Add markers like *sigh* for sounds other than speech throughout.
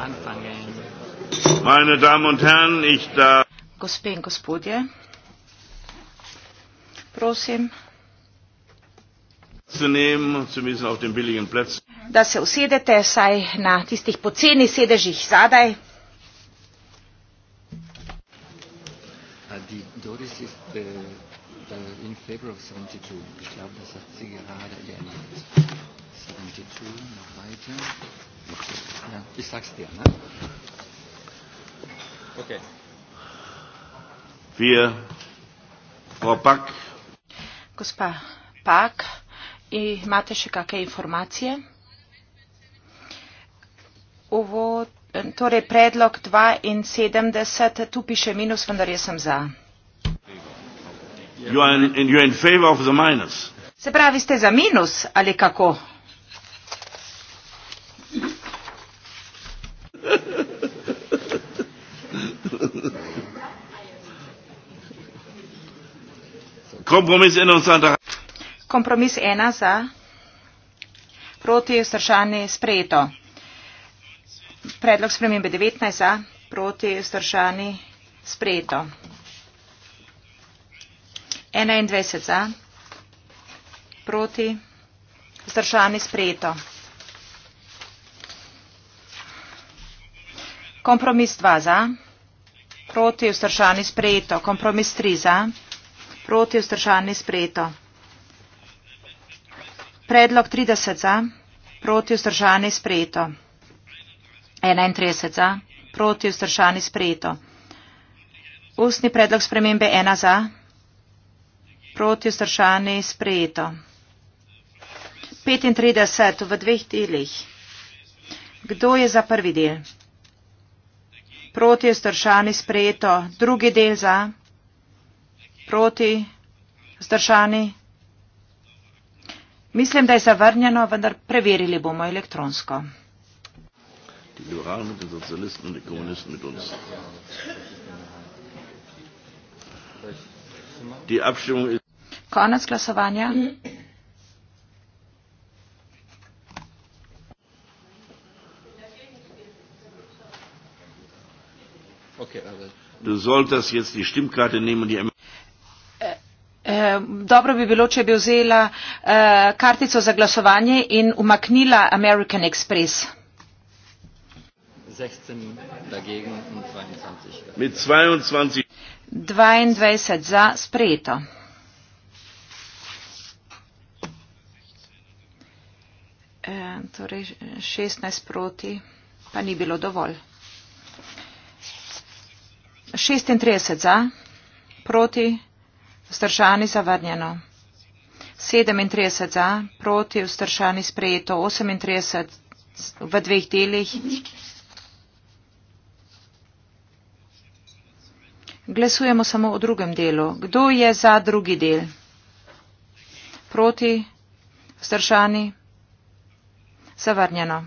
anfangen. Meine Damen und Herren, ich darf. Gospe in gospodje, prosim. Da se usedete saj na tistih poceni sedežih zadaj. Ah, äh, glaub, 72, 72, Ja, ich sag's dir. Ne? Okay. Wir, Frau Back. Gospa Back, imate še kakšne informacije? Ovo, torej predlog 72, tu piše minus, vendar jaz sem za. You are in, in, you are in favor of the minus. Se pravi, ste za minus ali kako? Kompromis ena za. Kompromis ena za. Proti je stršani sprejeto. Predlog spremembe 19 za. Proti je stršani sprejeto. 21 za. Proti je stršani sprejeto. Kompromis 2 za. Proti je stršani sprejeto. Kompromis 3 za proti vzdržani sprejeto. Predlog 30 za, proti vzdržani sprejeto. 31 za, proti vzdržani sprejeto. Ustni predlog spremembe 1 za, proti vzdržani sprejeto. 35 v dveh delih. Kdo je za prvi del? Proti vzdržani sprejeto. Drugi del za proti, vzdržani. Mislim, da je zavrnjeno, vendar preverili bomo elektronsko. Konec glasovanja. Du solltest jetzt die Stimmkarte nehmen, die dobro bi bilo, če bi vzela eh, kartico za glasovanje in umaknila American Express. 22 za sprejeto. Torej 16 proti, pa ni bilo dovolj. 36 za, proti Vzdržani zavrnjeno. 37 za, proti vzdržani sprejeto. 38 v dveh delih. Glasujemo samo o drugem delu. Kdo je za drugi del? Proti, vzdržani, zavrnjeno.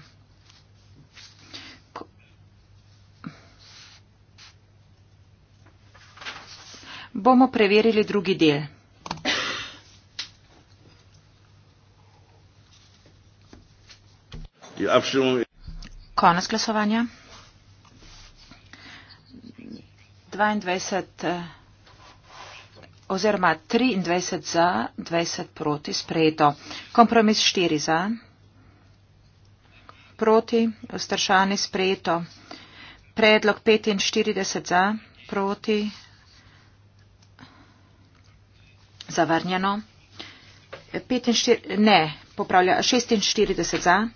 bomo preverili drugi del. Konec glasovanja. 22 eh, oziroma 23 za, 20 proti, sprejeto. Kompromis 4 za, proti, ostršani, sprejeto. Predlog 45 za, proti, zavrnjeno. 45, ne, popravlja 46 za.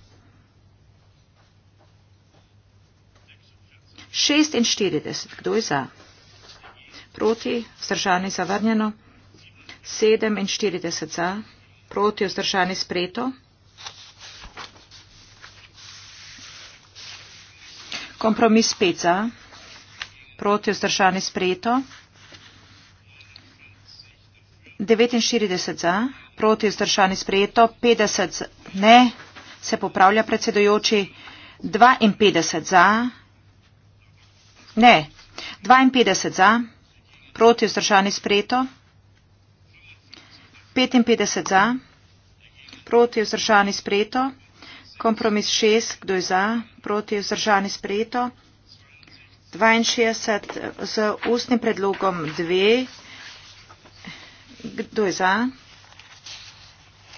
46, kdo je za? Proti, vzdržani, zavrnjeno. 47 za, proti, vzdržani, spreto. Kompromis 5 za, proti, vzdržani, spreto. 49 za, proti vzdržani sprejeto, 50 ne, se popravlja predsedojoči, 52 za, ne, 52 za, proti vzdržani sprejeto, 55 za, proti vzdržani sprejeto, kompromis 6, kdo je za, proti vzdržani sprejeto, 62 z ustnim predlogom 2, Kdo je za?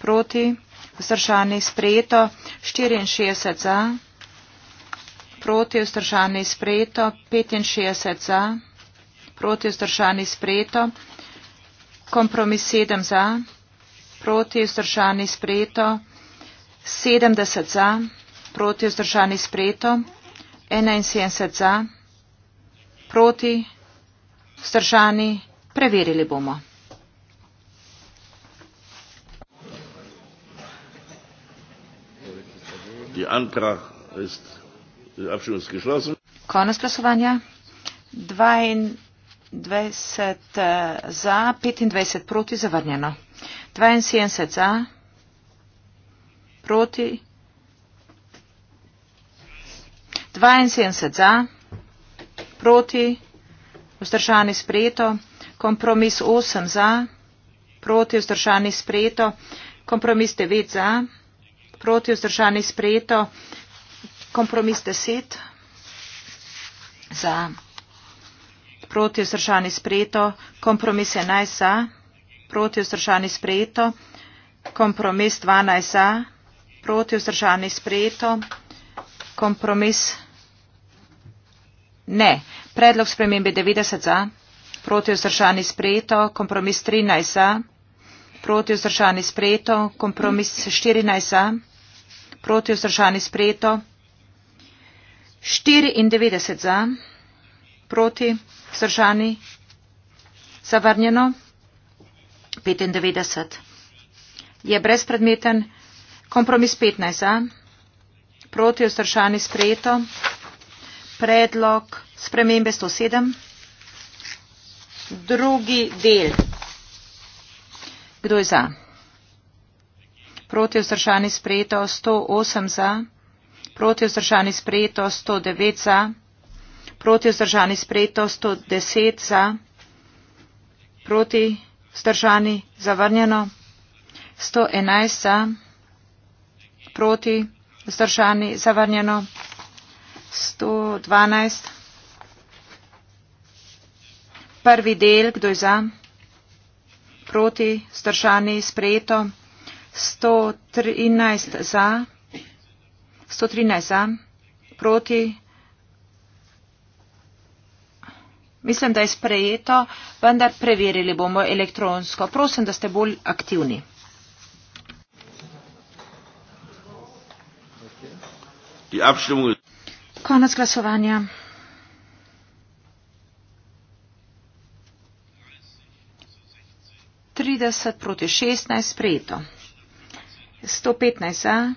Proti? Vzdržani sprejeto. 64 za. Proti vzdržani sprejeto. 65 za. Proti vzdržani sprejeto. Kompromis 7 za. Proti vzdržani sprejeto. 70 za. Proti vzdržani sprejeto. 71 za. Proti vzdržani. Preverili bomo. die Antrag ist die Abstimmung ist geschlossen. Konus glasovanja 22 eh, za 25 proti zavrnjeno. 72 za proti 72 za proti vzdržani sprejeto, kompromis 8 za proti vzdržani sprejeto, kompromis 9 za proti vzdržani sprejeto. Kompromis deset za. Proti vzdržani sprejeto. Kompromis enajst za. Proti vzdržani sprejeto. Kompromis dvanajst za. Proti vzdržani sprejeto. Kompromis ne. Predlog spremembe 90 za. Proti vzdržani sprejeto. Kompromis 13 za. Proti vzdržani sprejeto. Kompromis 14 za proti vzdržani sprejeto, 94 za, proti vzdržani zavrnjeno, 95 je brezpredmeten, kompromis 15 za, proti vzdržani sprejeto, predlog spremembe 107, drugi del. Kdo je za? proti vzdržani sprejeto 108 za, proti vzdržani sprejeto 109 za, proti vzdržani sprejeto 110 za, proti vzdržani zavrnjeno 111 za, proti vzdržani zavrnjeno 112. Prvi del, kdo je za, proti vzdržani sprejeto 111. 113 za, 113 za, proti. Mislim, da je sprejeto, vendar preverili bomo elektronsko. Prosim, da ste bolj aktivni. Konec glasovanja. Trideset proti šestnajst sprejeto. 115 za,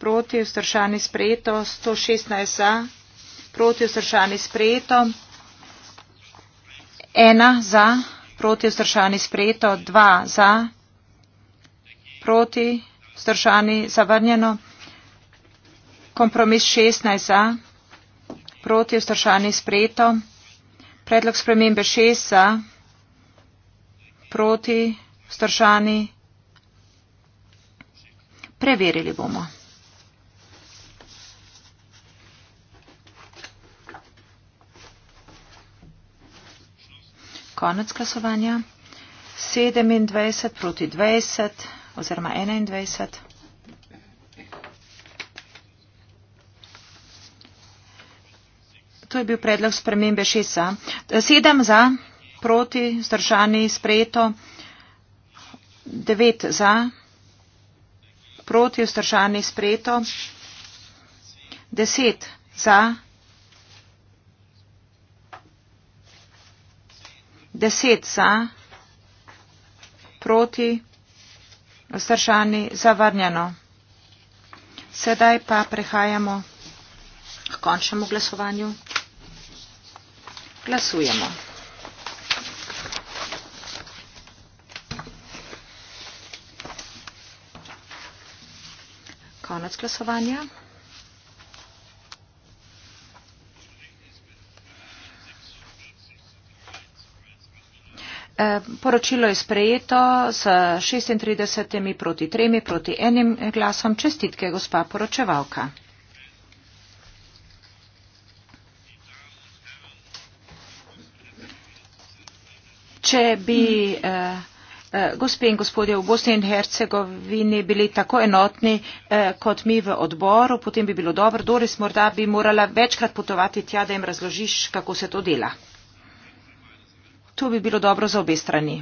proti vzdržani sprejeto, 116 za, proti vzdržani sprejeto, 1 za, proti vzdržani sprejeto, 2 za, proti vzdržani zavrnjeno, kompromis 16 za, proti vzdržani sprejeto, predlog spremembe 6 za, proti vzdržani sprejeto, Preverili bomo. Konec glasovanja. 27 proti 20 oziroma 21. To je bil predlog spremembe 6 za. 7 za, proti, zdržani, sprejeto. 9 za proti, vzdržani sprejeto. 10 za. 10 za. Proti, vzdržani zavrnjeno. Sedaj pa prehajamo k končnemu glasovanju. Glasujemo. konec glasovanja. Eh, poročilo je sprejeto s 36 proti 3 proti 1 glasom. Čestitke, gospa poročevalka. Če bi mm. Eh, gospe in gospodje v Bosni in Hercegovini bili tako enotni eh, kot mi v odboru, potem bi bilo dobro. Doris, morda bi morala večkrat potovati tja, da jim razložiš, kako se to dela. To bi bilo dobro za obe strani.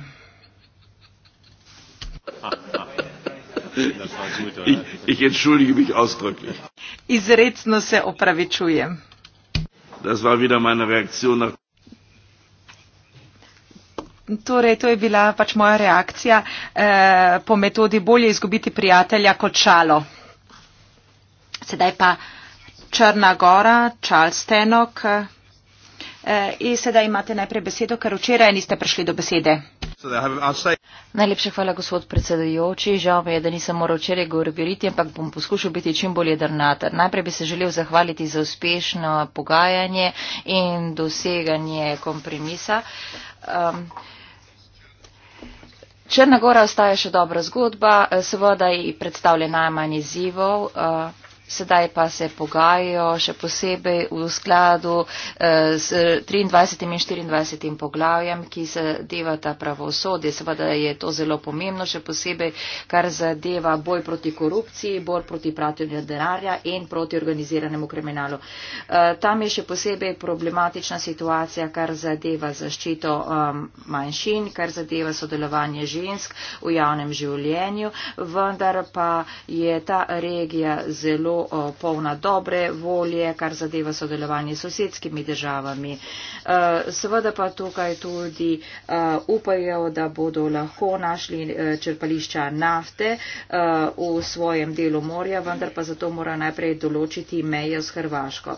Ich entschuldige mich ausdrücklich. Izredno se opravičujem. Das war wieder meine Reaktion nach Torej, to je bila pač moja reakcija eh, po metodi bolje izgubiti prijatelja kot šalo. Sedaj pa Črna Gora, Charles Tenok. Eh, in sedaj imate najprej besedo, ker včeraj niste prišli do besede. Najlepša hvala, gospod predsedujoči. Žal mi je, da nisem moral včeraj govoriti, ampak bom poskušal biti čim bolj jedrnatar. Najprej bi se želel zahvaliti za uspešno pogajanje in doseganje kompromisa. Um, Črna gora ostaja še dobra zgodba, eh, seveda ji predstavlja najmanj izzivov. Uh, sedaj pa se pogajajo še posebej v skladu eh, s 23. in 24. poglavjem, ki se devata pravosodje. Seveda je to zelo pomembno, še posebej, kar zadeva boj proti korupciji, boj proti pratenju denarja in proti organiziranemu kriminalu. Eh, tam je še posebej problematična situacija, kar zadeva zaščito eh, manjšin, kar zadeva sodelovanje žensk v javnem življenju, vendar pa je ta regija zelo Eh, polna dobre volje, kar zadeva sodelovanje s sosedskimi državami. Eh, seveda pa tukaj tudi eh, upajo, da bodo lahko našli črpališča nafte v svojem delu morja, vendar pa zato mora najprej določiti mejo s Hrvaško.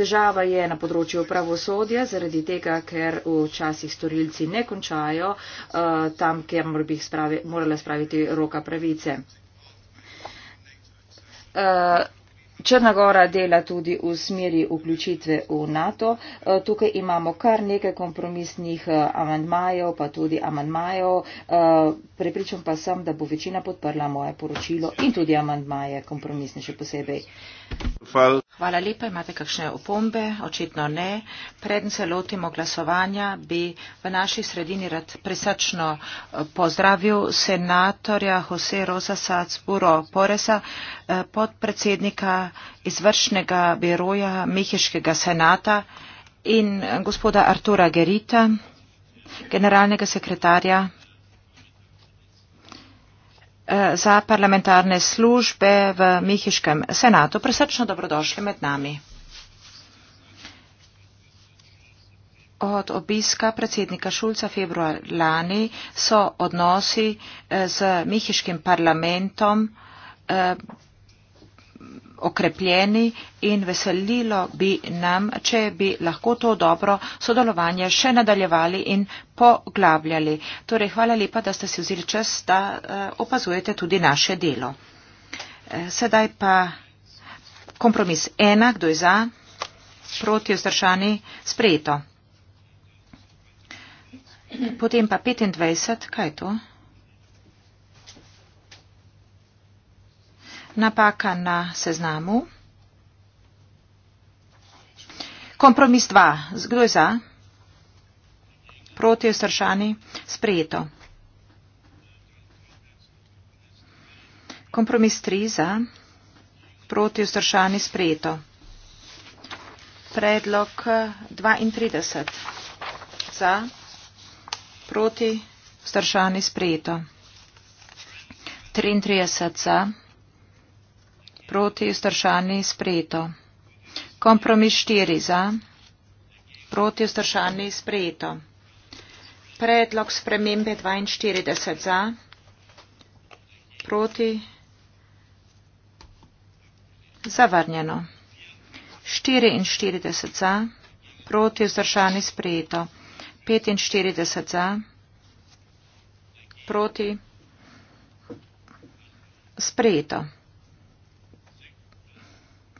Težava je na področju pravosodja, zaradi tega, ker včasih storilci ne končajo tam, kjer morala spraviti roka pravice. Eh, Črnagora dela tudi v smeri vključitve v NATO. Eh, Tukaj imamo kar nekaj kompromisnih eh, amandmajev, pa tudi amandmajev. Prepričam pa sem, da bo večina podprla moje poročilo in tudi amandmaje kompromisne še posebej. Hvala. Hvala lepa. Imate kakšne opombe? Očitno ne. Preden se lotimo glasovanja, bi v naši sredini rad presačno pozdravil senatorja Jose Rosa Sacburo Poresa podpredsednika izvršnega biroja Mehiškega senata in gospoda Artura Gerita, generalnega sekretarja eh, za parlamentarne službe v Mehiškem senatu. Presrčno dobrodošli med nami. Od obiska predsednika Šulca februar lani so odnosi eh, z Mehiškim parlamentom eh, okrepljeni in veselilo bi nam, če bi lahko to dobro sodelovanje še nadaljevali in poglabljali. Torej, hvala lepa, da ste si vzeli čas, da eh, opazujete tudi naše delo. Eh, sedaj pa kompromis ena, kdo je za, proti vzdržani, sprejeto. Potem pa 25, kaj je to? napaka na seznamu. Kompromis 2. Kdo je za? Proti vzdržani? Sprejeto. Kompromis 3. Za? Proti vzdržani? Sprejeto. Predlog 32. Za? Proti vzdržani? Sprejeto. 33. Za? Proti vzdržani sprejeto. Kompromis štiri za. Proti vzdržani sprejeto. Predlog spremembe 42 za. Proti. Zavrnjeno. 44 za. Proti vzdržani sprejeto. 45 za. Proti. Sprejeto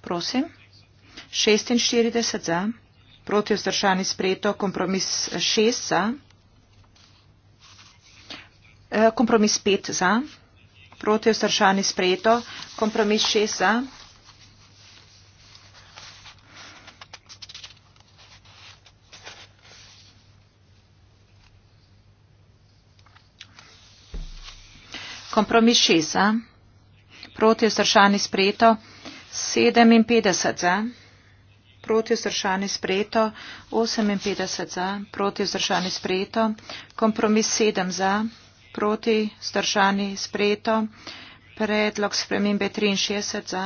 prosim. 46 za, proti vzdržani sprejeto, kompromis 6 eh, za, eh, kompromis 5 za, proti vzdržani sprejeto, kompromis 6 za. Kompromis 6 za, proti vzdržani sprejeto, kompromis 6 za. 57 za, proti vzdržani sprejeto, 58 za, proti vzdržani sprejeto, kompromis 7 za, proti vzdržani sprejeto, predlog spremembe 63 za,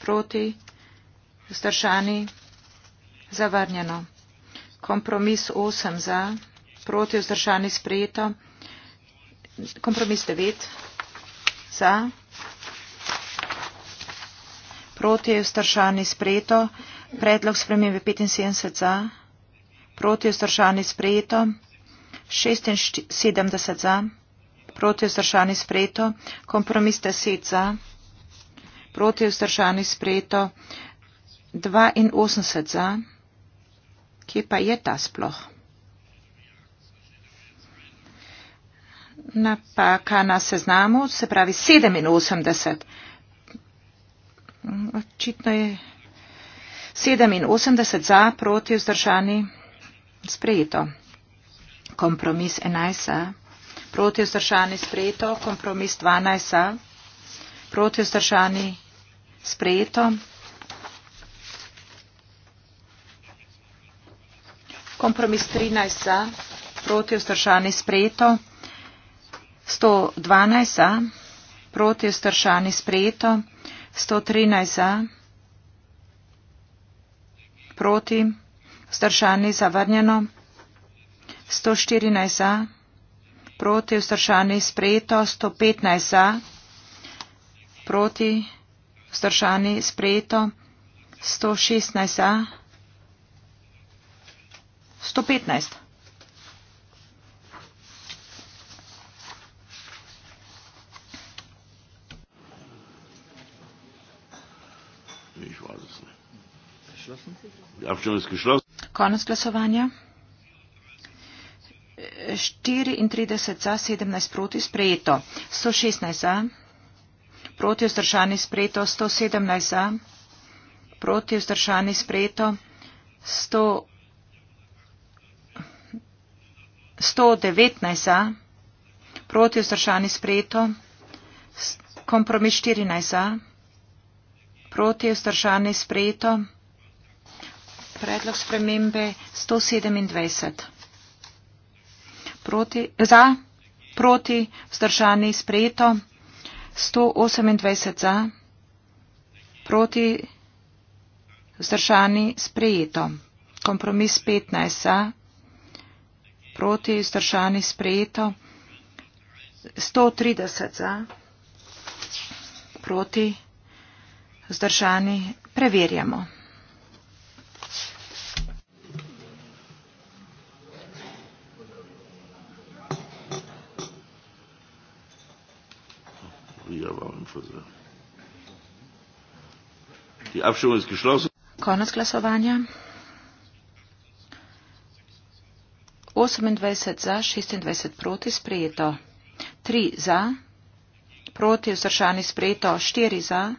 proti vzdržani zavrnjeno. Kompromis 8 za, proti vzdržani sprejeto, kompromis 9 za. Proti je vzdržani sprejeto. Predlog spremembe 75 za. Proti je vzdržani sprejeto. 76 za. Proti je vzdržani sprejeto. Kompromis 10 za. Proti je vzdržani sprejeto. 82 za. Kje pa je ta sploh? Napaka na seznamu, se pravi 87 očitno je 87 za, proti vzdržani, sprejeto. Kompromis 11 za, proti vzdržani, sprejeto. Kompromis 12 za, proti vzdržani, sprejeto. Kompromis 13 za, proti vzdržani, sprejeto. 112 za, proti vzdržani, sprejeto. 113 za, proti, vzdržani zavrnjeno, 114 za, proti, vzdržani sprejeto, 115 za, proti, vzdržani sprejeto, 116 za, 115. abgeschlossen. Die Abstimmung ist geschlossen. Konec glasovanja. 34 za, 17 proti sprejeto. 116 za, proti vzdržani sprejeto. 117 za, proti vzdržani sprejeto. 119 za, proti vzdržani sprejeto. Kompromis 14 za, proti vzdržani sprejeto. Predlog spremembe 127. Proti, za, proti, vzdržani, sprejeto. 128 za, proti, vzdržani, sprejeto. Kompromis 15 za, proti, vzdržani, sprejeto. 130 za, proti, vzdržani, preverjamo. wieder war im Friseur. Die Abstimmung ist geschlossen. Konus Glasovania. Osemindvajset za, šestindvajset proti, sprejeto. Tri za, proti vzdržani sprejeto, štiri za,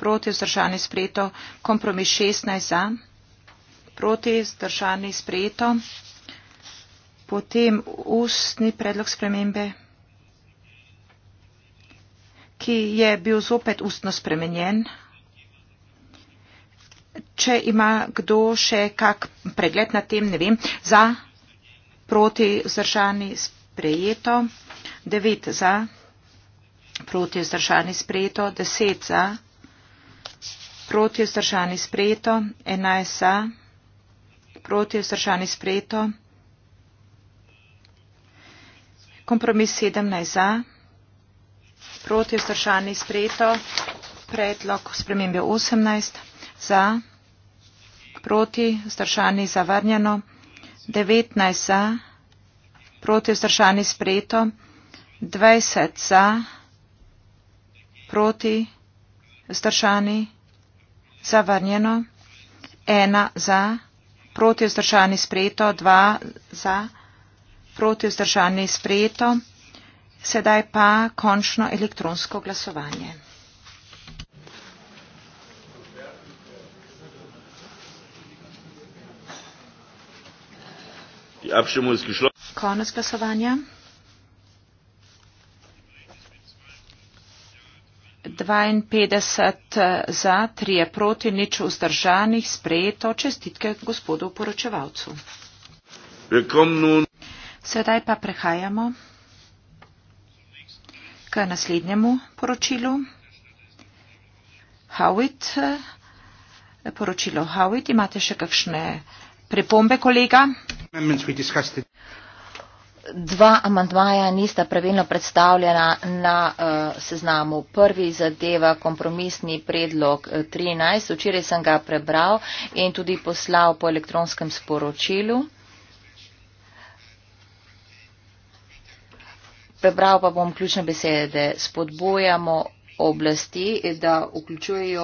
proti vzdržani sprejeto, kompromis šestnajst za, proti vzdržani sprejeto, potem ustni predlog spremembe ki je bil zopet ustno spremenjen. Če ima kdo še kak pregled na tem, ne vem, za, proti, vzdržani, sprejeto, devet za, proti, vzdržani, sprejeto, deset za, proti, vzdržani, sprejeto, enajst za, proti, vzdržani, sprejeto, kompromis sedemnajst za, proti vzdržani sprejeto. Predlog spremembe 18 za, proti vzdržani zavrnjeno, 19 za, proti vzdržani sprejeto, 20 za, proti vzdržani zavrnjeno, 1 za, proti vzdržani sprejeto, 2 za, proti vzdržani sprejeto. Sedaj pa končno elektronsko glasovanje. Konec glasovanja. 52 eh, za, 3 proti, nič vzdržanih, sprejeto. Čestitke gospodu poročevalcu. Sedaj pa prehajamo naslednjemu poročilu. Howitt, poročilo Howitt, imate še kakšne pripombe, kolega? Dva amandmaja nista pravilno predstavljena na uh, seznamu. Prvi zadeva kompromisni predlog 13. Eh, Včeraj sem ga prebral in tudi poslal po elektronskem sporočilu. prebral pa bom ključne besede. Spodbojamo oblasti, da vključujejo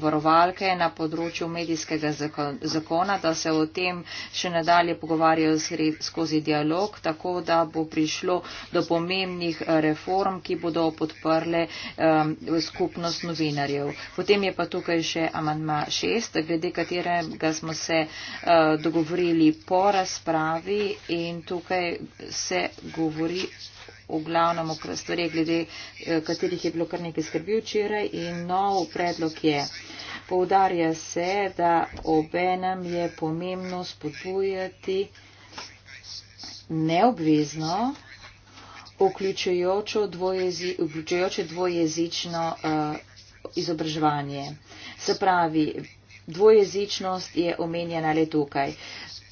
varovalke na področju medijskega zakona, da se o tem še nadalje pogovarjajo skozi dialog, tako da bo prišlo do pomembnih reform, ki bodo podprle um, skupnost novinarjev. Potem je pa tukaj še amantma šest, glede katerega smo se uh, dogovorili po razpravi in tukaj se govori v glavnem stvari, glede eh, katerih je bilo kar nekaj skrbi včeraj in nov predlog je. Poudarja se, da obenem je pomembno spodbujati neobvezno vključujoče dvojezi, dvojezično uh, izobraževanje. Se pravi, dvojezičnost je omenjena le tukaj.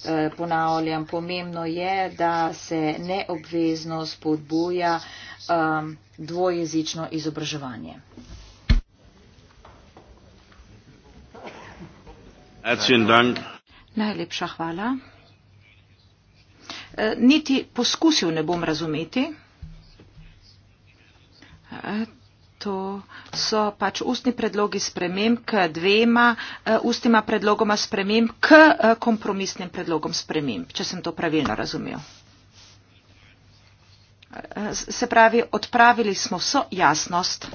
Eh, ponavljam, pomembno je, da se neobvezno spodbuja um, dvojezično izobraževanje. Najlepša hvala. Eh, niti poskusil ne bom razumeti. Eh, to so pač ustni predlogi sprememb k dvema eh, ustima predlogoma sprememb k eh, kompromisnim predlogom sprememb, če sem to pravilno razumel. Eh, se pravi, odpravili smo vso jasnost.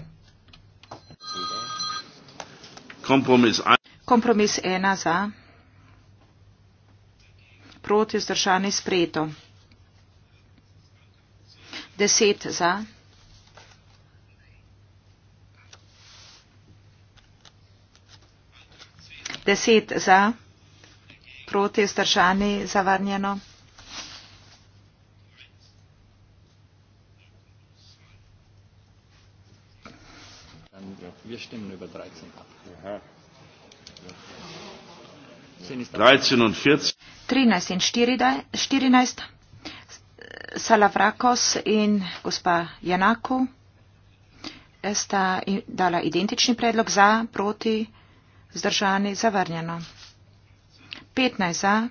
Kompromis ena za. Proti zdržani sprejeto. Deset za. Deset za, proti, vzdržani, zavarnjeno. Trinajst in štirinajst, Salavrakos in gospa Janaku sta dala identični predlog za, proti, vzdržani vzdržani zavrnjeno. 15 za,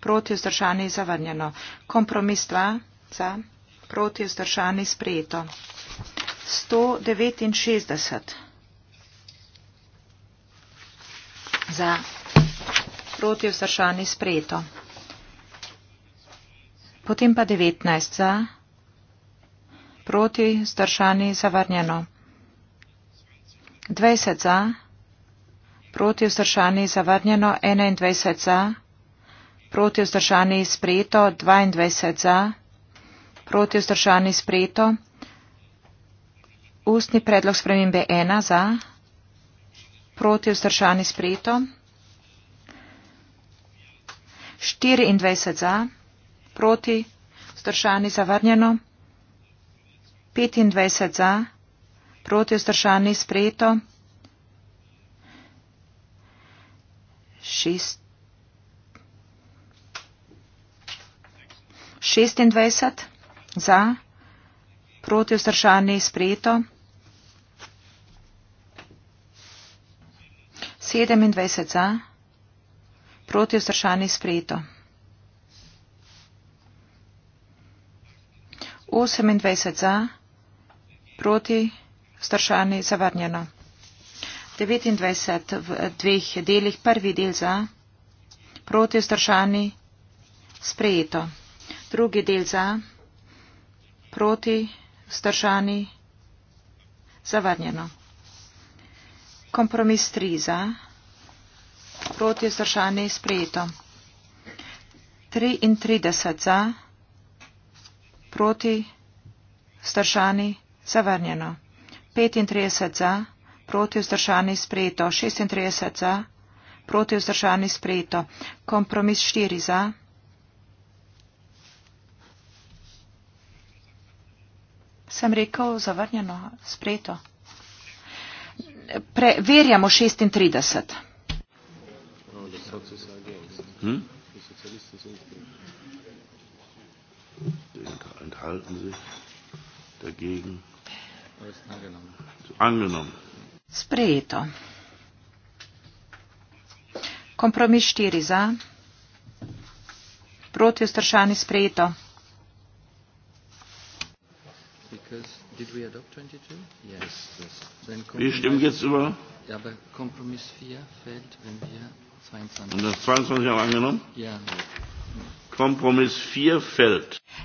proti vzdržani zavrnjeno. Kompromis 2 za, proti vzdržani sprejeto. 169 za, proti vzdržani sprejeto. Potem pa 19 za, proti vzdržani zavrnjeno. 20 za, Proti vzdržani zavrnjeno 21 za. Proti vzdržani sprejeto 22 za. Proti vzdržani sprejeto. Ustni predlog spremembe 1 za. Proti vzdržani sprejeto. 24 za. Proti vzdržani zavrnjeno. 25 za. Proti vzdržani sprejeto. 26 za, proti vzdržani sprejeto, 27 za, proti vzdržani sprejeto, 28 za, proti vzdržani zavrnjeno. 29 v dveh delih. Prvi del za proti vzdržani sprejeto. Drugi del za proti vzdržani zavrnjeno. Kompromis 3 za proti vzdržani sprejeto. 33 za proti vzdržani zavrnjeno. 35 za proti vzdržani zavrnjeno proti vzdržani sprejeto, 36 za, proti vzdržani sprejeto, kompromis 4 za. Sem rekel, zavrnjeno, sprejeto. Preverjamo 36. Hm? Angenommen. Angenommen. Sprejeto. Kompromis 4 za. Proti vzdržani sprejeto. Ja, ja.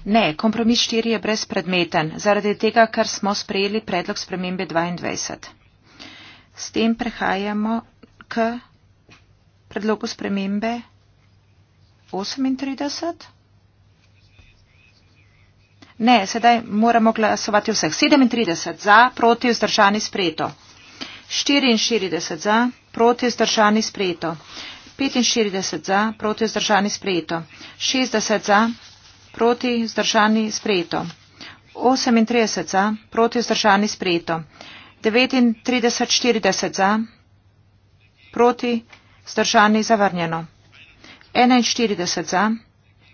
Ne, kompromis 4 je brezpredmeten, zaradi tega, ker smo sprejeli predlog spremembe 22. S tem prehajamo k predlogu spremembe 38. Ne, sedaj moramo glasovati vseh. 37 za, proti vzdržani sprejeto. 44 za, proti vzdržani sprejeto. 45 za, proti vzdržani sprejeto. 60 za, proti vzdržani sprejeto. 38 za, proti vzdržani sprejeto. 39 za, proti, zdržani, zavrnjeno. 41 za,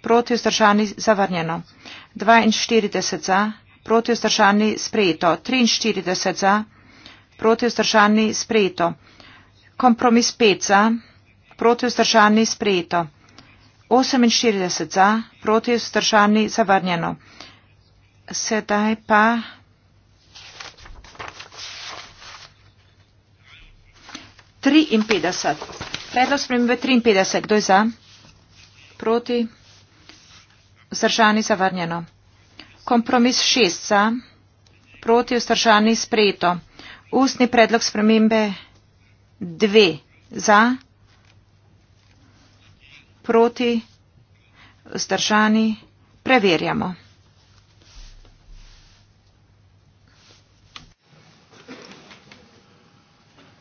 proti, zdržani, zavrnjeno. 42 za, proti, zdržani, sprejeto. 43 za, proti, zdržani, sprejeto. Kompromis 5 za, proti, zdržani, sprejeto. 48 za, proti, zdržani, zavrnjeno. Sedaj pa. 53. Predlog spremembe 53. Kdo je za? Proti? Vzdržani zavrnjeno. Kompromis 6. Za? Proti? Vzdržani sprejeto. Ustni predlog spremembe 2. Za? Proti? Vzdržani preverjamo.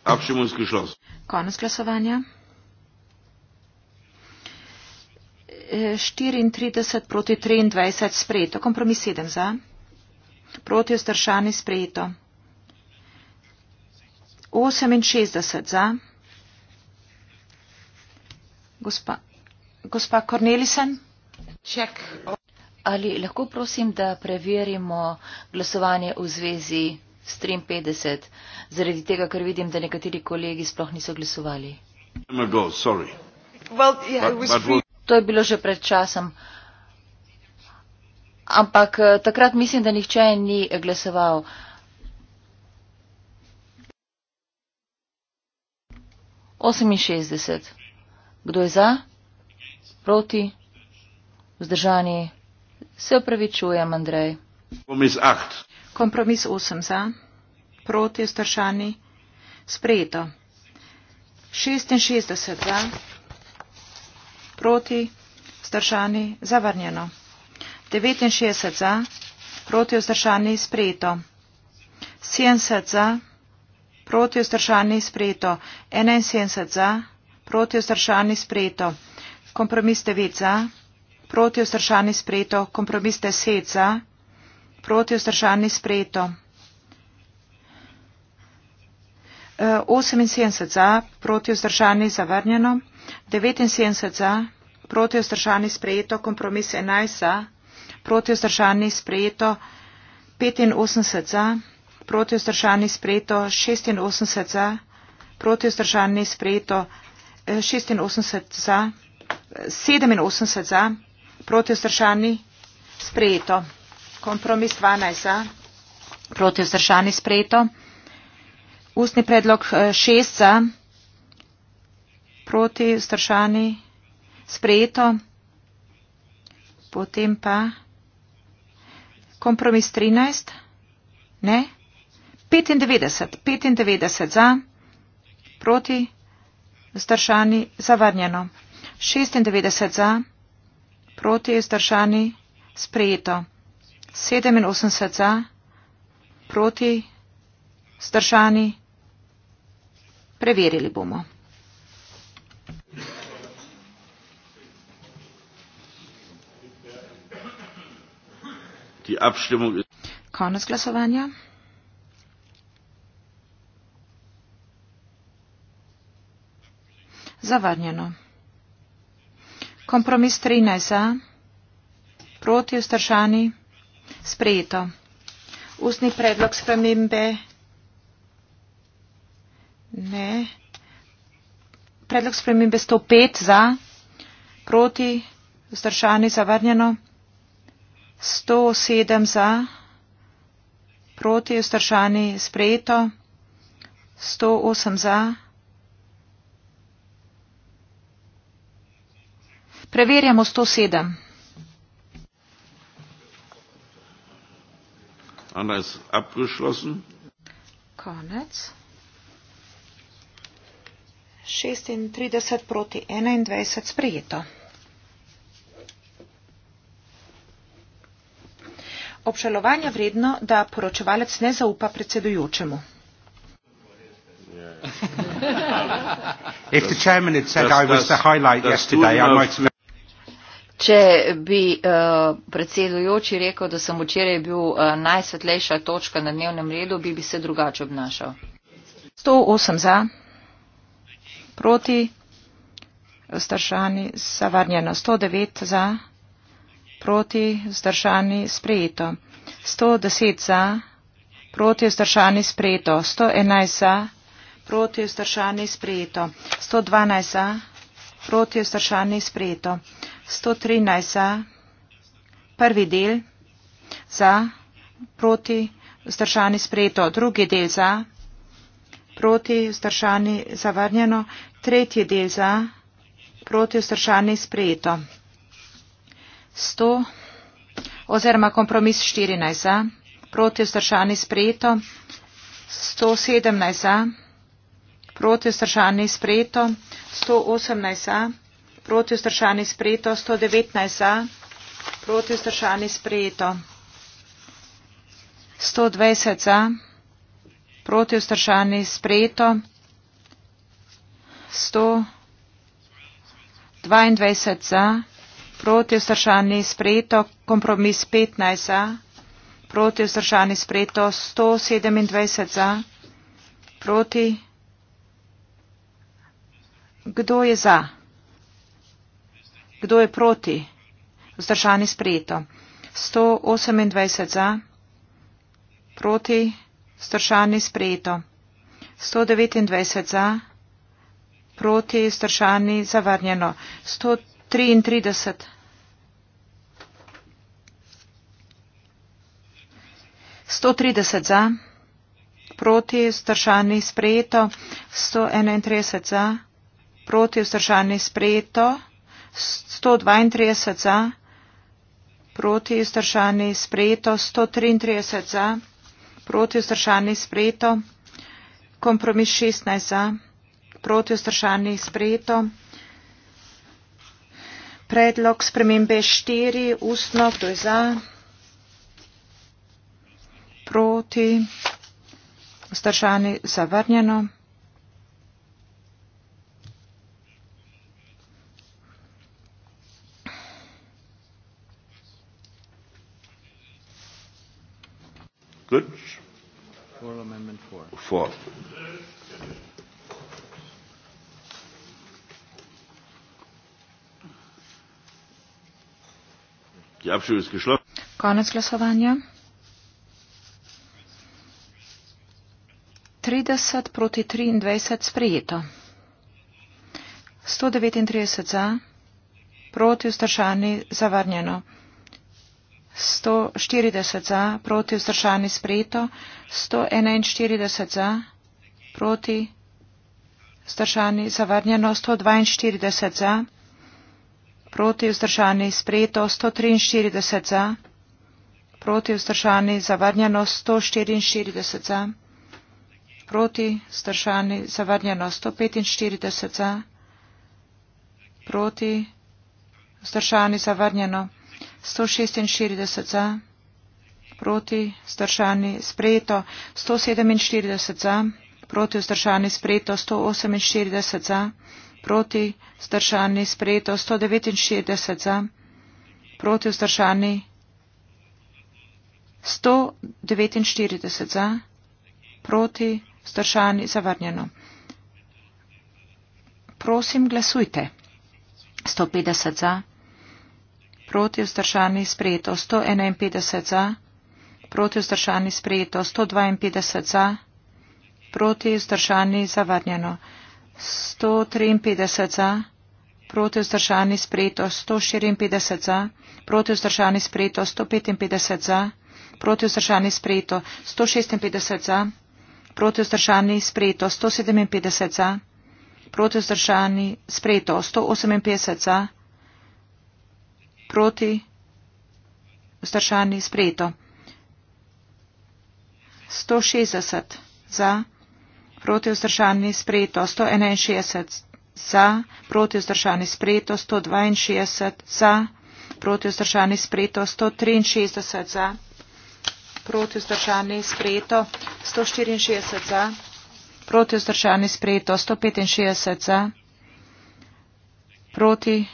Abstimmungsgeschlossen. geschlossen. Konec glasovanja. 34 proti 23 sprejeto, kompromis 7 za, proti ostršani sprejeto. 68 za. Gospa, gospa Cornelisen. Ček. Ali lahko prosim, da preverimo glasovanje v zvezi s 53, zaradi tega, ker vidim, da nekateri kolegi sploh niso glasovali. Well, yeah, to je bilo že pred časom. Ampak eh, takrat mislim, da nihče ni glasoval. Oseminšestdeset. Kdo je za? Proti? Vzdržani? Se opravičujem, Andrej. Kompromis 8 za, proti vzdržani, sprejeto. 66 za, proti vzdržani, zavrnjeno. 69 za, proti vzdržani, sprejeto. 70 za, proti vzdržani, sprejeto. 71 za, proti vzdržani, sprejeto. Kompromis 9 za, proti vzdržani, sprejeto. Kompromis 10 za, Proti vzdržani sprejeto. 78 e, za, proti vzdržani zavrnjeno. 79 za, proti vzdržani sprejeto. Kompromis 11 za, proti vzdržani sprejeto. 85 za, proti vzdržani sprejeto. 86 za, proti vzdržani sprejeto. 86 e, za, 87 za, proti vzdržani sprejeto. Kompromis 12 za, proti vzdržani sprejeto. Ustni predlog 6 eh, za, proti vzdržani sprejeto. Potem pa kompromis 13, ne, 95, 95 za, proti vzdržani zavarnjeno. 96 za, proti vzdržani sprejeto. 87 za, proti, zdržani. Preverili bomo. Konec glasovanja. Zavrnjeno. Kompromis 13 za, proti, vzdržani. Sprejeto. Ustni predlog spremembe? Ne. Predlog spremembe 105 za, proti, vzdržani, zavrnjeno. 107 za, proti, vzdržani, sprejeto. 108 za. Preverjamo 107. Anna ist abgeschlossen. Konec. 36 proti 21 sprejeto. Obžalovanje vredno, da poročevalec ne zaupa predsedujočemu. Yeah. Če bi uh, predsedujoči rekel, da sem včeraj bil uh, najsvetlejša točka na dnevnem redu, bi, bi se drugače obnašal. 108 za, proti, vzdržani, zavarnjeno. 109 za, proti, vzdržani, sprejeto. 110 za, proti, vzdržani, sprejeto. 111 za, proti, vzdržani, sprejeto. 112 za, proti, vzdržani, sprejeto. 113. prvi del za proti vzdržani sprejeto, drugi del za proti vzdržani zavrnjeno, tretji del za proti vzdržani sprejeto. 100 oziroma kompromis 14 za proti vzdržani sprejeto, 117 za proti vzdržani sprejeto, 118 za. Proti vzdržani sprejeto. 119 za. Proti vzdržani sprejeto. 120 za. Proti vzdržani sprejeto. 122 za. Proti vzdržani sprejeto. Kompromis 15 za. Proti vzdržani sprejeto. 127 za. Proti. Kdo je za? Kdo je proti? Vzdržani sprejeto. 128 za, proti, vzdržani sprejeto. 129 za, proti, vzdržani zavrnjeno. 133. 130 za, proti, vzdržani sprejeto. 131 za, proti, vzdržani sprejeto. 132 za, proti vzdržani sprejeto, 133 za, proti vzdržani sprejeto, kompromis 16 za, proti vzdržani sprejeto. Predlog spremembe 4, ustno, kdo je za, proti, vzdržani zavrnjeno. Lynch. Oral Amendment 4. four. Die Abstimmung ist geschlossen. Konec glasovanja. 30 proti 23 sprejeto. 139 za, proti vzdržani zavrnjeno. 140 za, proti vzdržani sprejeto, 141 za, proti vzdržani zavrnjeno, 142 za, proti vzdržani sprejeto, 143 za, proti vzdržani zavrnjeno, 144 za, proti vzdržani zavrnjeno, 145 za, proti vzdržani zavrnjeno. 146 za, proti, zdržani, sprejeto, 147 za, proti, zdržani, sprejeto, 148 za, proti, zdržani, sprejeto, 169 za, proti, zdržani, 149 za, proti, zdržani, zavrnjeno. Prosim, glasujte. 150 za proti vzdržani sprejeto 151 za, proti vzdržani sprejeto 152 za, proti vzdržani zavrnjeno 153 za, proti vzdržani sprejeto 154 za, proti vzdržani sprejeto 155 za, proti vzdržani sprejeto 156 za, proti vzdržani sprejeto 157 za, proti vzdržani sprejeto 158 za, proti vzdržani sprejeto. 160 za, proti vzdržani sprejeto, 161 za, proti vzdržani sprejeto, 162 za, proti vzdržani sprejeto, 163 za, proti vzdržani sprejeto, 164 za, proti vzdržani sprejeto, 165 za, proti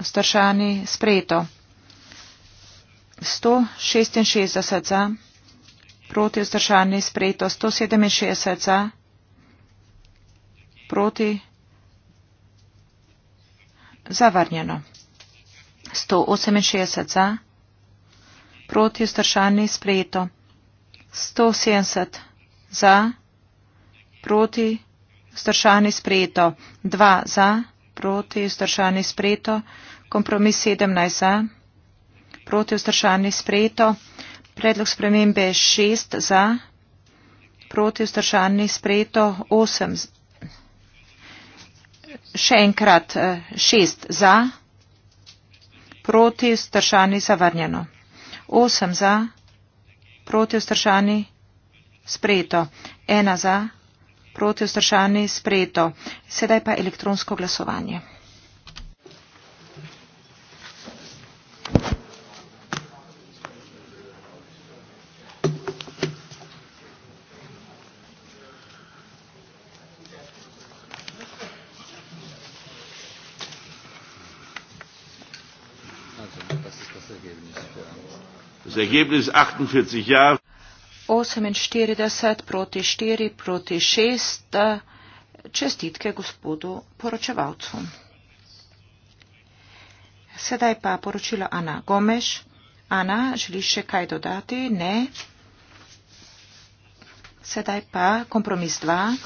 vzdržani sprejeto. 166 za, proti vzdržani sprejeto, 167 za, proti zavarnjeno. 168 za, proti vzdržani sprejeto, 170 za, proti vzdržani sprejeto, 2 za proti, vzdržani sprejeto. Kompromis 17 za, proti, vzdržani sprejeto. Predlog spremembe 6 za, proti, vzdržani sprejeto. 8. Še enkrat 6 eh, za, proti, vzdržani zavrnjeno. 8 za, proti, vzdržani sprejeto. 1 za proti vzdržani sprejeto. Sedaj pa elektronsko glasovanje. Das Ergebnis 48 Jahre. 48 proti 4 proti 6. Eh, čestitke gospodu poročevalcu. Sedaj pa poročilo Ana Gomeš. Ana, želiš še kaj dodati? Ne. Sedaj pa kompromis 2.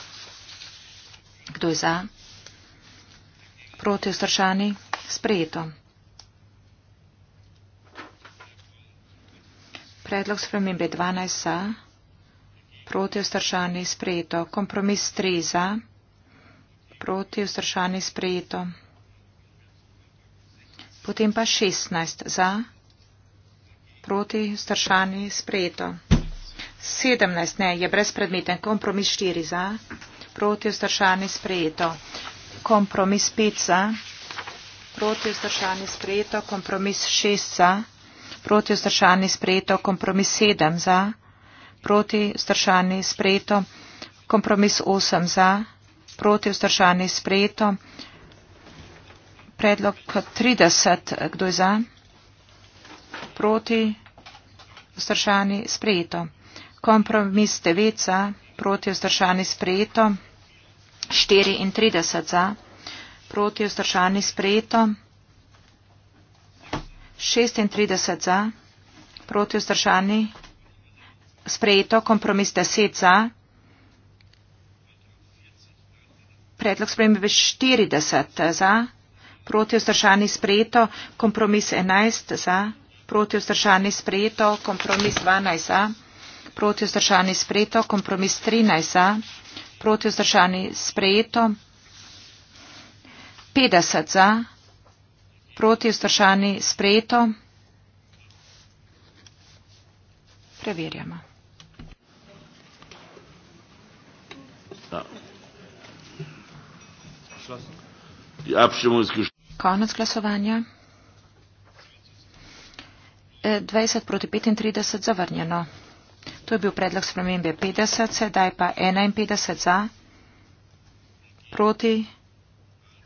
Kdo je za? Proti vzdržani? Sprejeto. Predlog spremembe 12. Proti ostršani sprejeto. Kompromis 3. Za. Proti ostršani sprejeto. Potem pa 16. Za. Proti ostršani sprejeto. 17. Ne, je brezpredmeten. Kompromis 4. Za. Proti ostršani sprejeto. Kompromis 5. Za. Proti ostršani sprejeto. Kompromis 6. Za proti vzdržani sprejeto, kompromis 7 za, proti vzdržani sprejeto, kompromis 8 za, proti vzdržani sprejeto, predlog 30, kdo je za, proti vzdržani sprejeto, kompromis 9 za, proti vzdržani sprejeto, 34 za, proti vzdržani sprejeto, 36 za, proti vzdržani, sprejeto kompromis 10 za, predlog spremembe 40 za, proti vzdržani, sprejeto kompromis 11 za, proti vzdržani, sprejeto kompromis 12 za, proti vzdržani, sprejeto kompromis 13 za, proti vzdržani, sprejeto 50 za, Proti vzdržani sprejeto. Preverjamo. Ja. Ja, Konec glasovanja. 20 e, proti 35 zavrnjeno. To je bil predlog spremembe 50, sedaj pa 51 za, proti,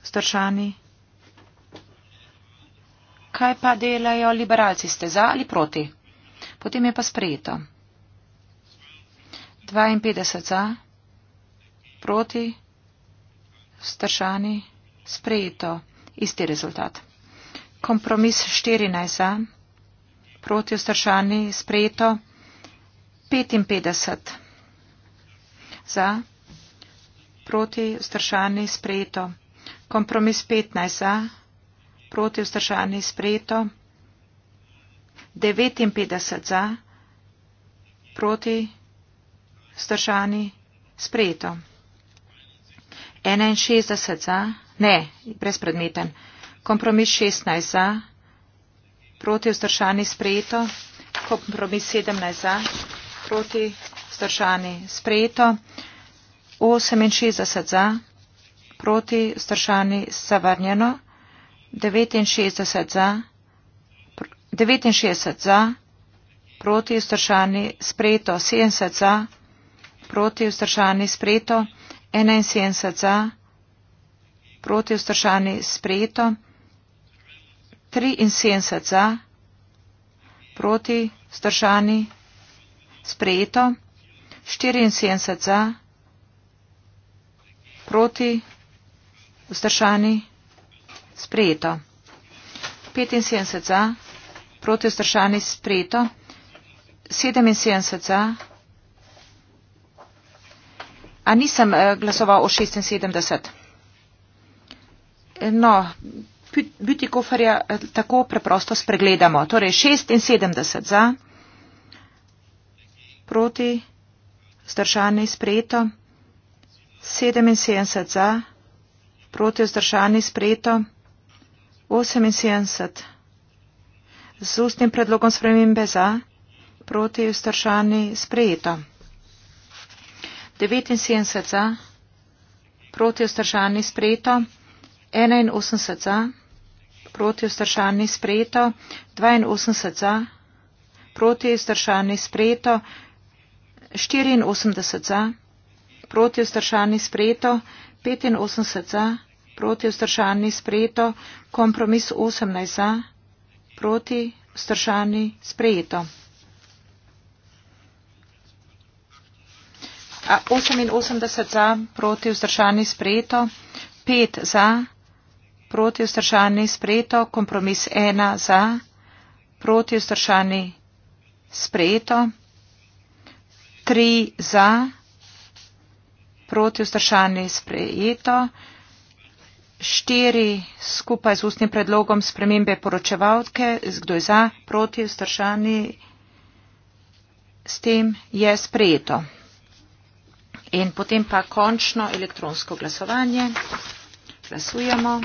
zdržani kaj pa delajo liberalci, ste za ali proti? Potem je pa sprejeto. 52 za, proti, stršani, sprejeto, isti rezultat. Kompromis 14 za, proti, stršani, sprejeto, 55 za, proti, stršani, sprejeto. Kompromis 15 za, proti vzdržani sprejeto, 59 za, proti vzdržani sprejeto, 61 za, ne, brezpredmeten, kompromis 16 za, proti vzdržani sprejeto, kompromis 17 za, proti vzdržani sprejeto, 68 za, proti vzdržani zavrnjeno, 69 za, 69 za, proti vzdržani sprejeto, 70 za, proti vzdržani sprejeto, 71 za, proti vzdržani sprejeto, 73 za, proti vzdržani sprejeto, 74 za, proti vzdržani sprejeto sprejeto. 75 za, proti vzdržani sprejeto. 77 za. A nisem eh, glasoval o 76. No, biti koferja eh, tako preprosto spregledamo. Torej 76 za, proti vzdržani sprejeto. 77 za, proti vzdržani sprejeto. 78. Z ustnim predlogom spremembe za, proti vstršani sprejeto. 79 za, proti vstršani sprejeto. 81 za, proti vstršani sprejeto. 82 za, proti vstršani sprejeto. 84 za, proti vstršani sprejeto. 85 za, proti vzdržani sprejeto, kompromis 18 za, proti vzdržani sprejeto. 88 za, proti vzdržani sprejeto, 5 za, proti vzdržani sprejeto, kompromis 1 za, proti vzdržani sprejeto, 3 za, proti vzdržani sprejeto, štiri skupaj z ustnim predlogom spremembe poročevalke, kdo je za, proti, vzdržani, s tem je sprejeto. In potem pa končno elektronsko glasovanje. Glasujemo.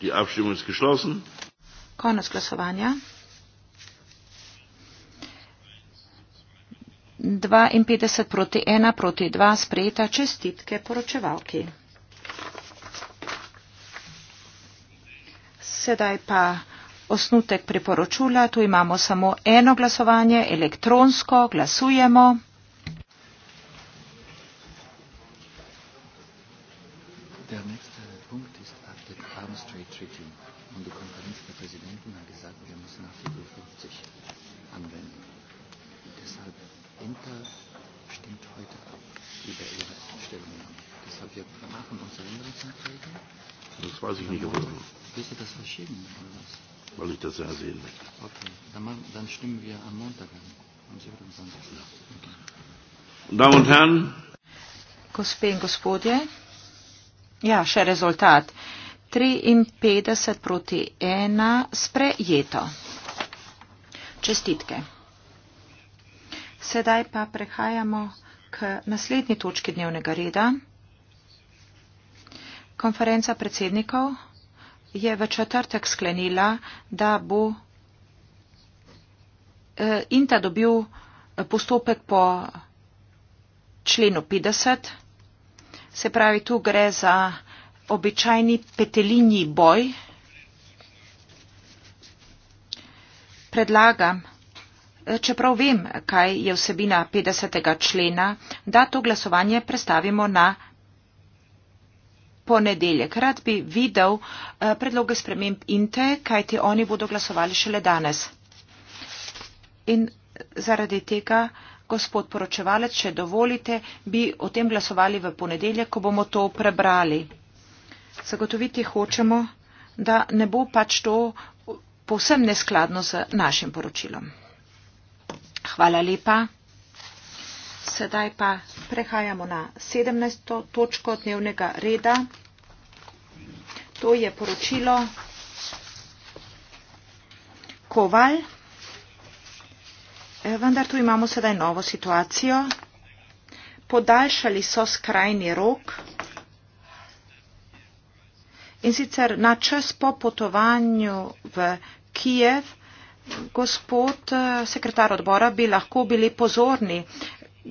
Die Abstimmung ist geschlossen. Konec glasovanja. 52 proti 1 proti 2 sprejeta čestitke poročevalki. Sedaj pa osnutek priporočula. Tu imamo samo eno glasovanje, elektronsko glasujemo. Das weiß ich dann nicht. Bitte das verschieben, oder was? Weil ich das ja sehen möchte. Okay, dann, mal, dann stimmen wir am Montag an. Am 27. Ja. Okay. Damen und Herren. Gospen, Gospodje. Ja, še Resultat. 53 proti 1 sprejeto. Čestitke. Sedaj pa prehajamo k naslednji točki dnevnega reda. Konferenca predsednikov je v četrtek sklenila, da bo eh, INTA dobil eh, postopek po členu 50, se pravi, tu gre za običajni petelinji boj. Predlagam, eh, čeprav vem, kaj je vsebina 50. člena, da to glasovanje prestavimo na ponedeljek. Rad bi videl eh, predloge sprememb INTE, kajti oni bodo glasovali šele danes. In zaradi tega, gospod poročevalec, če dovolite, bi o tem glasovali v ponedeljek, ko bomo to prebrali. Zagotoviti hočemo, da ne bo pač to povsem neskladno z našim poročilom. Hvala lepa. Sedaj pa Prehajamo na 17. točko dnevnega reda. To je poročilo Koval. Eh, vendar tu imamo sedaj novo situacijo. Podaljšali so skrajni rok. In sicer na čas po potovanju v Kijev, gospod eh, sekretar odbora, bi lahko bili pozorni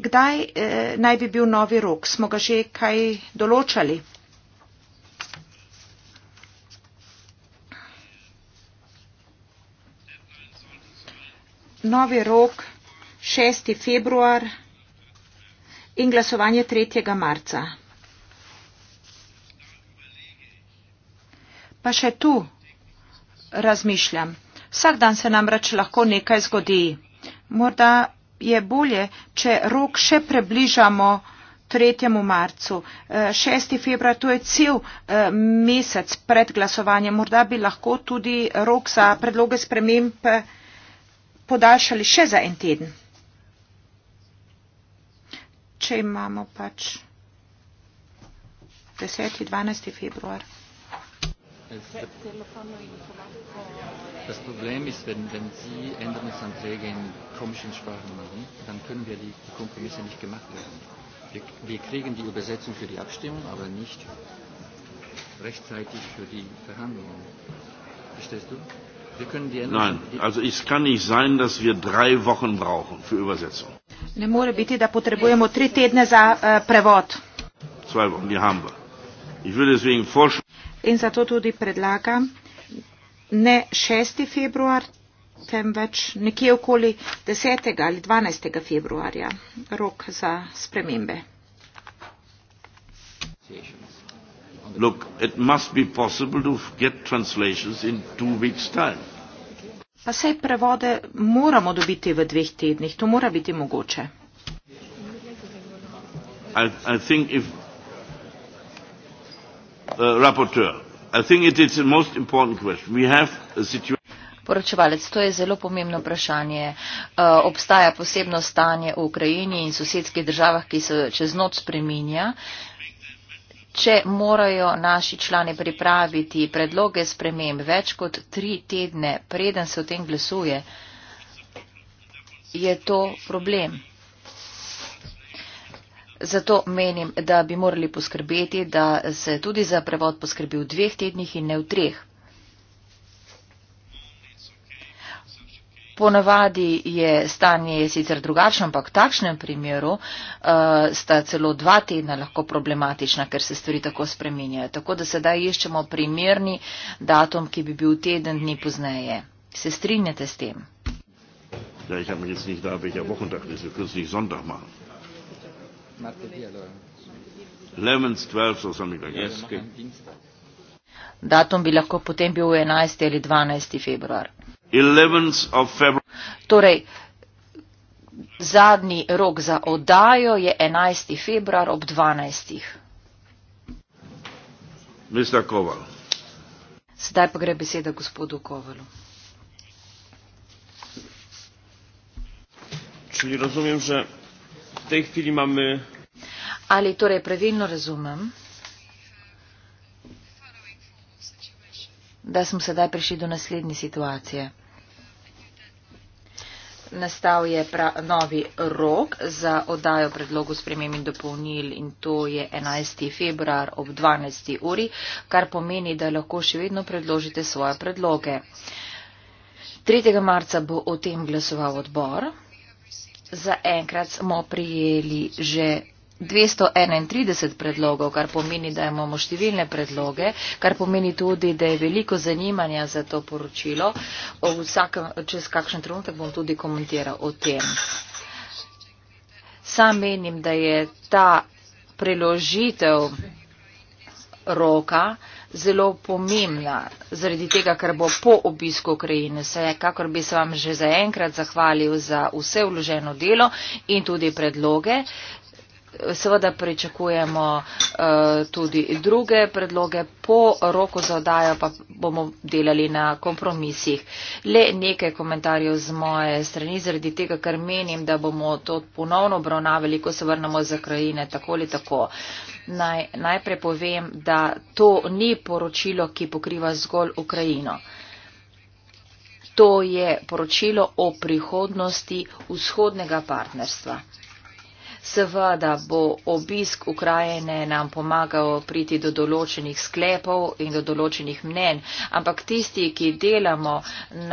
Kdaj eh, naj bi bil novi rok? Smo ga že kaj določali? Novi rok 6. februar in glasovanje 3. marca. Pa še tu razmišljam. Vsak dan se namreč lahko nekaj zgodi. Morda je bolje, če rok še približamo 3. marcu. 6. Eh, februar, to je cel eh, mesec pred glasovanjem. Morda bi lahko tudi rok za predloge sprememb eh, podaljšali še za en teden. Če imamo pač 10. 12. februar. Se, se lo fanno in lo fanno Das Problem ist, wenn, wenn Sie Änderungsanträge in komischen Sprachen machen, dann können wir die, die Kompromisse nicht gemacht werden. Wir, wir kriegen die Übersetzung für die Abstimmung, aber nicht rechtzeitig für die Verhandlungen. Verstehst du? Wir können die Nein, also es kann nicht sein, dass wir drei Wochen brauchen für Übersetzung. Ne more biti, da potrebujemo tri tedne za uh, prevod. Zwei Wochen, die haben wir. Ich würde deswegen vorschlagen. In zato tudi predlagam ne 6. februar, temveč nekje okoli 10. ali 12. februarja rok za spremembe. Look, it must be possible to get translations in two weeks' time. Pa sej prevode moramo dobiti v dveh tednih, to mora biti mogoče. I, I think if the uh, rapporteur Poročevalec, to je zelo pomembno vprašanje. Eh, obstaja posebno stanje v Ukrajini in sosedskih državah, ki se čez noč spreminja. Če morajo naši člani pripraviti predloge sprememb več kot tri tedne, preden se o tem glasuje, je to problem. Zato menim, da bi morali poskrbeti, da se tudi za prevod poskrbi v dveh tednih in ne v treh. Ponavadi je stanje sicer drugačno, ampak v takšnem primeru uh, sta celo dva tedna lahko problematična, ker se stvari tako spreminjajo. Tako da sedaj iščemo primerni datum, ki bi bil teden dni pozneje. Se strinjate s tem? Ja, ich habe mich jetzt nicht da, welcher Wochentag ist. Wir können es nicht Sonntag machen. Datum bi lahko potem bil 11. ali 12. februar. Torej, zadnji rok za oddajo je 11. februar ob 12. Mr. Koval. Sedaj pa gre beseda gospodu Kovalu. Čili razumem, že. Že tej chwili mamy. Ale torej pravilno rozumiem, da smo sedaj prišli do naslednje situacije. Nastal je pra, novi rok za oddajo predlogu sprememb in dopolnil in to je 11. februar ob 12. uri, kar pomeni, da lahko še vedno predložite svoje predloge. 3. marca bo o tem glasoval odbor zaenkrat smo prijeli že 231 predlogov, kar pomeni, da imamo številne predloge, kar pomeni tudi, da je veliko zanimanja za to poročilo. Vsakem, čez kakšen trenutek bom tudi komentiral o tem. Sam menim, da je ta preložitev roka, zelo pomembna zaradi tega, ker bo po obisku Ukrajine. Se, kakor bi se vam že zaenkrat zahvalil za vse vloženo delo in tudi predloge, Seveda pričakujemo eh, tudi druge predloge, po roku za odajo pa bomo delali na kompromisih. Le nekaj komentarjev z moje strani, zaradi tega, ker menim, da bomo to ponovno obravnavali, ko se vrnemo za krajine, tako ali tako. Naj, najprej povem, da to ni poročilo, ki pokriva zgolj Ukrajino. To je poročilo o prihodnosti vzhodnega partnerstva. Seveda bo obisk Ukrajine nam pomagal priti do določenih sklepov in do določenih mnen, ampak tisti, ki delamo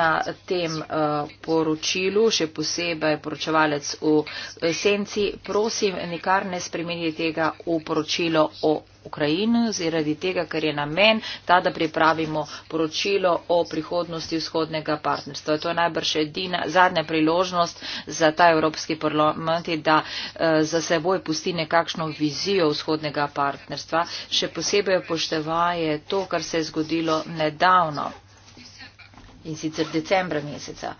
na tem eh, poročilu, še posebej poročevalec v eh, senci, prosim, nikar ne spremeni tega v poročilo o Ukrajino zaradi tega, ker je namen ta, da pripravimo poročilo o prihodnosti vzhodnega partnerstva. To je najbrž edina, zadnja priložnost za ta Evropski parlament, da eh, za seboj pusti nekakšno vizijo vzhodnega partnerstva. Še posebej upoštevaje to, kar se je zgodilo nedavno in sicer decembra meseca.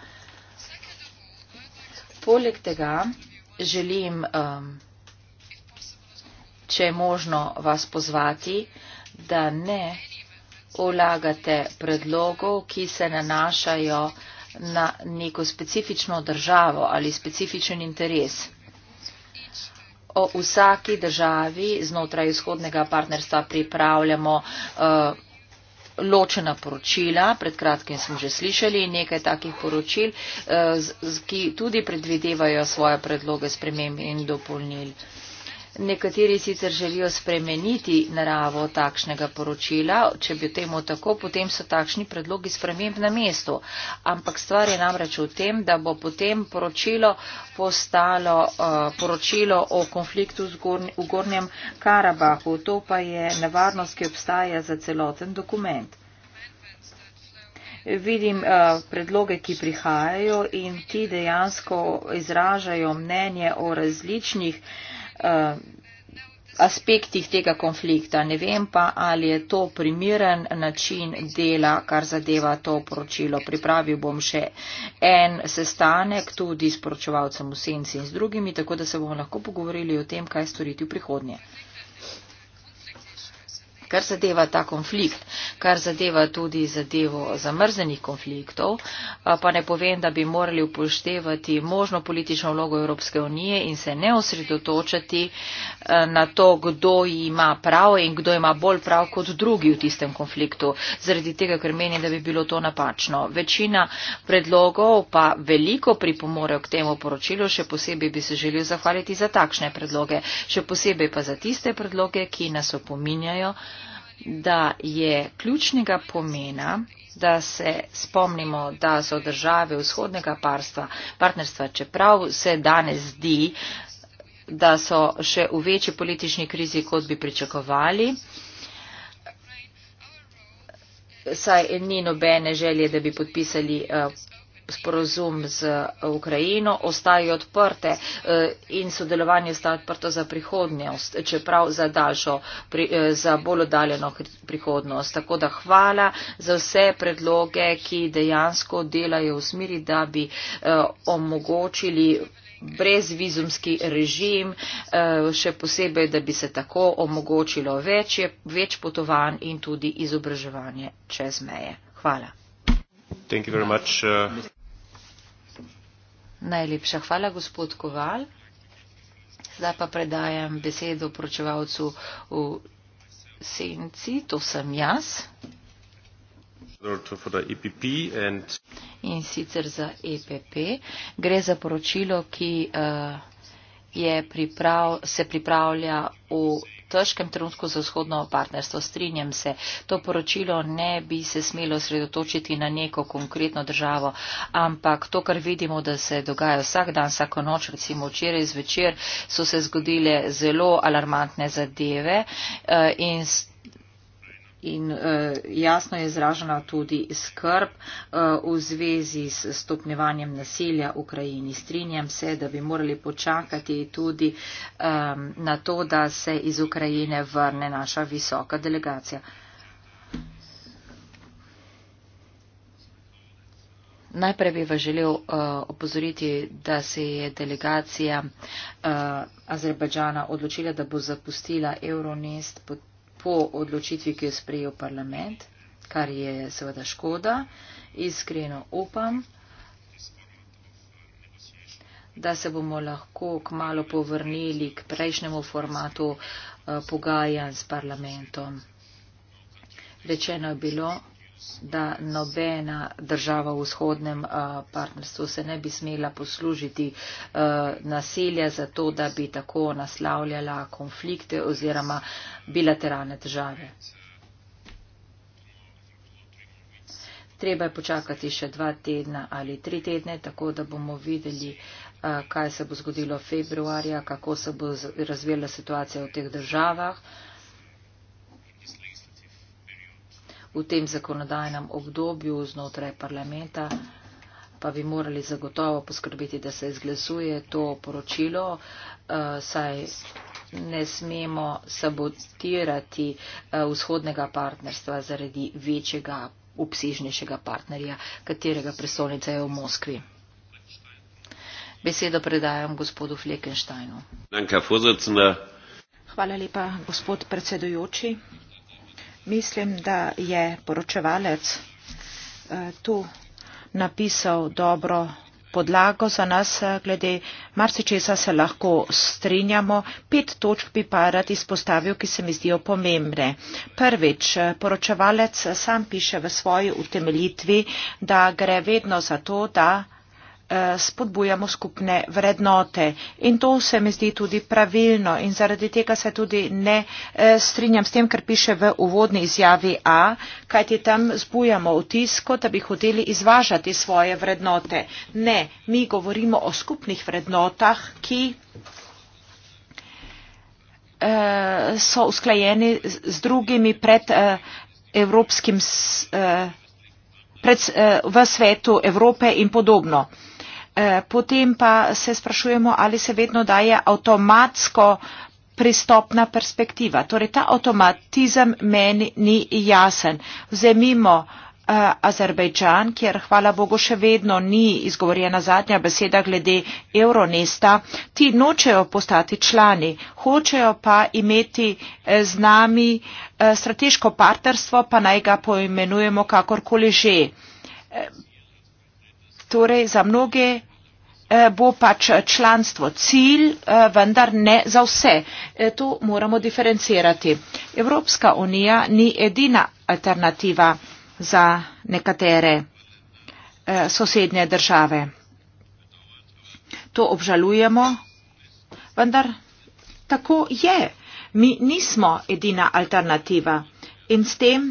Poleg tega želim. Eh, če je možno vas pozvati, da ne vlagate predlogov, ki se nanašajo na neko specifično državo ali specifičen interes. O vsaki državi znotraj izhodnega partnerstva pripravljamo uh, ločena poročila. Pred kratkim smo že slišali nekaj takih poročil, uh, z, z, ki tudi predvidevajo svoje predloge spremem in dopolnil. Uh, Nekateri sicer želijo spremeniti naravo takšnega poročila, če bi temu tako, potem so takšni predlogi sprememb na mestu. Ampak stvar je namreč v tem, da bo potem poročilo postalo uh, poročilo o konfliktu v Gornjem Karabahu. To pa je nevarnost, ki obstaja za celoten dokument. Vidim uh, predloge, ki prihajajo in ti dejansko izražajo mnenje o različnih uh, Eh, aspektih tega konflikta. Ne vem pa, ali je to primiren način dela, kar zadeva to poročilo. Pripravil bom še en sestanek tudi s poročevalcem v senci in z drugimi, tako da se bomo lahko pogovorili o tem, kaj storiti v prihodnje kar zadeva ta konflikt, kar zadeva tudi zadevo zamrznenih konfliktov, pa ne povem, da bi morali upoštevati možno politično vlogo Evropske unije in se ne osredotočati na to, kdo ima prav in kdo ima bolj prav kot drugi v tistem konfliktu, zaradi tega, ker meni, da bi bilo to napačno. Večina predlogov pa veliko pripomore k temu poročilu, še posebej bi se želel zahvaliti za takšne predloge, še posebej pa za tiste predloge, ki nas opominjajo da je ključnega pomena, da se spomnimo, da so države vzhodnega parstva, partnerstva, čeprav se danes zdi, da so še v večji politični krizi, kot bi pričakovali, saj ni nobene želje, da bi podpisali eh, sporozum z Ukrajino, ostajajo odprte eh, in sodelovanje ostaja odprto za prihodnost, čeprav za daljšo, eh, za bolj oddaljeno prihodnost. Tako da hvala za vse predloge, ki dejansko delajo v smeri, da bi eh, omogočili brezvizumski režim, še posebej, da bi se tako omogočilo več, več potovanj in tudi izobraževanje čez meje. Hvala. Thank you very much. Uh... Najlepša hvala, gospod Koval. Zdaj pa predajam besedo poročevalcu v senci, to sem jaz. And... E in sicer za EPP. Gre za poročilo, ki uh, eh, prav, se pripravlja v težkem trenutku za vzhodno partnerstvo. Strinjam se, to poročilo ne bi se smelo sredotočiti na neko konkretno državo, ampak to, kar vidimo, da se dogaja vsak dan, vsako noč, recimo včeraj zvečer, so se zgodile zelo alarmantne zadeve eh, in in eh, jasno je izražena tudi skrb eh, v zvezi s stopnevanjem nasilja v Ukrajini. Strinjam se, da bi morali počakati tudi ehm, na to, da se iz Ukrajine vrne naša visoka delegacija. Najprej bi vas želel uh, opozoriti, da se je delegacija uh, Azerbajdžana odločila, da bo zapustila Euronest. Pod po odločitvi, ki je sprejel parlament, kar je seveda škoda. Iskreno upam, da se bomo lahko kmalo povrnili k prejšnjemu formatu eh, pogajanj s parlamentom. Rečeno je bilo, da nobena država v vzhodnem uh, partnerstvu se ne bi smela poslužiti uh, nasilja za to, da bi tako naslavljala konflikte oziroma bilateralne države. Treba je počakati še dva tedna ali tri tedne, tako da bomo videli, uh, kaj se bo zgodilo februarja, kako se bo razvijala situacija v teh državah. Uh, v tem zakonodajnem obdobju znotraj parlamenta, pa bi morali zagotovo poskrbeti, da se izglesuje to poročilo, eh, saj ne smemo sabotirati eh, vzhodnega partnerstva zaradi večjega, obsežnejšega partnerja, katerega predstavnica je v Moskvi. Besedo predajam gospodu Fleckensteinu. Hvala lepa, gospod predsedujoči. Mislim, da je poročevalec eh, tu napisal dobro podlago za nas, eh, glede marsičesa se lahko strinjamo. Pet točk bi pa rad izpostavil, ki se mi zdijo pomembne. Prvič, eh, poročevalec sam piše v svoji utemeljitvi, da gre vedno za to, da Eh, spodbujamo skupne vrednote. In to se mi zdi tudi pravilno in zaradi tega se tudi ne eh, strinjam s tem, kar piše v uvodni izjavi A, kajti tam zbujamo vtisko, da bi hoteli izvažati svoje vrednote. Ne, mi govorimo o skupnih vrednotah, ki eh, so usklajeni z drugimi pred evropskim pred, v svetu Evrope in podobno. Eh, potem pa se sprašujemo, ali se vedno daje avtomatsko pristopna perspektiva. Torej, ta avtomatizem meni ni jasen. Vzemimo eh, Azerbejdžan, kjer hvala Bogu še vedno ni izgovorjena zadnja beseda glede Euronesta. Ti nočejo postati člani, hočejo pa imeti eh, z nami strateško partnerstvo, pa naj ga poimenujemo kakorkoli že torej za mnoge eh, bo pač članstvo cilj, eh, vendar ne za vse. Eh, to moramo diferencirati. Evropska unija ni edina alternativa za nekatere sosednje države. To obžalujemo, vendar tako je. Mi nismo edina alternativa in s tem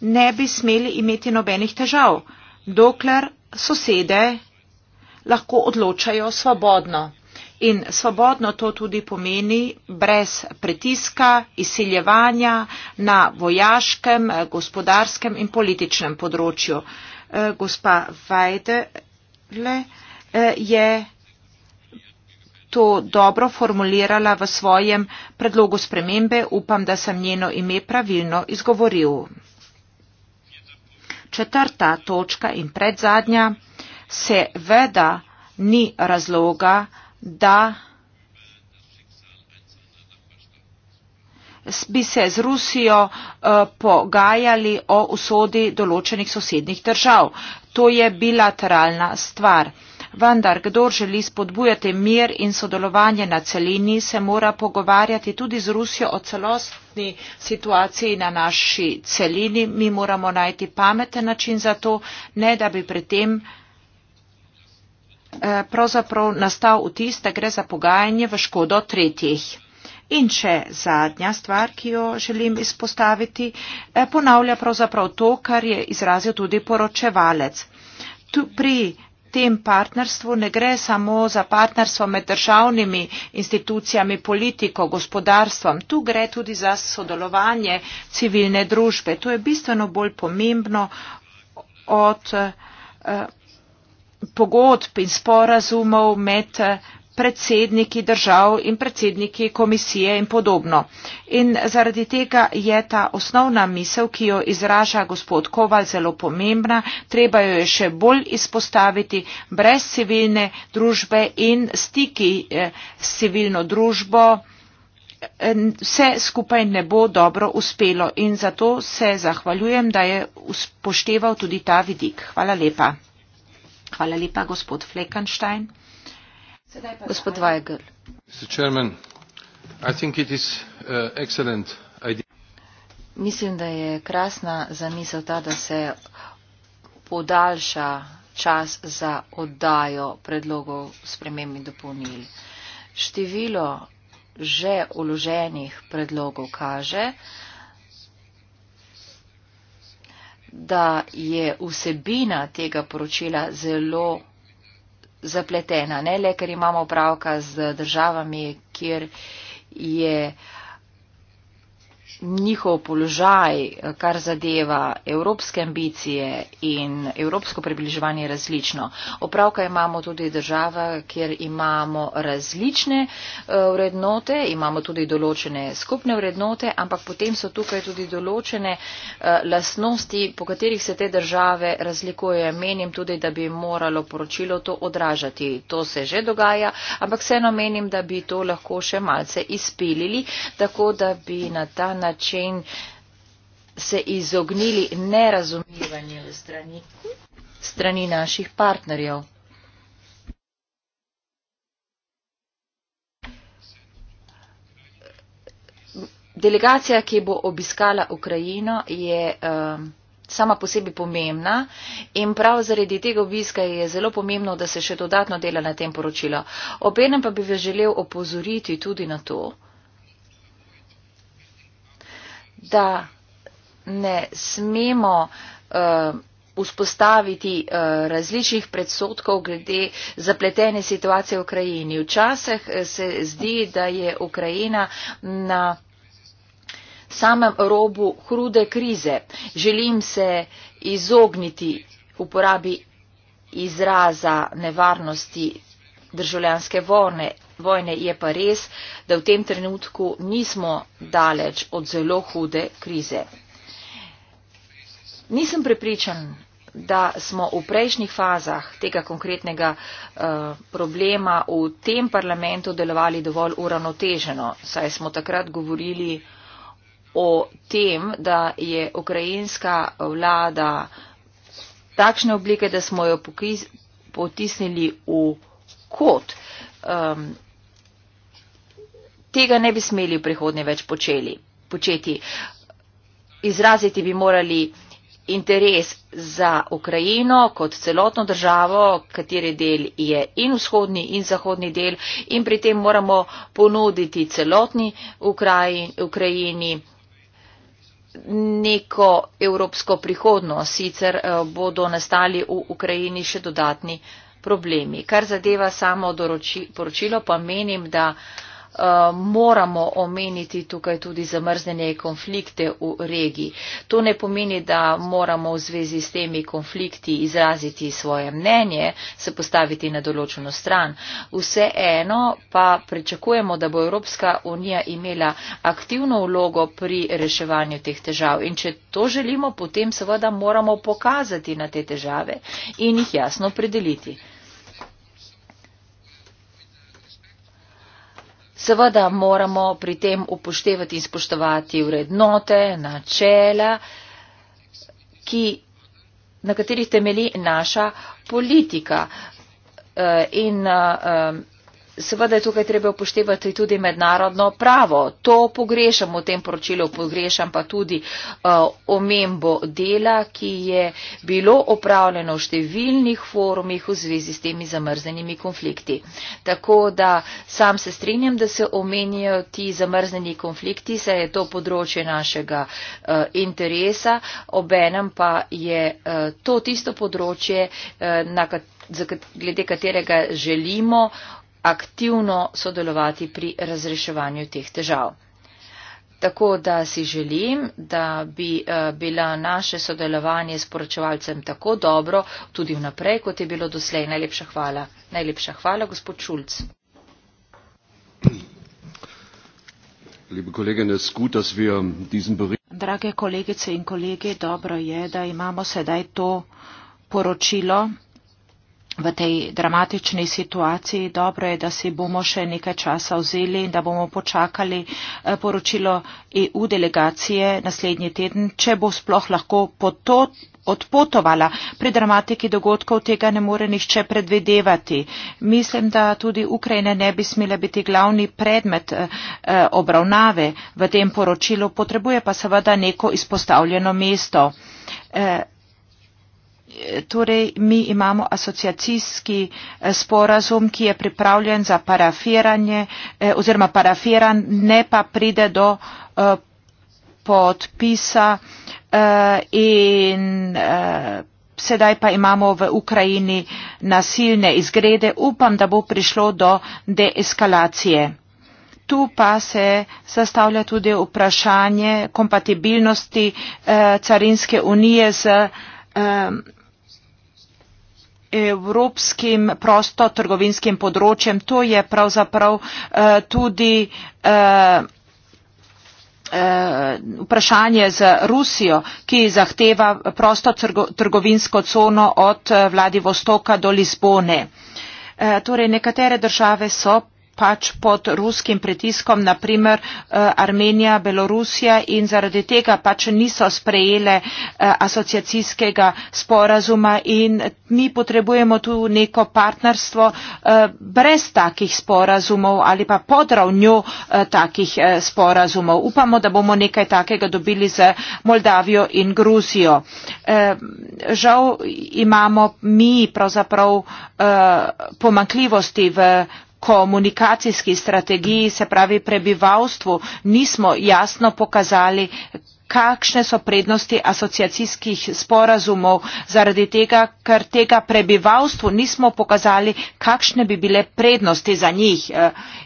ne bi smeli imeti nobenih težav, dokler sosede lahko odločajo svobodno. In svobodno to tudi pomeni brez pritiska, izsiljevanja na vojaškem, gospodarskem in političnem področju. Eh, gospa Vajdele eh, je to dobro formulirala v svojem predlogu spremembe. Upam, da sem njeno ime pravilno izgovoril četrta točka in predzadnja, seveda ni razloga, da bi se z Rusijo uh, pogajali o usodi določenih sosednjih držav. To je bilateralna stvar vendar kdor želi spodbujati mir in sodelovanje na celini, se mora pogovarjati tudi z Rusijo o celostni situaciji na naši celini. Mi moramo najti pameten način za to, ne da bi pri tem eh, pravzaprav nastal vtis, da gre za pogajanje v škodo tretjih. In še zadnja stvar, ki jo želim izpostaviti, eh, ponavlja pravzaprav to, kar je izrazil tudi poročevalec. Tu pri tem partnerstvu ne gre samo za partnerstvo med državnimi institucijami, politiko, gospodarstvom, tu gre tudi za sodelovanje civilne družbe. To je bistveno bolj pomembno od eh, pogodb in sporazumov med eh, predsedniki držav in predsedniki komisije in podobno. In zaradi tega je ta osnovna misel, ki jo izraža gospod Koval, zelo pomembna, treba jo je še bolj izpostaviti brez civilne družbe in stiki eh, s civilno družbo. Eh, vse skupaj ne bo dobro uspelo in zato se zahvaljujem, da je upošteval tudi ta vidik. Hvala lepa. Hvala lepa, gospod Fleckenstein. Uh, mislim da je krasna zamisel ta da se podaljša čas za oddajo predlogov sprememb in dopolnil. Število že uloženih predlogov kaže, da je vsebina tega poročila zelo zapletena, ne le, ker imamo pravka z državami, kjer je uh, njihov položaj, kar zadeva evropske ambicije in evropsko približevanje različno. Opravka imamo tudi država, kjer imamo različne eh, vrednote, imamo tudi določene skupne vrednote, ampak potem so tukaj tudi določene eh, lasnosti, po katerih se te države razlikujejo. Menim tudi, da bi moralo poročilo to odražati. To se že dogaja, ampak vseeno menim, da bi to lahko še malce izpilili, tako da bi na ta način način se izognili nerazumljivanju strani, strani naših partnerjev. Delegacija, ki bo obiskala Ukrajino, je um, sama po sebi pomembna in prav zaradi tega obiska je zelo pomembno, da se še dodatno dela na tem poročilo. Obenem pa bi vas želel opozoriti tudi na to, da ne smemo eh, vzpostaviti eh, različnih predsotkov glede zapletene situacije v Ukrajini. Včasih eh, se zdi, da je Ukrajina na samem robu hrude krize. Želim se izogniti uporabi izraza nevarnosti državljanske vojne, vojne je pa res, da v tem trenutku nismo daleč od zelo hude krize. Nisem prepričan, da smo v prejšnjih fazah tega konkretnega uh, problema v tem parlamentu delovali dovolj uravnoteženo, saj smo takrat govorili o tem, da je ukrajinska vlada takšne oblike, da smo jo potisnili v kot. Um, tega ne bi smeli v prihodnje več počeli, početi. Izraziti bi morali interes za Ukrajino kot celotno državo, kateri del je in vzhodni in zahodni del in pri tem moramo ponuditi celotni Ukrajini, Ukrajini neko evropsko prihodnost, sicer eh, bodo nastali v Ukrajini še dodatni problemi. Kar zadeva samo doroči, poročilo, pa menim, da uh, moramo omeniti tukaj tudi zamrznjene konflikte v regiji. To ne pomeni, da moramo v zvezi s temi konflikti izraziti svoje mnenje, se postaviti na določeno stran. Vseeno pa pričakujemo, da bo Evropska unija imela aktivno vlogo pri reševanju teh težav. In če to želimo, potem seveda moramo pokazati na te težave in jih jasno predeliti. Seveda moramo pri tem upoštevati in spoštovati vrednote, načela, ki, na katerih temeli naša politika. Eh, in eh, Seveda je tukaj treba upoštevati tudi mednarodno pravo. To pogrešam v tem poročilu, pogrešam pa tudi uh, omembo dela, ki je bilo opravljeno v številnih forumih v zvezi s temi zamrznenimi konflikti. Tako da sam se strinjam, da se omenjajo ti zamrzneni konflikti, saj je to področje našega uh, interesa, obenem pa je uh, to tisto področje, uh, na, za, glede katerega želimo aktivno sodelovati pri razreševanju teh težav. Tako da si želim, da bi eh, bila naše sodelovanje s poročevalcem tako dobro tudi vnaprej, kot je bilo doslej. Najlepša hvala. Najlepša hvala, gospod Šulc. Drage kolegice in kolegi, dobro je, da imamo sedaj to poročilo v tej dramatični situaciji. Dobro je, da si bomo še nekaj časa vzeli in da bomo počakali eh, poročilo EU delegacije naslednji teden, če bo sploh lahko potot odpotovala. Pri dramatiki dogodkov tega ne more nišče predvedevati. Mislim, da tudi Ukrajina ne bi smela biti glavni predmet eh, eh, obravnave v tem poročilu, potrebuje pa seveda neko izpostavljeno mesto torej mi imamo asociacijski eh, sporazum, ki je pripravljen za parafiranje eh, oziroma parafiran, ne pa pride do eh, podpisa in sedaj pa imamo v Ukrajini nasilne izgrede. Upam, da bo prišlo do deeskalacije. Tu pa se zastavlja tudi vprašanje kompatibilnosti carinske unije z evropskim prostotrgovinskim področjem. To je pravzaprav eh, tudi eh, eh, vprašanje z Rusijo, ki zahteva prostotrgovinsko cono od Vladivostoka do Lizbone. Torej, nekatere države so pač pod ruskim pritiskom, naprimer eh, Armenija, Belorusija in zaradi tega pač niso sprejele eh, asociacijskega sporazuma in mi potrebujemo tu neko partnerstvo eh, brez takih sporazumov ali pa pod ravnjo takih sporazumov. Upamo, da bomo nekaj takega dobili z Moldavijo in Gruzijo. Žal imamo mi pravzaprav pomankljivosti v komunikacijski strategiji se pravi prebivalstvu nismo jasno pokazali kaj želimo kakšne so prednosti asociacijskih sporazumov zaradi tega ker tega prebivalstvu nismo pokazali kakšne bi bile prednosti za njih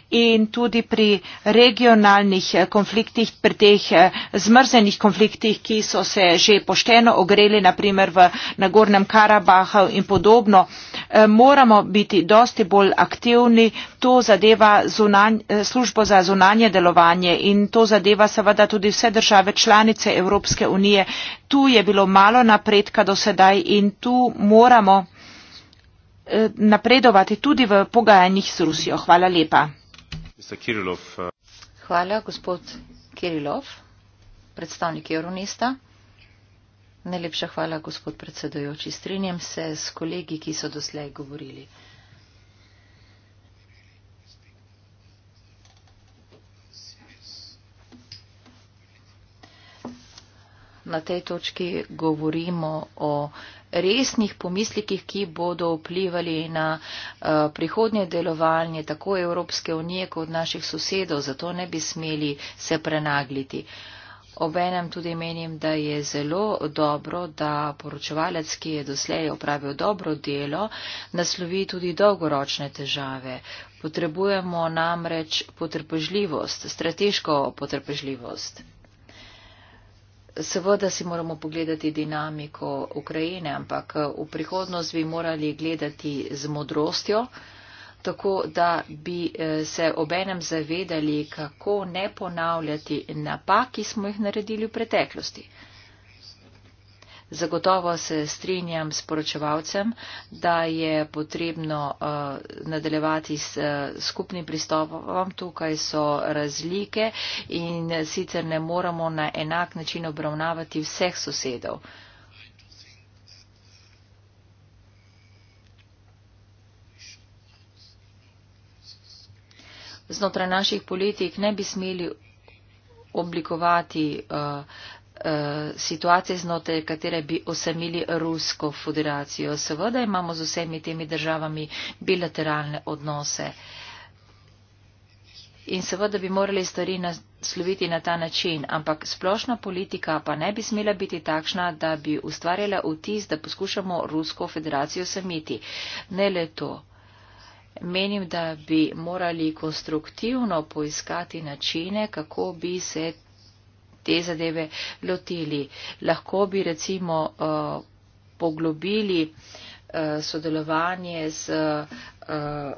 in tudi pri regionalnih eh, konfliktih pri teh eh, zmrznjenih konfliktih ki so se že pošteno ogreli naprimer v nagornem karabahu in podobno eh, moramo biti dosti bolj aktivni to zadeva zunanj, službo za zunanje delovanje in to zadeva seveda tudi vse države članice članice Evropske unije. Tu je bilo malo napredka do sedaj in tu moramo eh, napredovati tudi v pogajanjih s Rusijo. Hvala lepa. Eh. Hvala, gospod Kirilov, predstavnik Euronista. Najlepša hvala, gospod predsedujoči. Strinjam se s kolegi, ki so doslej govorili. na tej točki govorimo o resnih pomislikih, ki bodo vplivali na eh, prihodnje delovanje tako Evropske unije kot naših sosedov, zato ne bi smeli se prenagliti. Obenem tudi menim, da je zelo dobro, da poročevalec, ki je doslej opravil dobro delo, naslovi tudi dolgoročne težave. Potrebujemo namreč potrpežljivost, strateško potrpežljivost seveda si moramo pogledati dinamiko Ukrajine, ampak v prihodnost bi morali gledati z modrostjo, tako da bi se obenem zavedali, kako ne ponavljati napak, ki smo jih naredili v preteklosti. Zagotovo se strinjam s poročevalcem, da je potrebno uh, nadaljevati s uh, skupnim pristopom. Tukaj so razlike in sicer ne moramo na enak način obravnavati vseh sosedov. Znotraj naših politik ne bi smeli oblikovati uh, Eh, situacije, znotraj katere bi osamili Rusko federacijo. Seveda imamo z vsemi temi državami bilateralne odnose. In seveda bi morali stvari nasloviti na ta način, ampak splošna politika pa ne bi smela biti takšna, da bi ustvarjala vtis, da poskušamo Rusko federacijo samiti. Ne le to. Menim, da bi morali konstruktivno poiskati načine, kako bi se te zadeve lotili. Lahko bi recimo eh, poglobili eh, sodelovanje z eh,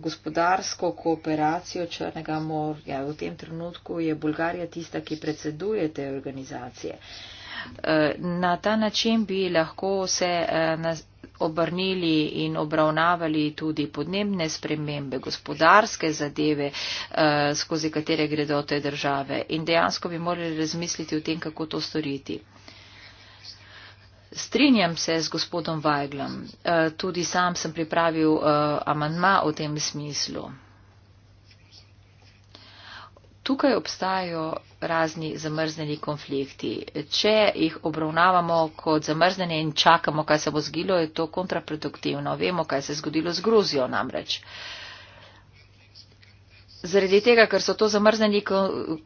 gospodarsko kooperacijo Črnega morja. V tem trenutku je Bolgarija tista, ki predseduje te organizacije. Na ta način bi lahko se obrnili in obravnavali tudi podnebne spremembe, gospodarske zadeve, eh, skozi katere gredo te države. In dejansko bi morali razmisliti o tem, kako to storiti. Strinjam se z gospodom Vajglom. Eh, tudi sam sem pripravil eh, amandma v tem smislu tukaj obstajajo razni zamrzneni konflikti. Če jih obravnavamo kot zamrznene in čakamo, kaj se bo zgilo, je to kontraproduktivno. Vemo, kaj se je zgodilo z Gruzijo namreč. Zaradi tega, ker so to zamrzneni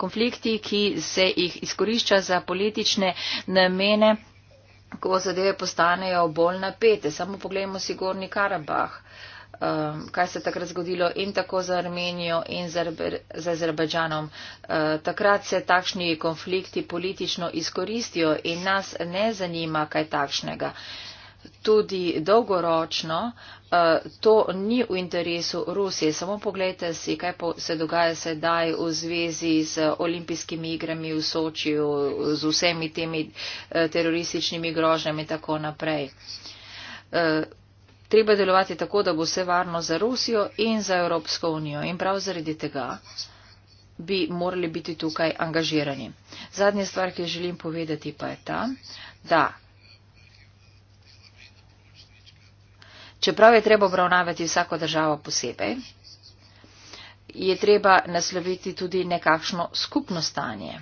konflikti, ki se jih izkorišča za politične namene, ko zadeve postanejo bolj napete. Samo pogledajmo si Gorni Karabah. Uh, Um, kaj se takrat zgodilo in tako za Armenijo in za Azerbajdžanom. Uh, takrat se takšni konflikti politično izkoristijo in nas ne zanima kaj takšnega. Tudi dolgoročno uh, to ni v interesu Rusije. Samo pogledajte si, kaj se dogaja sedaj v zvezi z olimpijskimi igrami v Sočiju, z vsemi temi uh, terorističnimi grožnjami in tako naprej treba delovati tako, da bo vse varno za Rusijo in za Evropsko unijo. In prav zaradi tega bi morali biti tukaj angažirani. Zadnja stvar, ki jo želim povedati, pa je ta, da čeprav je treba obravnavati vsako državo posebej, je treba nasloviti tudi nekakšno skupno stanje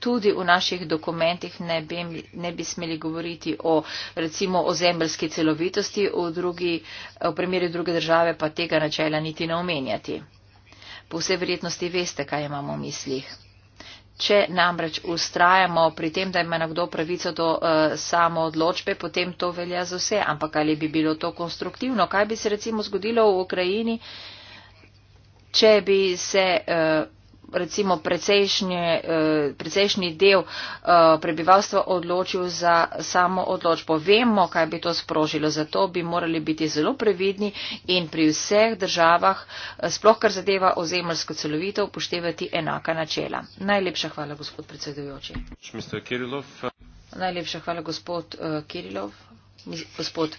tudi v naših dokumentih ne bi, ne bi smeli govoriti o recimo o zemljski celovitosti, v, drugi, v primeru druge države pa tega načela niti ne omenjati. Po vse verjetnosti veste, kaj imamo v mislih. Če namreč ustrajamo pri tem, da ima nekdo pravico do uh, eh, samo odločbe, potem to velja za vse. Ampak ali bi bilo to konstruktivno? Kaj bi se recimo zgodilo v Ukrajini, če bi se. Uh, recimo eh, precejšnji del eh, prebivalstva odločil za samo odločbo. Vemo, kaj bi to sprožilo, zato bi morali biti zelo previdni in pri vseh državah, eh, sploh kar zadeva ozemljsko celovito, upoštevati enaka načela. Najlepša hvala, gospod predsedujoči. Najlepša hvala, gospod Kirilov. Gospod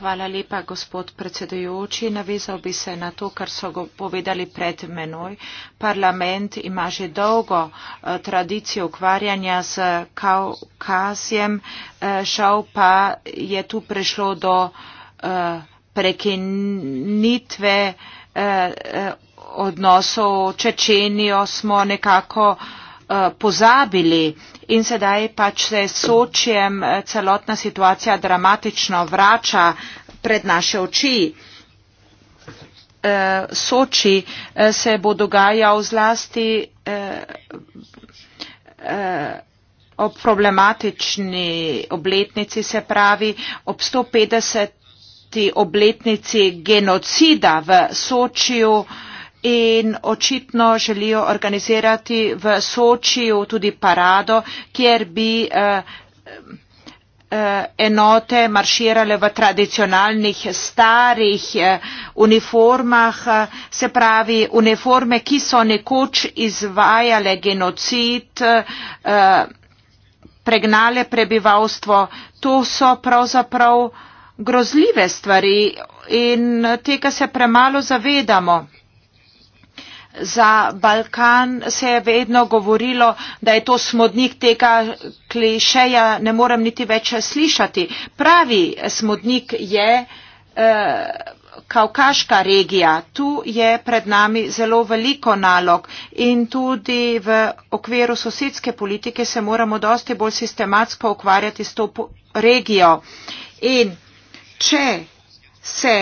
Hvala lepa, gospod predsedujoči. Navezal bi se na to, kar so povedali pred menoj. Parlament ima že dolgo eh, tradicijo ukvarjanja z Kaukazjem, eh, žal pa je tu prišlo do eh, prekinitve odnosov Čečenijo, smo nekako Eh, pozabili in sedaj pač se s sočjem eh, celotna situacija dramatično vrača pred naše oči. Eh, Soči se bo dogajal zlasti o problematični obletnici, se pravi ob 150. obletnici genocida v Sočiju in očitno želijo organizirati v Sočiju tudi parado, kjer bi eh, eh, enote marširale v tradicionalnih starih eh, uniformah, se pravi uniforme, ki so nekoč izvajale genocid, pregnale prebivalstvo. To so pravzaprav grozljive stvari in tega se premalo zavedamo za Balkan se je vedno govorilo, da je to smodnik tega klišeja, ne morem niti več slišati. Pravi smodnik je eh, kavkaška regija. Tu je pred nami zelo veliko nalog in tudi v okviru sosedske politike se moramo dosti bolj sistematsko ukvarjati s to regijo. In če se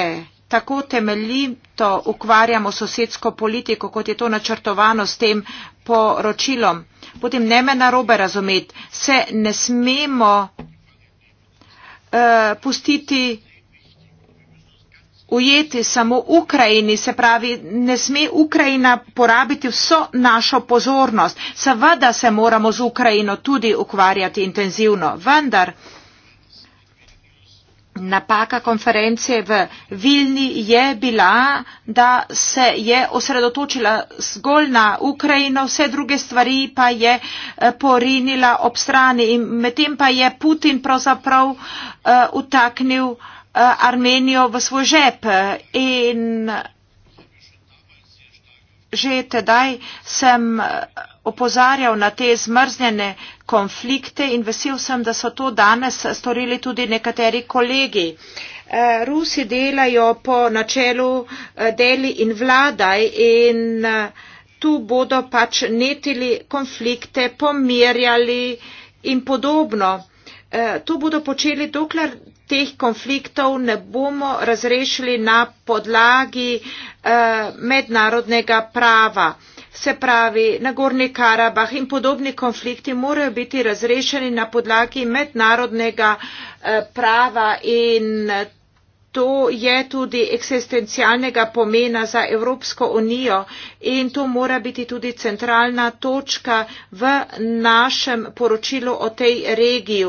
tako temeljito ukvarjamo sosedsko politiko, kot je to načrtovano s tem poročilom, potem ne me narobe razumeti, se ne smemo uh, pustiti ujeti samo Ukrajini, se pravi, ne sme Ukrajina porabiti vso našo pozornost. Seveda se moramo z Ukrajino tudi ukvarjati intenzivno, vendar Napaka konference v Vilni je bila, da se je osredotočila zgolj na Ukrajino, vse druge stvari pa je eh, porinila ob strani in medtem pa je Putin pravzaprav eh, utaknil eh, Armenijo v svoj žep. In že tedaj sem eh, opozarjal na te zmrznjene konflikte in vesel sem, da so to danes storili tudi nekateri kolegi. Eh, Rusi delajo po načelu eh, deli in vladaj in tu bodo pač netili konflikte, pomirjali in podobno. To bodo počeli, dokler teh konfliktov ne bomo razrešili na podlagi eh, mednarodnega prava. Se pravi, na Gorni Karabah in podobni konflikti morajo biti razrešeni na podlagi mednarodnega eh, prava in to je tudi eksistencialnega pomena za Evropsko unijo in to mora biti tudi centralna točka v našem poročilu o tej regiji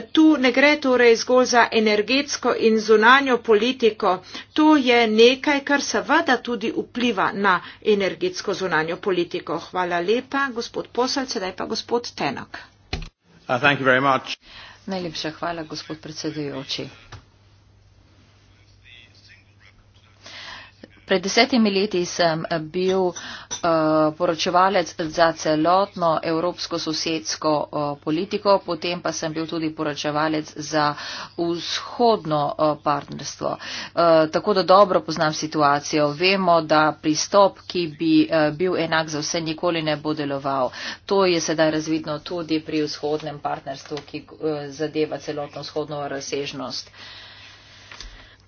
tu ne gre torej zgolj za energetsko in zunanjo politiko, to je nekaj, kar seveda tudi vpliva na energetsko zunanjo politiko. Hvala lepa, gospod Posel, sedaj pa gospod Tenok. Uh, Najlepša hvala, gospod predsedujoči. Pred desetimi leti sem eh, bil uh, poročevalec za celotno evropsko sosedsko uh, politiko, potem pa sem bil tudi poročevalec za vzhodno uh, partnerstvo. Uh, tako da dobro poznam situacijo. Vemo, da pristop, ki bi uh, bil enak za vse, nikoli ne bo deloval. To je sedaj razvidno tudi pri vzhodnem partnerstvu, ki uh, zadeva celotno vzhodno razsežnost. Uh,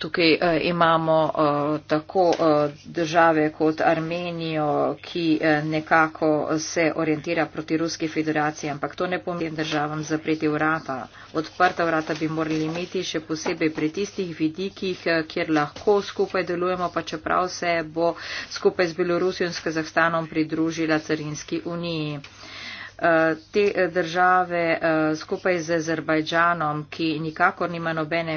Tukaj uh, imamo uh, tako uh, države kot Armenijo, ki uh, nekako se orientira proti Ruski federaciji, ampak to ne pomeni državam zapreti vrata. Odprta vrata bi morali imeti še posebej pri tistih vidikih, uh, kjer lahko skupaj delujemo, pa čeprav se bo skupaj z Belorusijo in s Kazahstanom pridružila Carinski uniji. Uh, Eh, te eh, države eh, skupaj z Azerbajdžanom, ki nikakor nima nobene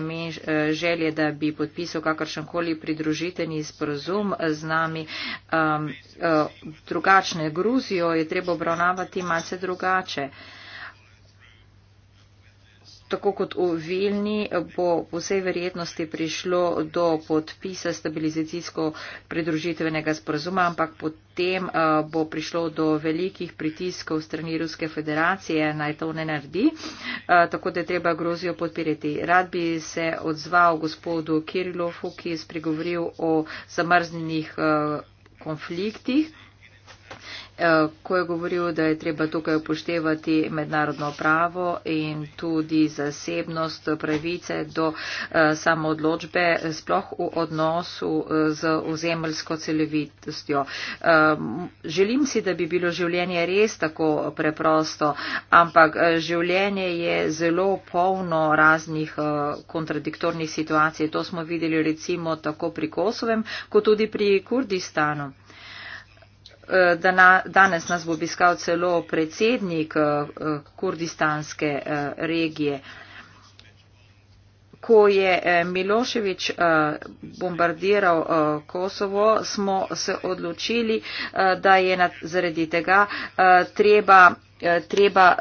želje, da bi podpisal kakršenkoli pridružiteni sporozum z nami. Drugačne Gruzijo je treba obravnavati malce drugače tako kot v Vilni, bo po vsej verjetnosti prišlo do podpisa stabilizacijsko pridružitvenega sporazuma, ampak potem eh, bo prišlo do velikih pritiskov strani Ruske federacije, naj to ne naredi, eh, tako da je treba grozijo podpirati. Rad bi se odzval gospodu Kirilofu, ki je spregovoril o zamrznjenih eh, konfliktih. Eh, ko je govoril, da je treba tukaj upoštevati mednarodno pravo in tudi zasebnost pravice do eh, samoodločbe, sploh v odnosu eh, z ozemelsko celovitostjo. Želim si, da bi bilo življenje res tako preprosto, ampak življenje je zelo polno raznih kontradiktornih situacij. To smo videli recimo tako pri Kosovem, kot tudi pri Kurdistanu. Eh, da na, danes nas bo obiskal celo predsednik eh, kurdistanske eh, regije. Ko je Miloševič bombardiral Kosovo, smo se odločili, da je zaradi tega treba Eh, treba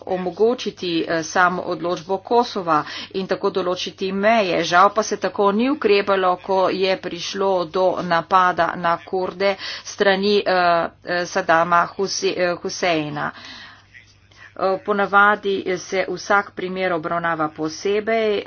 uh, omogočiti uh, samo odločbo Kosova in tako določiti meje. Žal pa se tako ni ukrepalo, ko je prišlo do napada na kurde strani uh, Sadama Huseina. Ponavadi se vsak primer obravnava posebej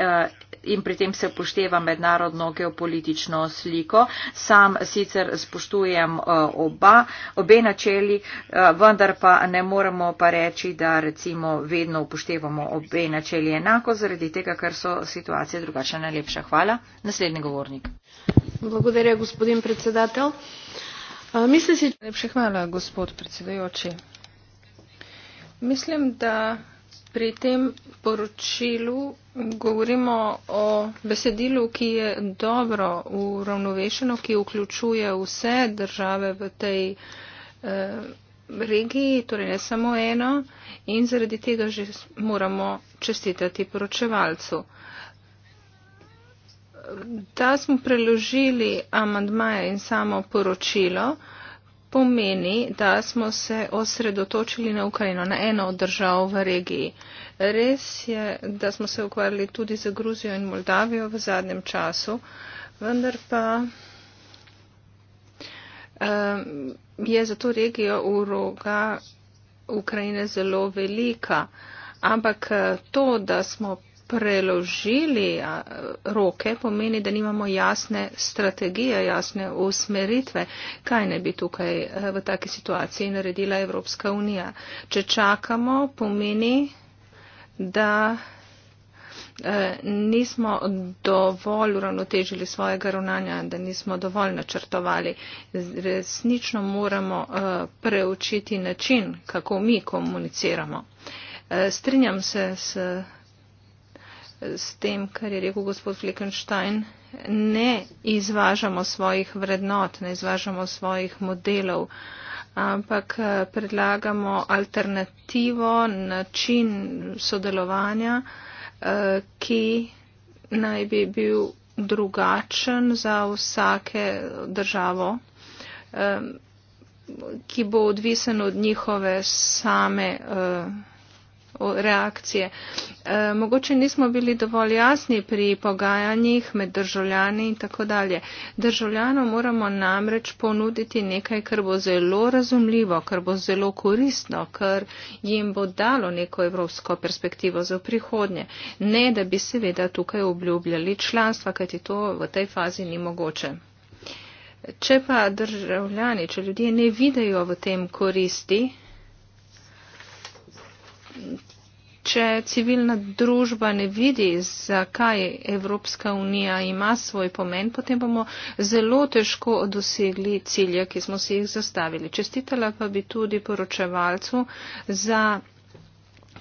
in pri tem se upošteva mednarodno geopolitično sliko. Sam sicer spoštujem eh, oba, obe načeli, eh, vendar pa ne moremo pa reči, da recimo vedno upoštevamo obe načeli enako, zaradi tega, ker so situacije drugačne. Najlepša hvala. Naslednji govornik. Благодаря, господин председател. А, мисля си... Лепше хвала, господ председател. Мислим да Pri tem poročilu govorimo o besedilu, ki je dobro uravnovešeno, ki vključuje vse države v tej eh, regiji, torej ne samo eno in zaradi tega že moramo čestitati poročevalcu. Da smo preložili amandmaje in samo poročilo, pomeni, da smo se osredotočili na Ukrajino, na eno od držav v regiji. Res je, da smo se ukvarjali tudi z Gruzijo in Moldavijo v zadnjem času, vendar pa um, je za to regijo uroga Ukrajine zelo velika. Ampak eh, to, da smo preložili roke, pomeni, da nimamo jasne strategije, jasne usmeritve, kaj ne bi tukaj eh, v taki situaciji naredila Evropska unija. Če čakamo, pomeni, da eh, nismo dovolj uravnotežili svojega ravnanja, da nismo dovolj načrtovali. Resnično moramo eh, preučiti način, kako mi komuniciramo. Strinjam se s s tem, kar je rekel gospod Fleckenstein, ne izvažamo svojih vrednot, ne izvažamo svojih modelov, ampak predlagamo alternativo, način sodelovanja, ki naj bi bil drugačen za vsake državo, ki bo odvisen od njihove same reakcije. E, mogoče nismo bili dovolj jasni pri pogajanjih med državljani in tako dalje. Državljano moramo namreč ponuditi nekaj, kar bo zelo razumljivo, kar bo zelo koristno, kar jim bo dalo neko evropsko perspektivo za prihodnje. Ne, da bi seveda tukaj obljubljali članstva, kajti to v tej fazi ni mogoče. Če pa državljani, če ljudje ne videjo v tem koristi, če civilna družba ne vidi, zakaj Evropska unija ima svoj pomen, potem bomo zelo težko dosegli cilje, ki smo si jih zastavili. Čestitala pa bi tudi poročevalcu za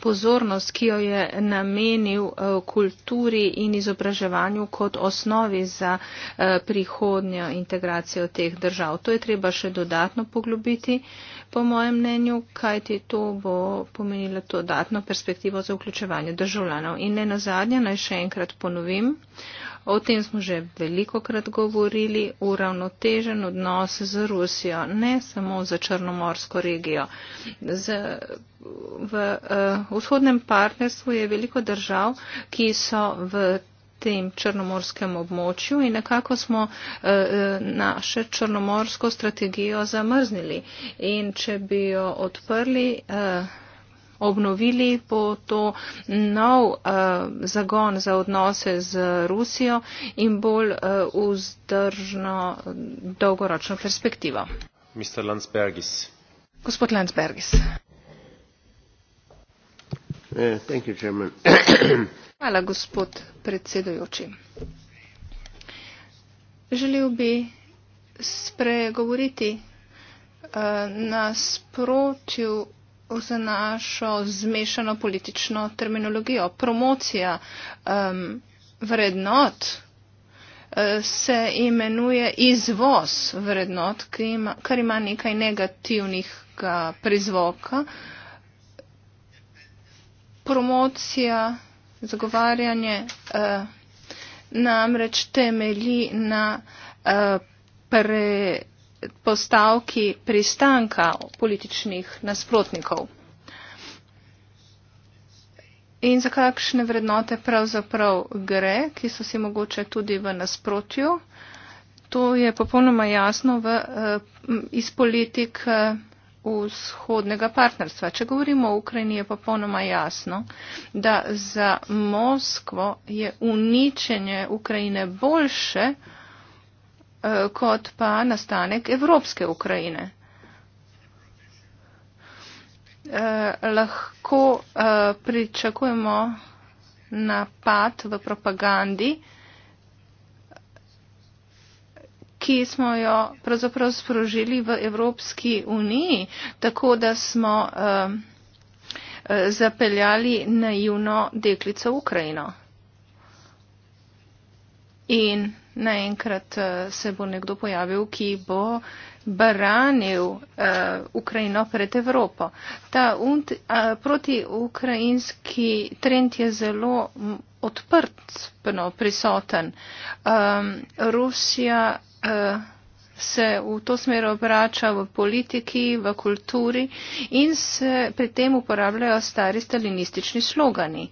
pozornost, ki jo je namenil eh, kulturi in izobraževanju kot osnovi za eh, prihodnjo integracijo teh držav. To je treba še dodatno poglobiti po mojem mnenju, kajti to bo pomenilo to datno perspektivo za vključevanje državljanov. In ne nazadnje, naj še enkrat ponovim, o tem smo že veliko krat govorili, uravnotežen odnos z Rusijo, ne samo za Črnomorsko regijo. Z, v uh, vzhodnem partnerstvu je veliko držav, ki so v tem črnomorskem območju in nekako smo eh, eh, naše črnomorsko strategijo zamrznili. In če bi jo odprli, eh, obnovili, bo to nov zagon za odnose z Rusijo in bolj vzdržno dolgoročno perspektivo. Mr. Landsbergis. Gospod Landsbergis. Uh, *coughs* Hvala, gospod predsedujoči. Želel bi spregovoriti uh, na sprotju za našo zmešano politično terminologijo. Promocija um, vrednot uh, se imenuje izvoz vrednot, kar ima nekaj negativnih prizvoka. Uh, promocija, zagovarjanje eh, namreč temelji na eh, postavki pristanka političnih nasprotnikov. In za kakšne vrednote pravzaprav gre, ki so si mogoče tudi v nasprotju, to je popolnoma jasno v, eh, iz politik vzhodnega partnerstva. Če govorimo o Ukrajini, je popolnoma jasno, da za Moskvo je uničenje Ukrajine boljše eh, kot pa nastanek Evropske Ukrajine. Eh, lahko eh, pričakujemo napad v propagandi, ki smo jo pravzaprav sprožili v Evropski uniji, tako da smo eh, eh, zapeljali naivno deklico Ukrajino. In naenkrat eh, se bo nekdo pojavil, ki bo branil Ukrajino pred Evropo. Ta und, proti ukrajinski trend je zelo odprt prisoten. Um, Rusija Eh, se v to smer obrača v politiki, v kulturi in se pri tem uporabljajo stari stalinistični slogani.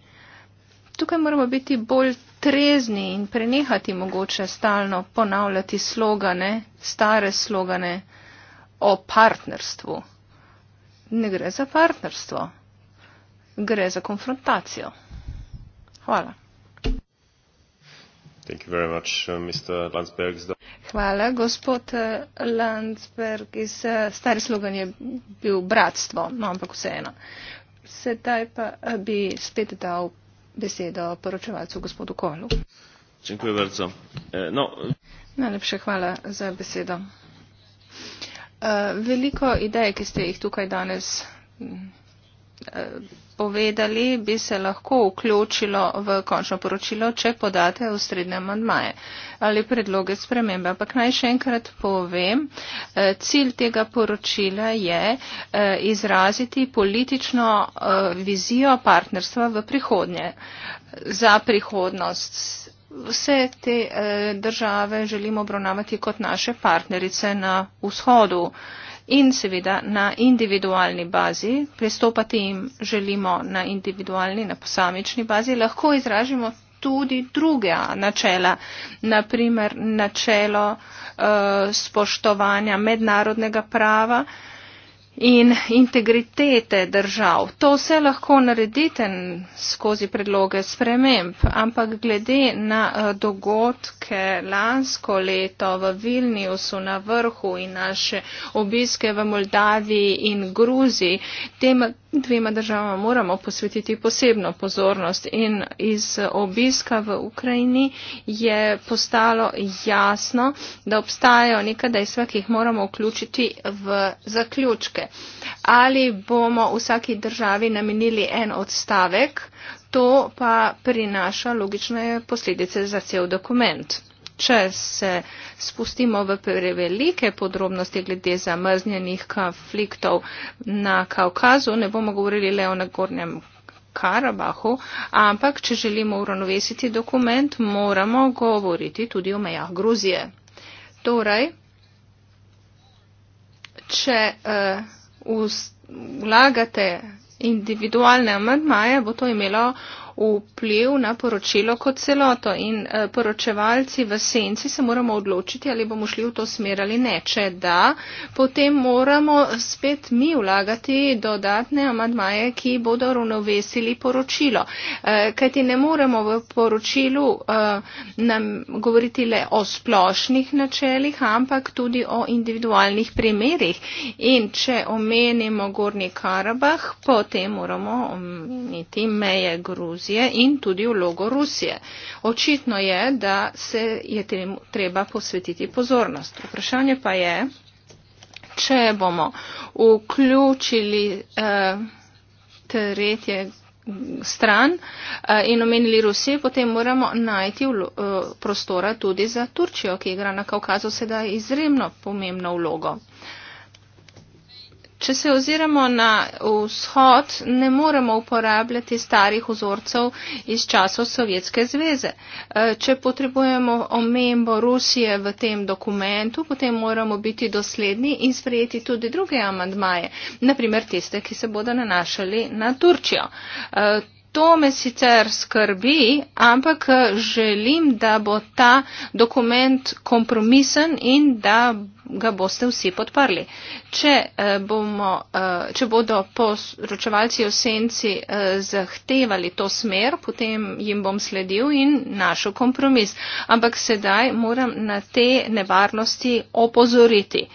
Tukaj moramo biti bolj trezni in prenehati mogoče stalno ponavljati slogane, stare slogane o partnerstvu. Ne gre za partnerstvo, gre za konfrontacijo. Hvala. Uh, hvala, gospod uh, Landsberg. Iz, uh, stari slogan je bil bratstvo, no, ampak vseeno. Sedaj pa bi spet dal besedo poročevalcu gospodu Kolu. E, no. Najlepša hvala za besedo. E, veliko idej, ki ste jih tukaj danes. E, povedali, bi se lahko vključilo v končno poročilo, če podate ustredne amandmaje ali predloge spremembe. Ampak naj še enkrat povem, eh, cilj tega poročila je eh, izraziti politično eh, vizijo partnerstva v prihodnje, za prihodnost. Vse te države želimo obravnavati kot naše partnerice na vzhodu in seveda na individualni bazi. Pristopati jim želimo na individualni, na posamični bazi. Lahko izražimo tudi druga načela, naprimer načelo uh, spoštovanja mednarodnega prava, uh, in integritete držav. To vse lahko naredite skozi predloge sprememb, ampak glede na eh, dogodke lansko leto v Vilniusu na vrhu in naše obiske v Moldaviji in Gruziji, tem dvema državama moramo posvetiti posebno pozornost in iz obiska v Ukrajini je postalo jasno, da obstajajo neka dejstva, ki jih moramo vključiti v zaključke. Ali bomo vsaki državi namenili en odstavek, to pa prinaša logične posledice za cel dokument če se spustimo v prevelike podrobnosti glede zamrznjenih konfliktov na Kaukazu, ne bomo govorili le o Nagornjem Karabahu, ampak če želimo uravnovesiti dokument, moramo govoriti tudi o mejah Gruzije. Torej, če uh, vlagate individualne amandmaje, bo to imelo vpliv na poročilo kot celoto in eh, poročevalci v senci se moramo odločiti, ali bomo šli v to smer ali ne. Če da, potem moramo spet mi vlagati dodatne amadmaje, ki bodo ravnovesili poročilo. Eh, kajti ne moremo v poročilu eh, nam govoriti le o splošnih načelih, ampak tudi o individualnih primerih. In če omenimo Gorni Karabah, potem moramo omeniti meje Gruzije gruzije in tudi vlogo rusije očitno je da se je treba posvetiti pozornost vprašanje pa je če bomo vključili eh, tretje stran eh, in omenili Rusijo, potem moramo najti eh, prostora tudi za Turčijo, ki igra na Kaukazu sedaj izremno pomembno vlogo. Če se oziramo na vzhod, ne moremo uporabljati starih vzorcev iz časov Sovjetske zveze. E, če potrebujemo omembo Rusije v tem dokumentu, potem moramo biti dosledni in sprejeti tudi druge amandmaje, naprimer tiste, ki se bodo nanašali na Turčijo. E, to me sicer skrbi, ampak želim, da bo ta dokument kompromisen in da ga boste vsi podprli. Če, eh, bomo, eh, če bodo poročevalci o senci eh, zahtevali to smer, potem jim bom sledil in našel kompromis. Ampak sedaj moram na te nevarnosti opozoriti.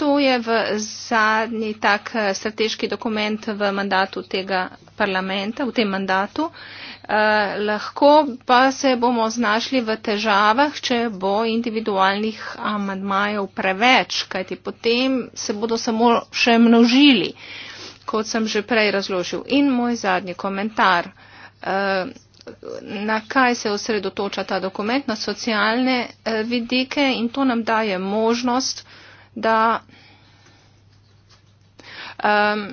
To je v zadnji tak strateški dokument v mandatu tega parlamenta, v tem mandatu. Eh, lahko pa se bomo znašli v težavah, če bo individualnih amadmajev preveč, kajti potem se bodo samo še množili, kot sem že prej razložil. In moj zadnji komentar. Eh, na kaj se osredotoča ta dokument? Na socialne eh, vidike in to nam daje možnost, da. Um,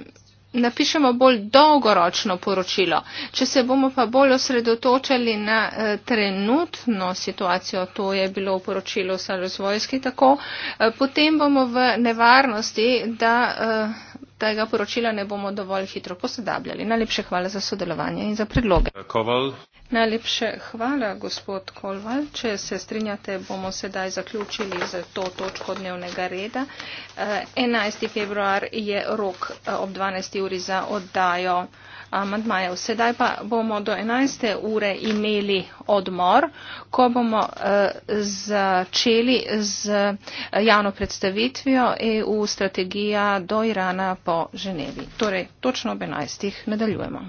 napišemo bolj dolgoročno poročilo. Če se bomo pa bolj osredotočali na eh, trenutno situacijo, to je bilo v poročilu Salozvojski tako, eh, potem bomo v nevarnosti, da eh, tega poročila ne bomo dovolj hitro posodabljali. Najlepše hvala za sodelovanje in za predloge. Koval. Najlepše hvala, gospod Kolval. Če se strinjate, bomo sedaj zaključili z to točko dnevnega reda. 11. Eh, februar je rok eh, ob 12. uri za oddajo amandmajev. Sedaj pa bomo do 11. ure imeli odmor, ko bomo eh, začeli z eh, javno predstavitvijo EU strategija do Irana po Ženevi. Torej, točno ob 11. nadaljujemo.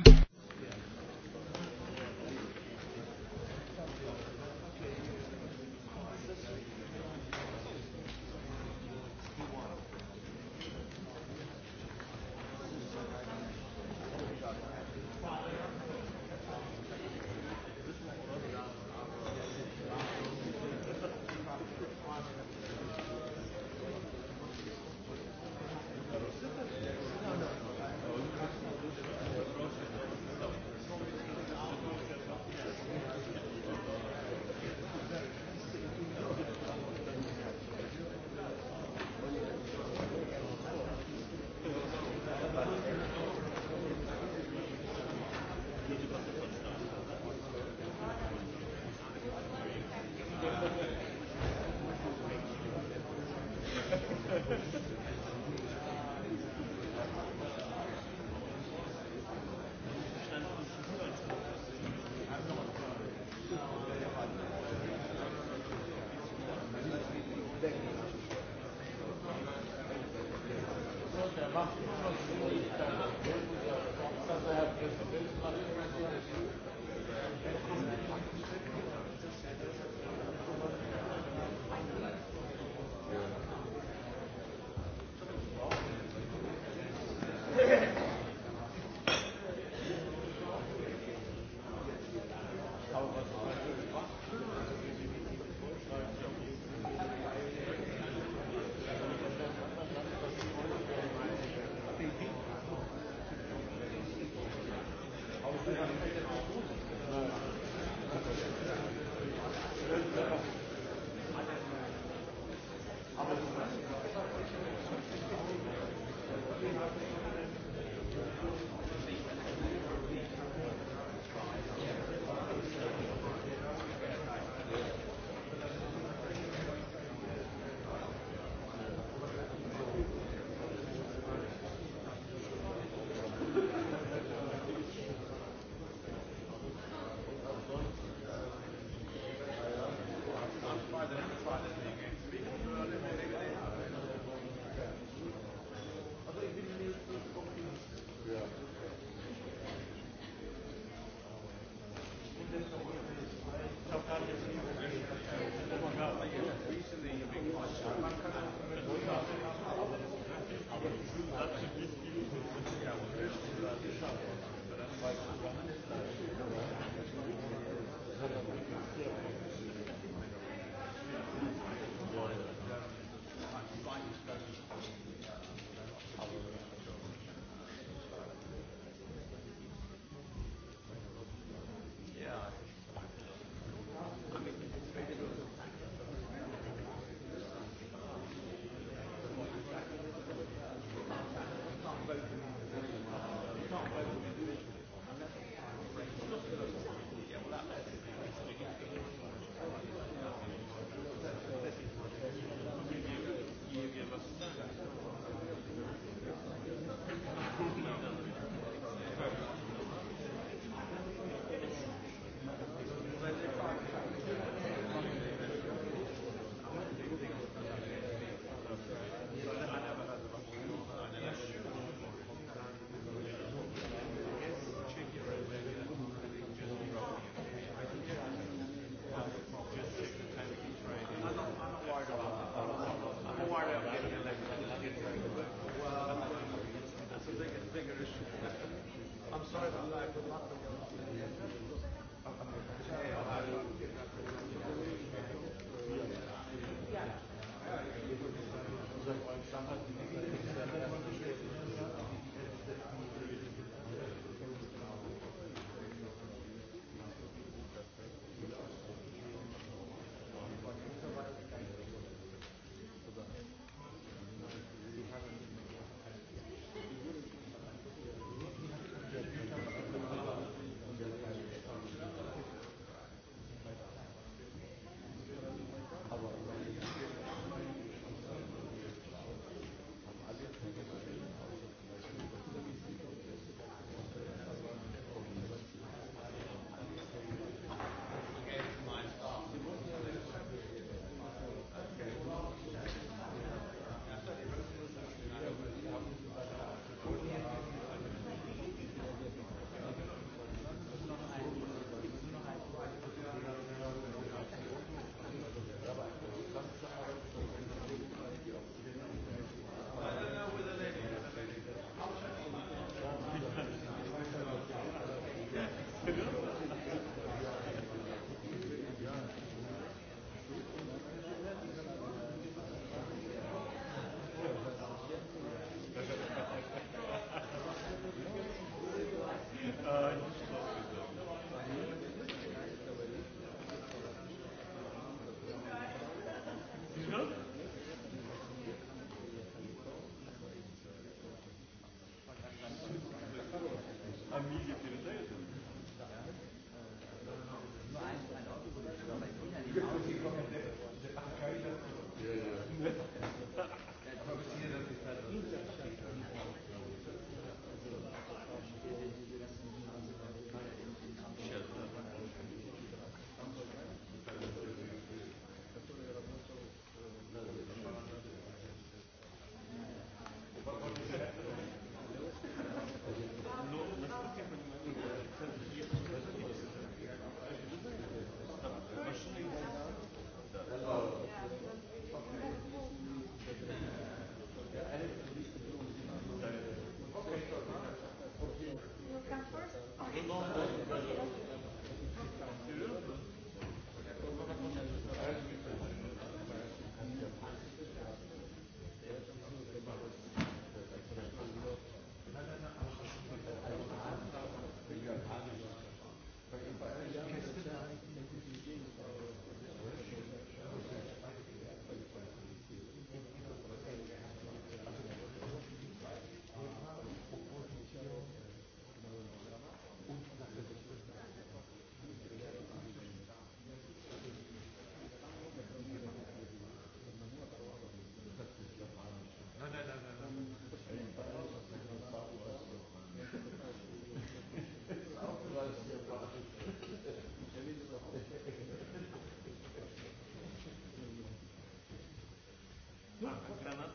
granada.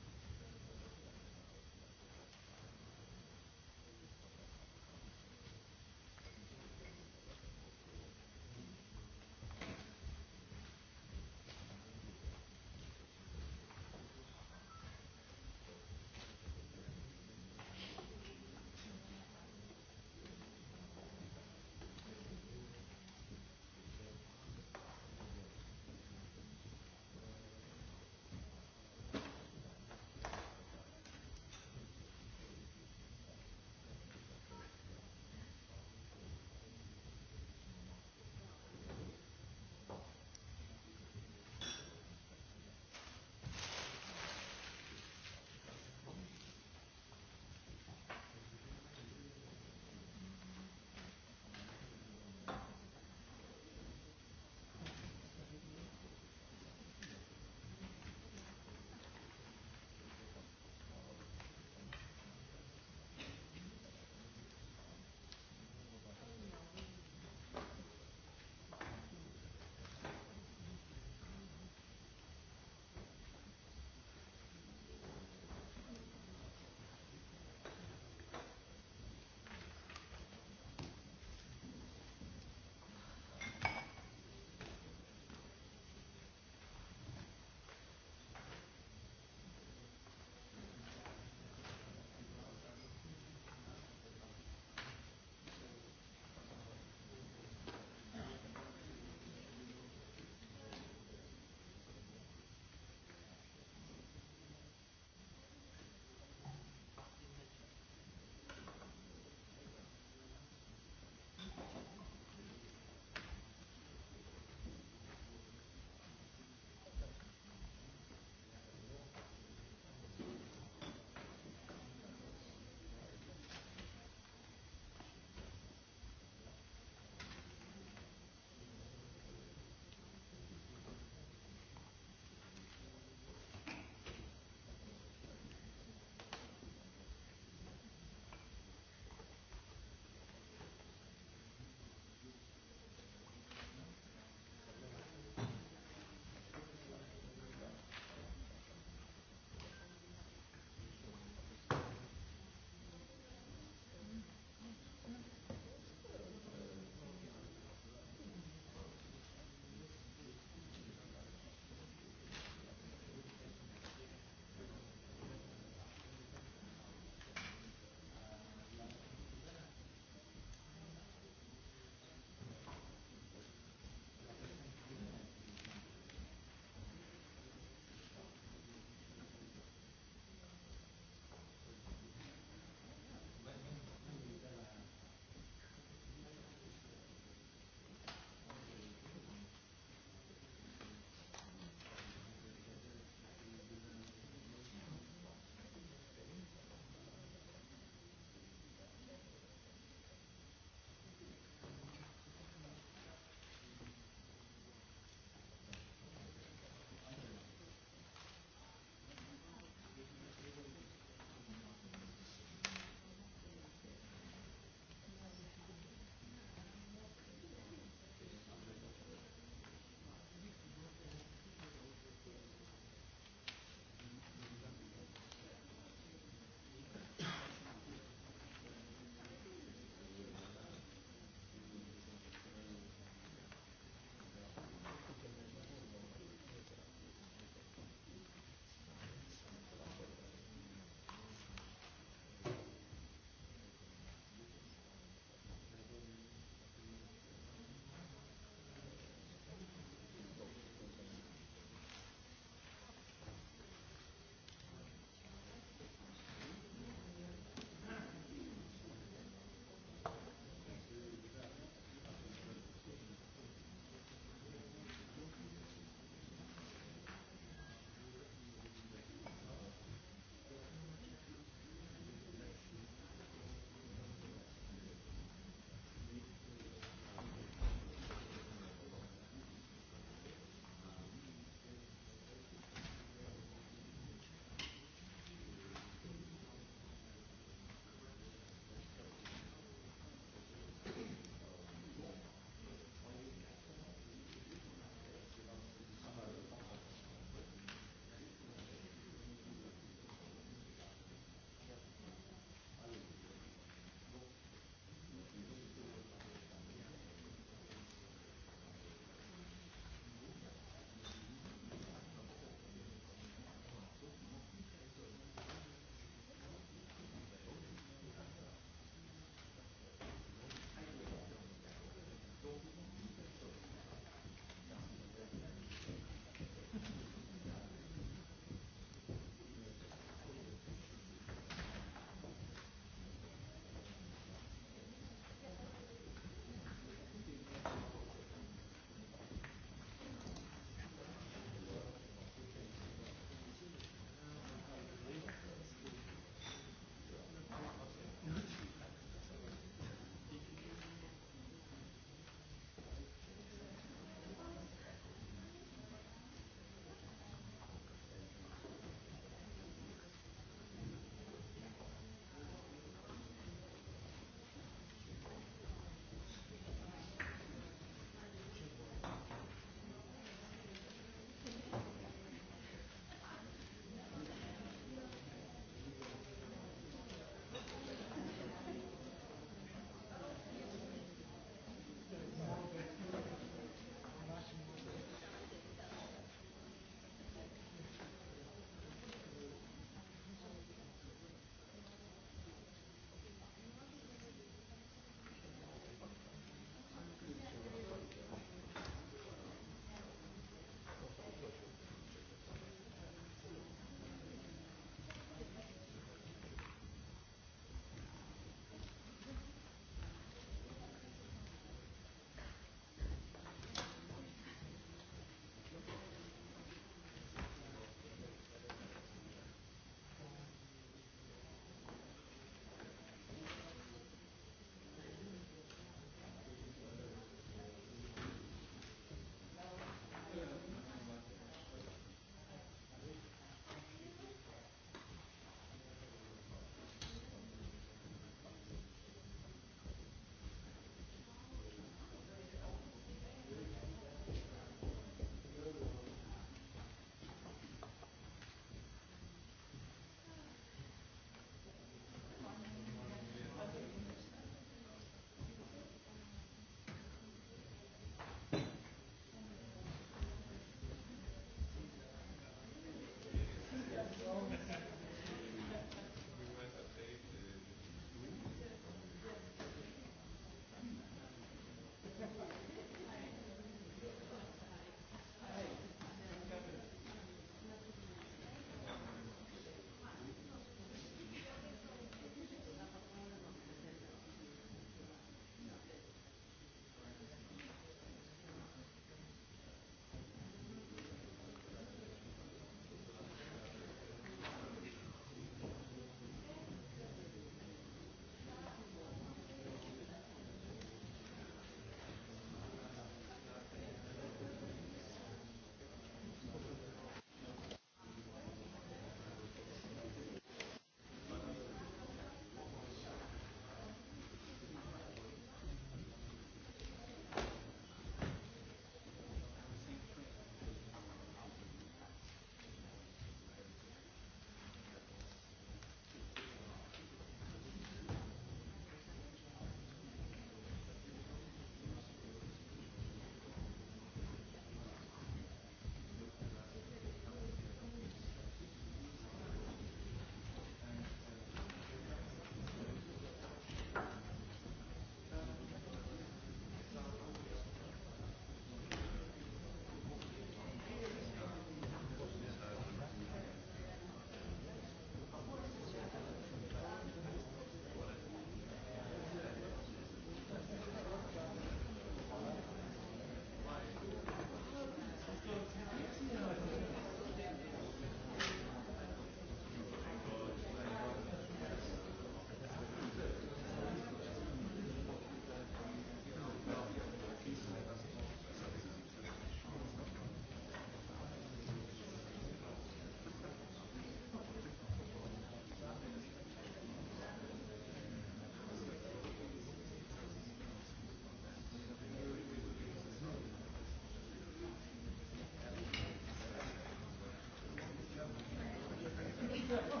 Thank you.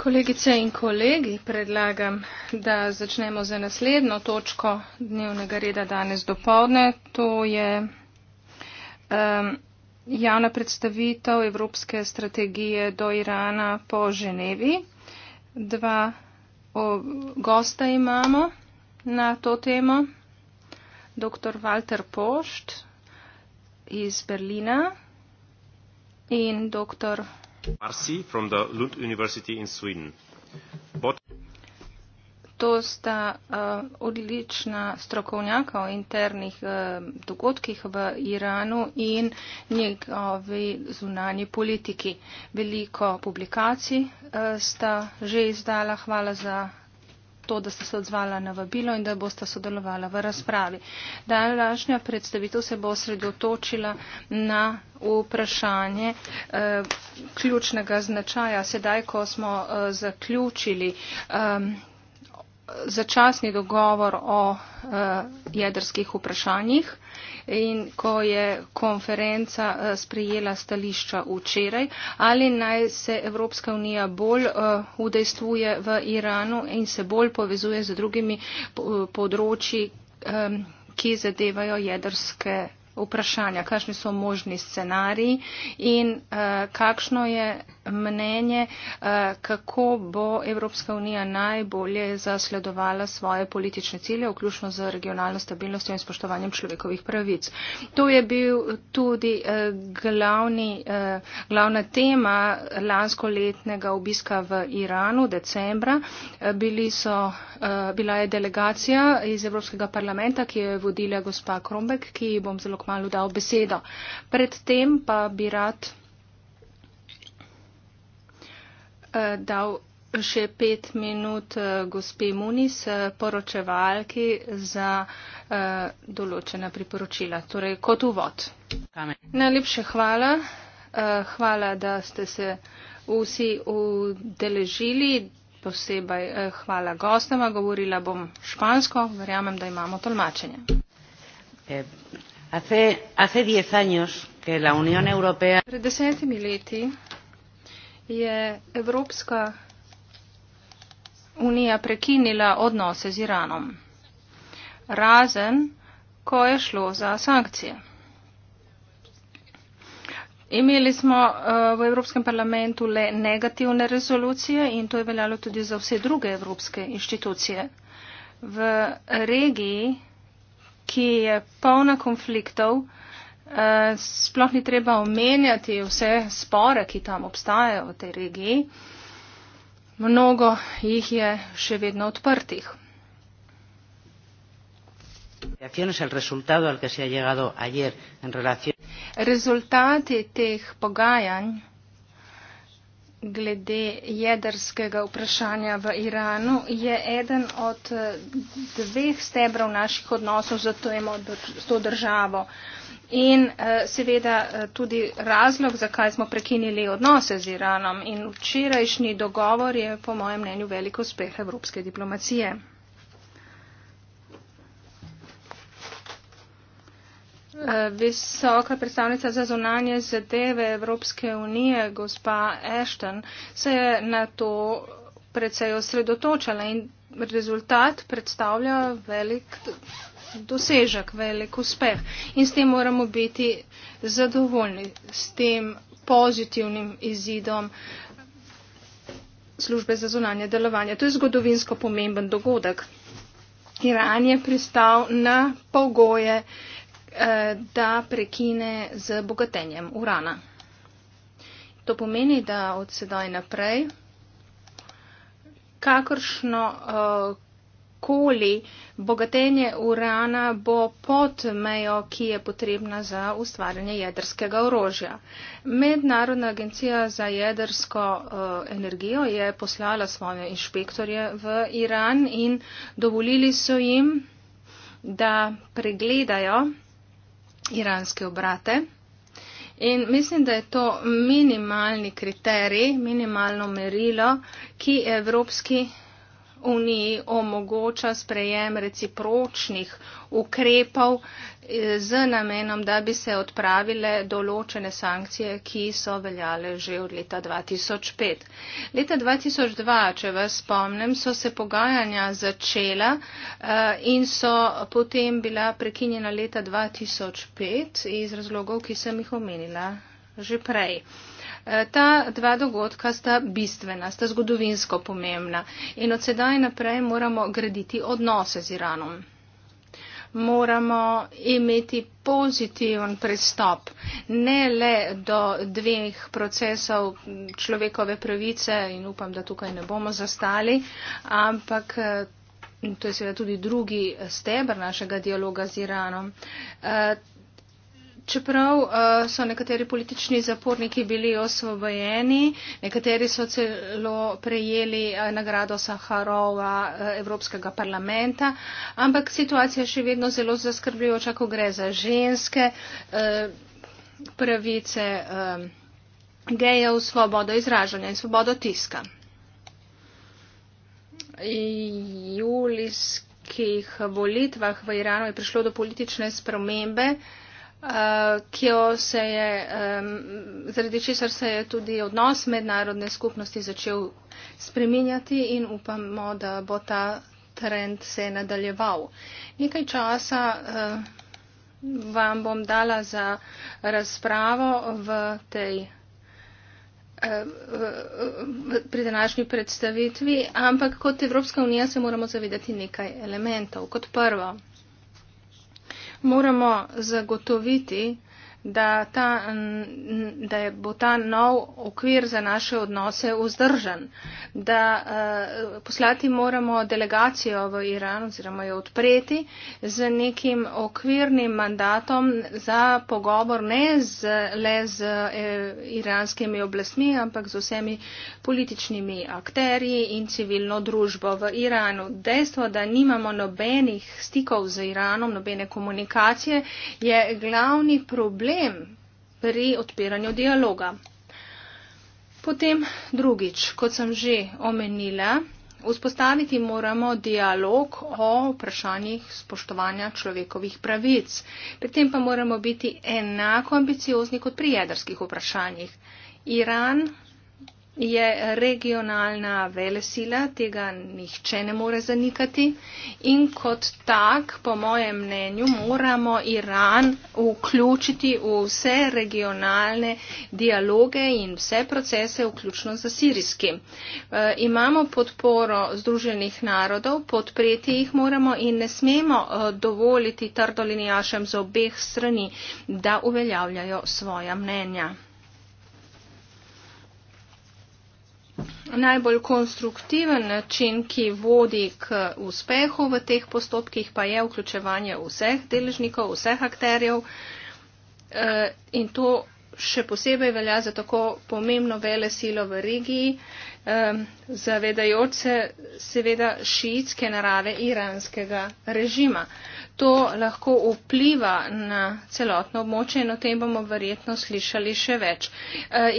Kolegice in kolegi, predlagam, da začnemo za naslednjo točko dnevnega reda danes do povdne. To je um, javna predstavitev Evropske strategije do Irana po Ženevi. Dva o, gosta imamo na to temo. Dr. Walter Pošt iz Berlina in dr. Marci from the Lund University in Sweden. Bot To sta uh, odlična strokovnjaka o internih uh, dogodkih v Iranu in njegovi zunanji politiki. Veliko publikacij uh, sta že izdala. Hvala za to, da ste se odzvala na vabilo in da boste sodelovala v razpravi. Današnja predstavitev se bo osredotočila na vprašanje eh, ključnega značaja. Sedaj, ko smo eh, zaključili eh, začasni dogovor o eh, jedrskih vprašanjih in ko je konferenca eh, sprejela stališča včeraj, ali naj se Evropska unija bolj eh, udejstvuje v Iranu in se bolj povezuje z drugimi področji, ki zadevajo jedrske vprašanja, kakšni so možni scenariji in kakšno je mnenje, eh, kako bo Evropska unija najbolje zasledovala svoje politične cilje, vključno z regionalno stabilnostjo in spoštovanjem človekovih pravic. To je bil tudi eh, glavni, eh, glavna tema lansko letnega obiska v Iranu decembra. So, bila je delegacija iz Evropskega parlamenta, ki jo je vodila gospa Krombek, ki bom zelo kmalo dal besedo. Predtem pa bi rad uh, dal še pet minut uh, gospe Munis, uh, eh, poročevalki, za uh, določena priporočila, torej kot uvod. Amen. Najlepše hvala. Uh, hvala, da ste se vsi udeležili. Posebej eh, hvala gostama, govorila bom špansko, verjamem, da imamo tolmačenje. Eh, hace, hace años, Pred desetimi leti je Evropska unija prekinila odnose z Iranom, razen, ko je šlo za sankcije. Imeli smo eh, v Evropskem parlamentu le negativne rezolucije in to je veljalo tudi za vse druge evropske inštitucije. V regiji, ki je polna konfliktov, Uh, sploh ni treba omenjati vse spore, ki tam obstajajo v tej regiji. Mnogo jih je še vedno odprtih. Rezultati teh pogajanj glede jedrskega vprašanja v Iranu je eden od dveh stebrov naših odnosov z to državo. In eh, seveda eh, tudi razlog, zakaj smo prekinili odnose z Iranom. In včerajšnji dogovor je po mojem mnenju velik uspeh evropske diplomacije. Eh, visoka predstavnica za zunanje zadeve Evropske unije, gospa Ashton, se je na to predvsej osredotočala in rezultat predstavlja velik dosežek, velik uspeh. In s tem moramo biti zadovoljni, s tem pozitivnim izidom službe za zunanje delovanje. To je zgodovinsko pomemben dogodek. Iran je pristal na pogoje Eh, da prekine z bogatenjem urana. To pomeni, da od sedaj naprej kakršno eh, koli bogatenje urana bo pod mejo, ki je potrebna za ustvarjanje jedrskega orožja. Mednarodna agencija za jedrsko eh, energijo je poslala svoje inšpektorje v Iran in dovolili so jim, da pregledajo iranske obrate. In mislim, da je to minimalni kriterij, minimalno merilo, ki Evropski uniji omogoča sprejem recipročnih ukrepov, z namenom, da bi se odpravile določene sankcije, ki so veljale že od leta 2005. Leta 2002, če vas spomnim, so se pogajanja začela eh, in so potem bila prekinjena leta 2005 iz razlogov, ki sem jih omenila že prej. Eh, ta dva dogodka sta bistvena, sta zgodovinsko pomembna in od sedaj naprej moramo graditi odnose z Iranom moramo imeti pozitiven pristop ne le do dveh procesov človekove pravice in upam, da tukaj ne bomo zastali, ampak eh, to je seveda tudi drugi steber našega dialoga z Iranom. Uh, Čeprav uh, so nekateri politični zaporniki bili osvobojeni, nekateri so celo prejeli uh, nagrado Saharova uh, Evropskega parlamenta, ampak situacija je še vedno zelo zaskrbljujoča, ko gre za ženske uh, pravice, uh, gejev, svobodo izražanja in svobodo tiska. Julijskih volitvah v Iranu je prišlo do politične spremembe. Uh, Eh, ki jo se je, zaradi česar se je tudi odnos mednarodne skupnosti začel spreminjati in upamo, da bo ta trend se nadaljeval. Nekaj časa eh, vam bom dala za razpravo v tej eh, pri današnji predstavitvi, ampak kot Evropska unija se moramo zavedati nekaj elementov. Kot prvo, moramo zagotoviti, da, ta, da bo ta nov okvir za naše odnose vzdržan. Da eh, poslati moramo delegacijo v Iran oziroma jo odpreti z nekim okvirnim mandatom za pogovor ne z, le z eh, iranskimi oblastmi, ampak z vsemi političnimi akterji in civilno družbo v Iranu. Dejstvo, da nimamo nobenih stikov z Iranom, nobene komunikacije, je glavni problem problem pri odpiranju dialoga. Potem drugič, kot sem že omenila, vzpostaviti moramo dialog o vprašanjih spoštovanja človekovih pravic. Pri tem pa moramo biti enako ambiciozni kot pri jedrskih vprašanjih. Iran je regionalna velesila, tega nihče ne more zanikati in kot tak, po mojem mnenju, moramo Iran vključiti v vse regionalne dialoge in vse procese, vključno za sirijski. E, imamo podporo Združenih narodov, podpreti jih moramo in ne smemo e, dovoliti trdolinijašem z obeh strani, da uveljavljajo svoja mnenja. Najbolj konstruktiven način, ki vodi k uspehu v teh postopkih, pa je vključevanje vseh deležnikov, vseh akterjev eh, in to še posebej velja za tako pomembno vele silo v regiji, zavedajoč se seveda šiitske narave iranskega režima. To lahko vpliva na celotno območje in o tem bomo verjetno slišali še več.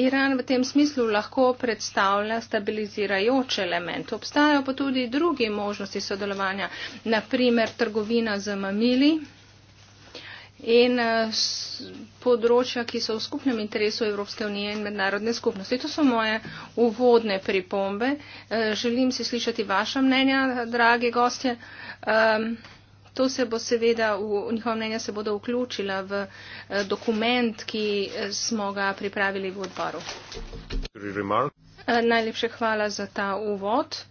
Iran v tem smislu lahko predstavlja stabilizirajoč element. Obstajajo pa tudi drugi možnosti sodelovanja, naprimer trgovina z mamili in eh, področja, ki so v skupnem interesu Evropske unije in mednarodne skupnosti. To so moje uvodne pripombe. Eh, želim si slišati vaša mnenja, dragi gostje. Ehm, to se bo seveda, njihova mnenja se bodo vključila v eh, dokument, ki smo ga pripravili v odboru. Najlepše hvala za ta uvod.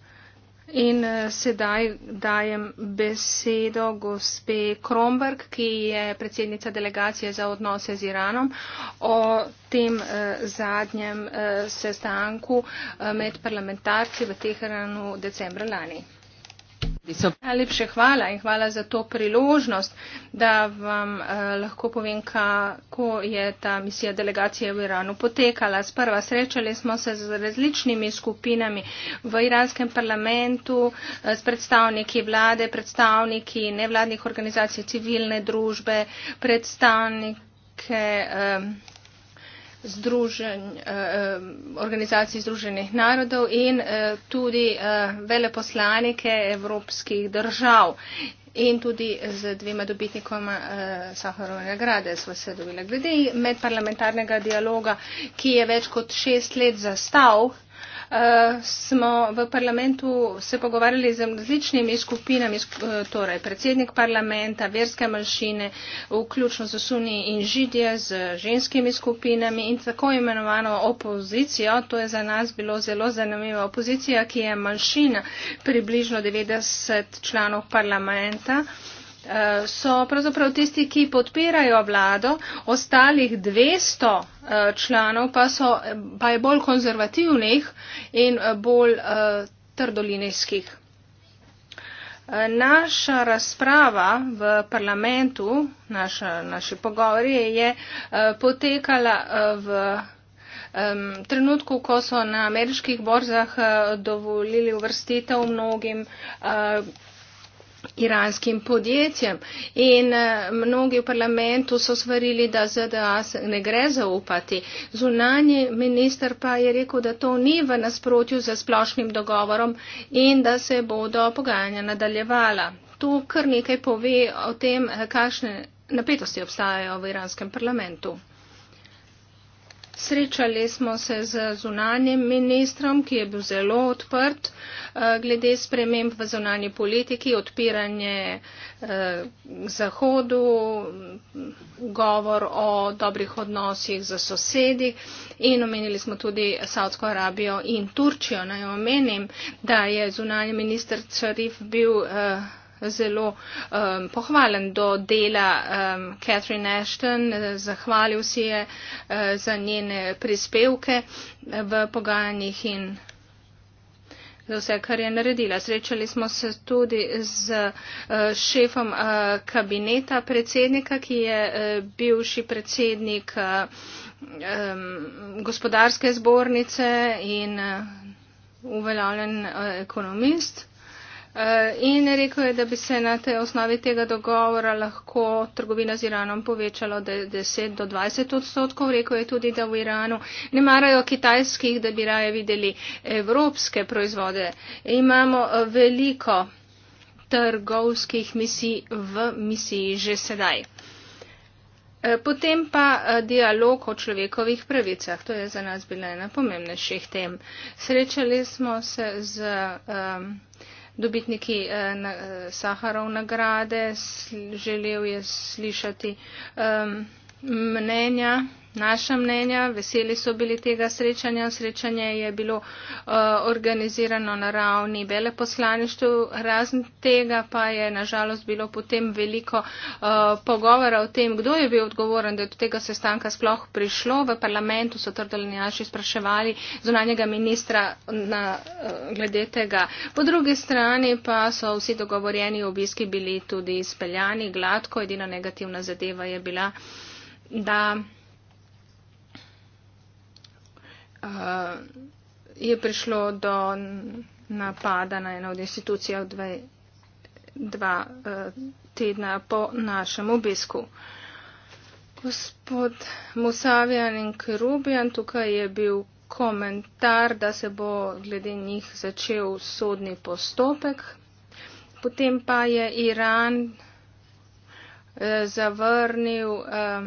In eh, sedaj dajem besedo gospe Kromberg, ki je predsednica delegacije za odnose z Iranom, o tem eh, zadnjem eh, sestanku med parlamentarci v Teheranu decembra lani so. Najlepše hvala in hvala za to priložnost, da vam eh, lahko povem, kako je ta misija delegacije v Iranu potekala. Sprva srečali smo se z različnimi skupinami v iranskem parlamentu, eh, s predstavniki vlade, predstavniki nevladnih organizacij civilne družbe, predstavnike. Eh, združen, eh, eh, organizacij združenih narodov in eh, tudi eh, veleposlanike evropskih držav. In tudi z dvema dobitnikoma eh, Saharove nagrade smo se dobili. Glede medparlamentarnega dialoga, ki je več kot šest let zastav, smo v parlamentu se pogovarjali z različnimi skupinami, torej predsednik parlamenta, verske manjšine, vključno z Suni in Židije, z ženskimi skupinami in tako imenovano opozicijo. To je za nas bilo zelo zanimivo. Opozicija, ki je manjšina približno 90 članov parlamenta. Eh, so pravzaprav tisti, ki podpirajo vlado, ostalih 200 eh, članov pa, so, pa je bolj konzervativnih in eh, bolj trdolinijskih. Naša razprava v parlamentu, naša, naši pogovori je potekala v trenutku, ko so na ameriških borzah dovolili uvrstitev mnogim iranskim podjetjem in eh, mnogi v parlamentu so svarili, da ZDA ne gre zaupati. Zunanji minister pa je rekel, da to ni v nasprotju z splošnim dogovorom in da se bodo pogajanja nadaljevala. Tu kar nekaj pove o tem, eh, kakšne napetosti obstajajo v iranskem parlamentu. Srečali smo se z zunanjem ministrom, ki je bil zelo odprt eh, glede sprememb v zunanji politiki, odpiranje eh, Zahodu, govor o dobrih odnosih z sosedi in omenili smo tudi Saudsko Arabijo in Turčijo. Naj omenim, da je zunanji minister Čarif bil. Eh, zelo um, pohvalen do dela um, Catherine Ashton, zahvalil si je uh, za njene prispevke v pogajanjih in za vse, kar je naredila. Srečali smo se tudi z uh, šefom uh, kabineta predsednika, ki je uh, bivši predsednik uh, um, gospodarske zbornice in uh, uveljavljen uh, ekonomist. Eh, in rekel je, da bi se na te osnovi tega dogovora lahko trgovina z Iranom povečala od 10 do 20 odstotkov. Rekel je tudi, da v Iranu ne marajo kitajskih, da bi raje videli evropske proizvode. Imamo eh, veliko trgovskih misij v misiji že sedaj. Eh, potem pa dialog o človekovih pravicah. To je za nas bila ena pomembnejših tem. Srečali smo se z. Um, dobitniki eh, na, eh, Saharov nagrade, sl, želel je slišati. Eh, mnenja, naša mnenja. Veseli so bili tega srečanja. Srečanje je bilo uh, organizirano na ravni veleposlaništva. Razen tega pa je nažalost bilo potem veliko uh, pogovora o tem, kdo je bil odgovoren, da je do tega sestanka sploh prišlo. V parlamentu so trdelnjaši spraševali zunanjega ministra na, uh, glede tega. Po drugi strani pa so vsi dogovorjeni obiski bili tudi izpeljani gladko. Edina negativna zadeva je bila da uh, je prišlo do napada na eno od institucij od dve, dva uh, tedna po našem obisku. Gospod Musavijan in Kerubijan, tukaj je bil komentar, da se bo glede njih začel sodni postopek. Potem pa je Iran eh, zavrnil eh,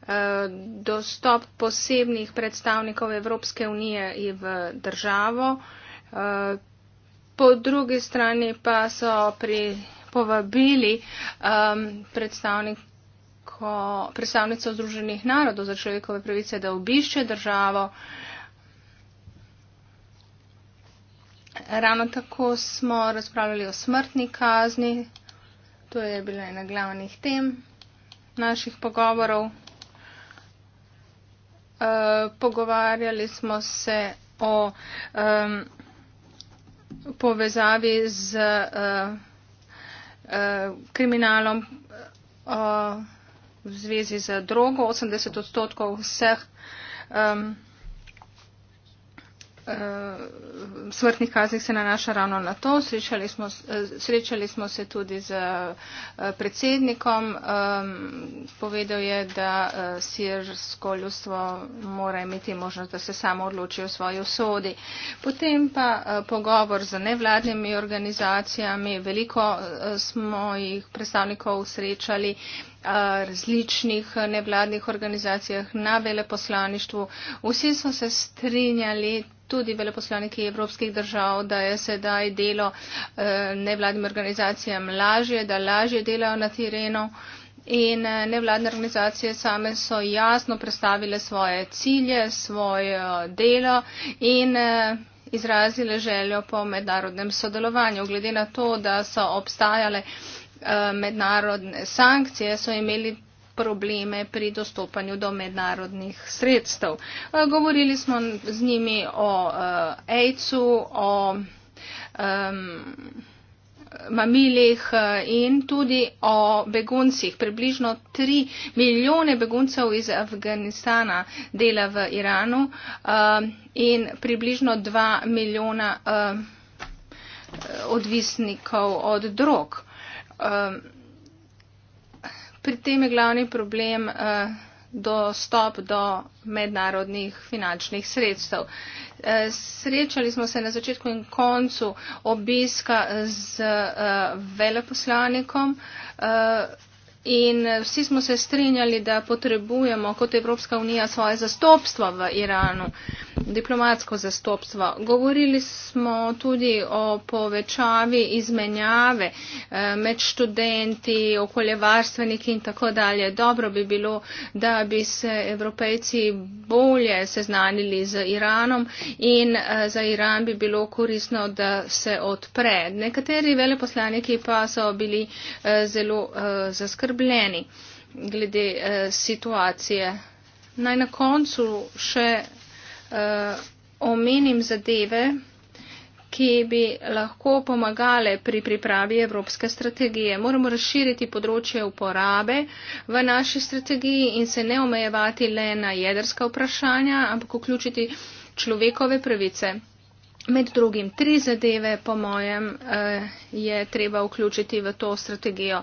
Eh, dostop posebnih predstavnikov Evropske unije v državo. Eh, po drugi strani pa so pri povabili um, predstavnico Združenih narodov za človekove pravice, da obišče državo. Ravno tako smo razpravljali o smrtni kazni. To je bila ena glavnih tem naših pogovorov. Eh, pogovarjali smo se o um, povezavi z uh, uh, kriminalom uh, v zvezi z drogo. 80 odstotkov vseh um, Eh, smrtnih kaznih se nanaša ravno na to. Srečali smo, eh, srečali smo se tudi z eh, predsednikom. Ehm, povedal je, da sirsko ljudstvo mora imeti možnost, da se samo odloči o svoji usodi. Potem pa pogovor z nevladnimi organizacijami. Veliko smo jih predstavnikov srečali različnih nevladnih organizacijah, na veleposlaništvu. Vsi so se strinjali, tudi veleposlaniki evropskih držav, da je sedaj delo eh, nevladnim organizacijam lažje, da lažje delajo na terenu. In eh, nevladne organizacije same so jasno predstavile svoje cilje, svoje eh, delo in izrazile željo po mednarodnem sodelovanju. Glede na to, da so obstajale Eh, mednarodne sankcije, so imeli probleme pri dostopanju do mednarodnih sredstev. Eh, govorili smo z njimi o eh, AIDS-u, o um, mamilih in tudi o beguncih. Približno 3 milijone beguncev iz Afganistana dela v Iranu um, in približno 2 milijona um, odvisnikov od drog. Um, pri tem je glavni problem uh, dostop do mednarodnih finančnih sredstev. Uh, srečali smo se na začetku in koncu obiska z uh, veleposlanikom. Uh, In vsi smo se strinjali, da potrebujemo kot Evropska unija svoje zastopstvo v Iranu. Uh, diplomatsko zastopstvo. Govorili smo tudi o povečavi izmenjave eh, med študenti, okoljevarstveniki in tako dalje. Dobro bi bilo, da bi se evropejci bolje seznanili z Iranom in eh, za Iran bi bilo korisno, da se odpre. Nekateri veleposlaniki pa so bili eh, zelo zaskrbljeni glede situacije. Naj na koncu še uh, omenim zadeve, ki bi lahko pomagale pri pripravi evropske strategije. Moramo razširiti področje uporabe v naši strategiji in se ne omejevati le na jedrska vprašanja, ampak vključiti človekove pravice. Med drugim, tri zadeve, po mojem, eh, je treba vključiti v to strategijo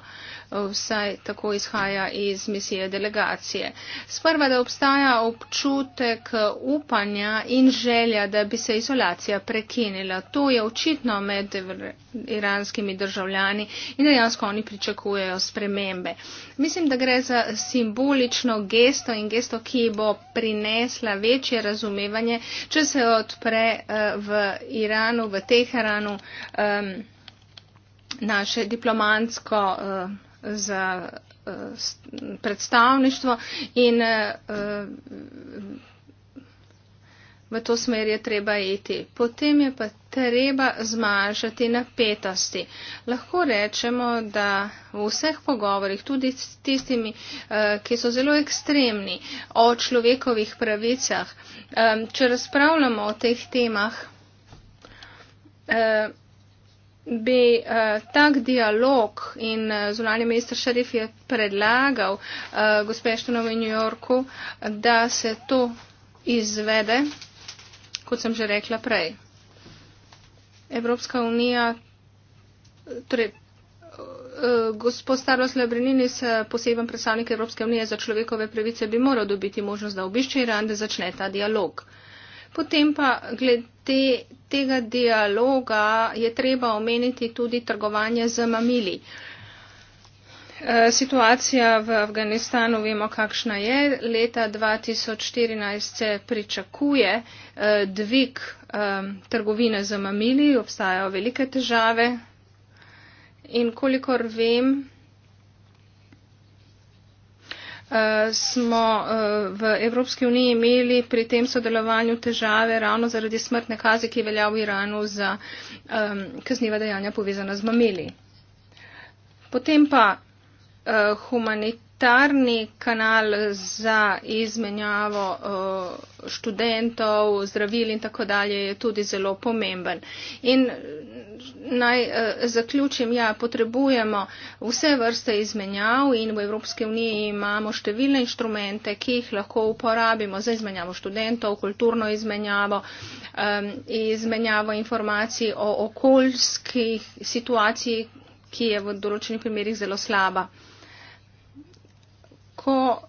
vsaj tako izhaja iz misije delegacije. Sprva, da obstaja občutek upanja in želja, da bi se izolacija prekinila. To je očitno med iranskimi državljani in dejansko oni pričakujejo spremembe. Mislim, da gre za simbolično gesto in gesto, ki bo prinesla večje razumevanje, če se odpre eh, v Iranu, v Teheranu ehm, naše diplomatsko eh, za uh, predstavništvo in uh, v to smer je treba iti. Potem je pa treba zmanjšati napetosti. Lahko rečemo, da v vseh pogovorih, tudi s tistimi, uh, ki so zelo ekstremni o človekovih pravicah, um, če razpravljamo o teh temah, uh, bi uh, tak dialog in uh, eh, zunanje minister Šarif je predlagal uh, eh, gospeštinovi New Yorku, da se to izvede, kot sem že rekla prej. Evropska unija, torej uh, gospod Staros Lebreninis, poseben predstavnik Evropske unije za človekove pravice, bi moral dobiti možnost, da obišče Iran, da začne ta dialog. Uh, Potem pa glede tega dialoga je treba omeniti tudi trgovanje z mamili. E, situacija v Afganistanu vemo, kakšna je. Leta 2014 se pričakuje e, dvig e, trgovine z mamili, obstajajo velike težave. In kolikor vem, Eh, smo eh, v Evropski uniji imeli pri tem sodelovanju težave ravno zaradi smrtne kazi, ki velja v Iranu za um, kazniva dejanja povezana z mamili. Potem pa uh, eh, humanit, humanitarni kanal za izmenjavo eh, študentov, zdravil in tako dalje je tudi zelo pomemben. In eh, naj eh, zaključim, ja, potrebujemo vse vrste izmenjav in v Evropske unije imamo številne inštrumente, ki jih lahko uporabimo za izmenjavo študentov, kulturno izmenjavo, izmenjavo informacij o okoljskih situacijah, ki je v določenih primerjih zelo slaba lahko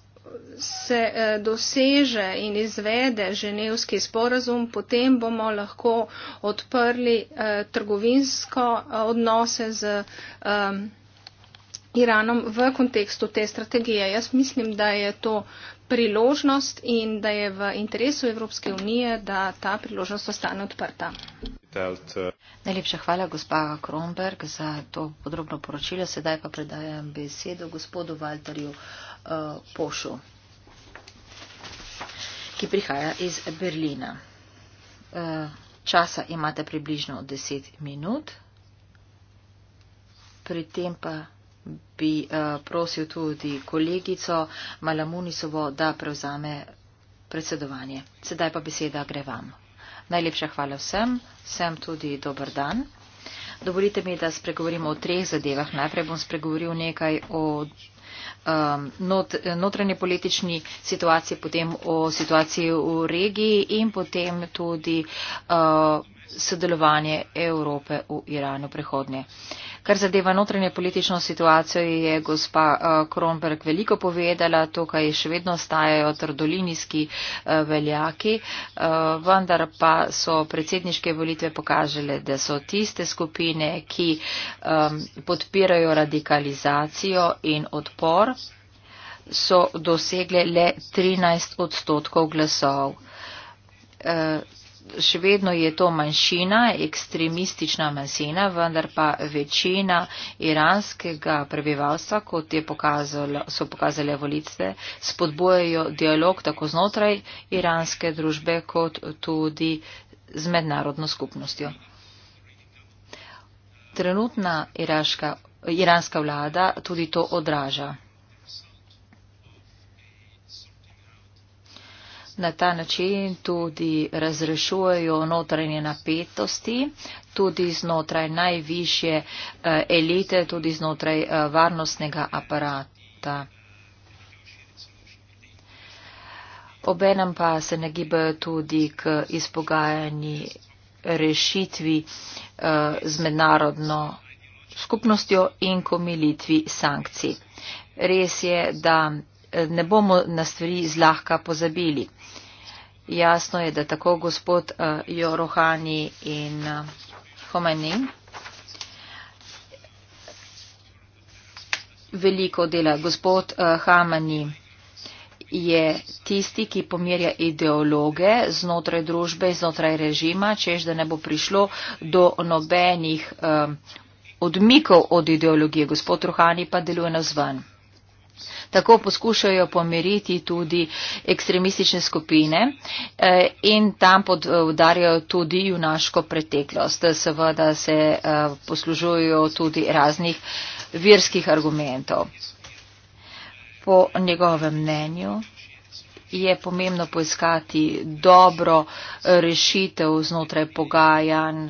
se eh, doseže in izvede ženevski sporazum, potem bomo lahko odprli eh, trgovinsko eh, odnose z Iranom v kontekstu te strategije. Jaz mislim, da je to priložnost in da je v interesu Evropske unije, da ta priložnost ostane odprta. Najlepša hvala, gospa Kronberg, za to podrobno poročilo. Sedaj pa predajam besedo gospodu Valterju uh, eh, Pošu, ki prihaja iz Berlina. Uh, časa imate približno 10 minut. Pri tem pa bi uh, prosil tudi kolegico Malamunisovo, da prevzame predsedovanje. Sedaj pa beseda gre vam. Najlepša hvala vsem, sem tudi dober dan. Dovolite mi, da spregovorim o treh zadevah. Najprej bom spregovoril nekaj o um, not, notranje politični situaciji, potem o situaciji v regiji in potem tudi uh, sodelovanje Evrope v Iranu prihodnje. Uh, Kar zadeva notranje politično situacijo, je gospa eh, Kronberg veliko povedala, tukaj še vedno stajajo trdolinijski eh, veljaki, eh, vendar pa so predsedniške volitve pokažele, da so tiste skupine, ki podpirajo radikalizacijo in odpor, so dosegle le 13 odstotkov glasov še vedno je to manjšina, ekstremistična manjšina, vendar pa večina iranskega prebivalstva, kot pokazalo, so pokazale volitve, spodbojajo dialog tako znotraj iranske družbe, kot tudi z mednarodno skupnostjo. Trenutna iraška, iranska vlada tudi to odraža. na ta način tudi razrešujejo notranje napetosti, tudi znotraj najvišje eh, elite, tudi znotraj eh, varnostnega aparata. Obenem pa se ne gibajo tudi k izpogajanji rešitvi eh, z mednarodno skupnostjo in komilitvi sankcij. Res je, da ne bomo na stvari zlahka pozabili. Jasno je, da tako gospod eh, Jorohani in eh, Homeni veliko dela. Gospod eh, Hamani je tisti, ki pomirja ideologe znotraj družbe, znotraj režima, čež da ne bo prišlo do nobenih odmikov od ideologije. Gospod Rohani pa deluje na zven. Tako poskušajo pomiriti tudi ekstremistične skupine eh, in tam podarjajo eh, tudi junaško preteklost. Seveda se eh, poslužujo tudi raznih virskih argumentov. Po njegovem mnenju je pomembno poiskati dobro rešitev znotraj pogajanj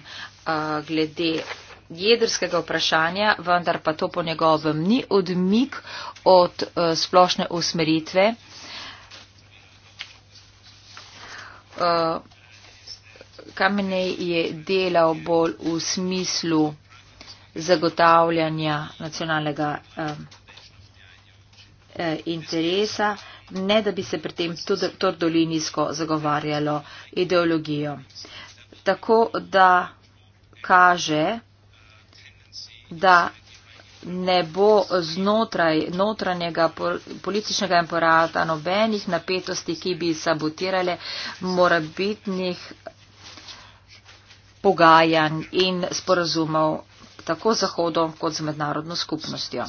glede jedrskega vprašanja, vendar pa to po njegovem ni odmik od eh, splošne usmeritve. Eh, Kamenej je delal bolj v smislu zagotavljanja nacionalnega eh, interesa, ne da bi se pri tem tordolinijsko zagovarjalo ideologijo. Tako da kaže, da ne bo znotraj notranjega političnega emporata nobenih napetosti, ki bi sabotirale morabitnih pogajanj in sporazumov tako z Zahodom kot z mednarodno skupnostjo.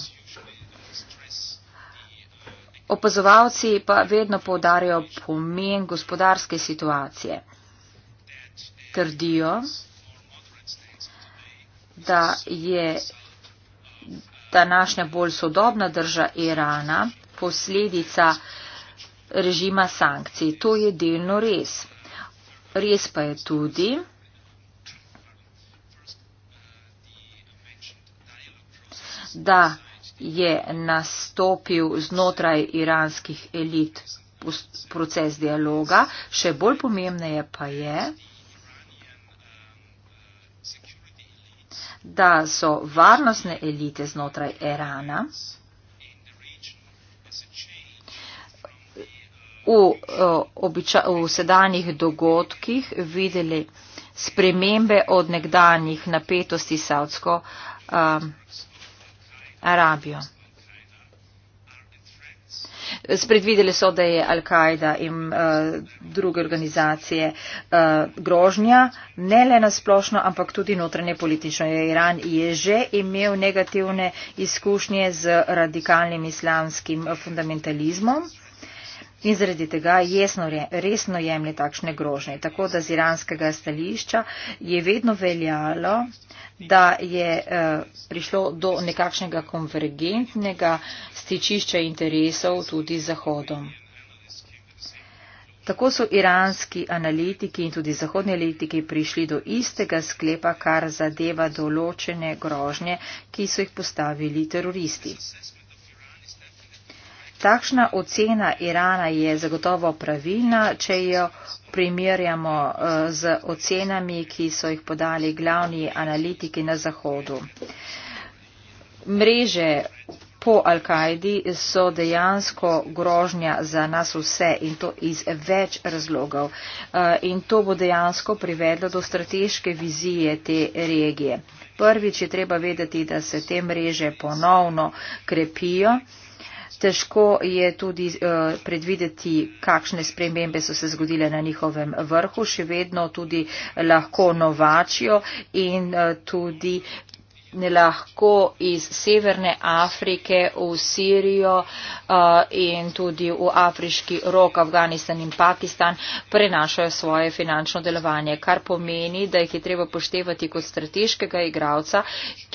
Opazovalci pa vedno povdarjajo pomen gospodarske situacije. Trdijo, da je današnja bolj sodobna drža Irana posledica režima sankcij. To je delno res. Res pa je tudi, da je nastopil znotraj iranskih elit proces dialoga, še bolj pomembneje pa je, da so varnostne elite znotraj Irana v, običa, v sedanjih dogodkih videli spremembe od nekdanjih napetosti Saudsko um, Arabijo. Spredvideli so, da je Al-Kaida in uh, druge organizacije uh, grožnja, ne le na splošno, ampak tudi notranje politično. Iran je že imel negativne izkušnje z radikalnim islamskim eh, fundamentalizmom. In zaradi tega jesno, resno jemlje takšne grožnje. Tako da z iranskega stališča je vedno veljalo, da je eh, prišlo do nekakšnega konvergentnega stičišča interesov tudi z Zahodom. Tako so iranski analitiki in tudi zahodni analitiki prišli do istega sklepa, kar zadeva določene grožnje, ki so jih postavili teroristi. Takšna ocena Irana je zagotovo pravilna, če jo primerjamo eh, z ocenami, ki so jih podali glavni analitiki na Zahodu. Mreže po Al-Kaidi so dejansko grožnja za nas vse in to iz več razlogov. Eh, in to bo dejansko privedlo do strateške vizije te regije. Prvič je treba vedeti, da se te mreže ponovno krepijo. Težko je tudi eh, predvideti, kakšne spremembe so se zgodile na njihovem vrhu, še vedno tudi lahko novačijo in eh, tudi lahko iz Severne Afrike v Sirijo eh, in tudi v afriški rok Afganistan in Pakistan prenašajo svoje finančno delovanje, kar pomeni, da jih je treba poštevati kot strateškega igralca,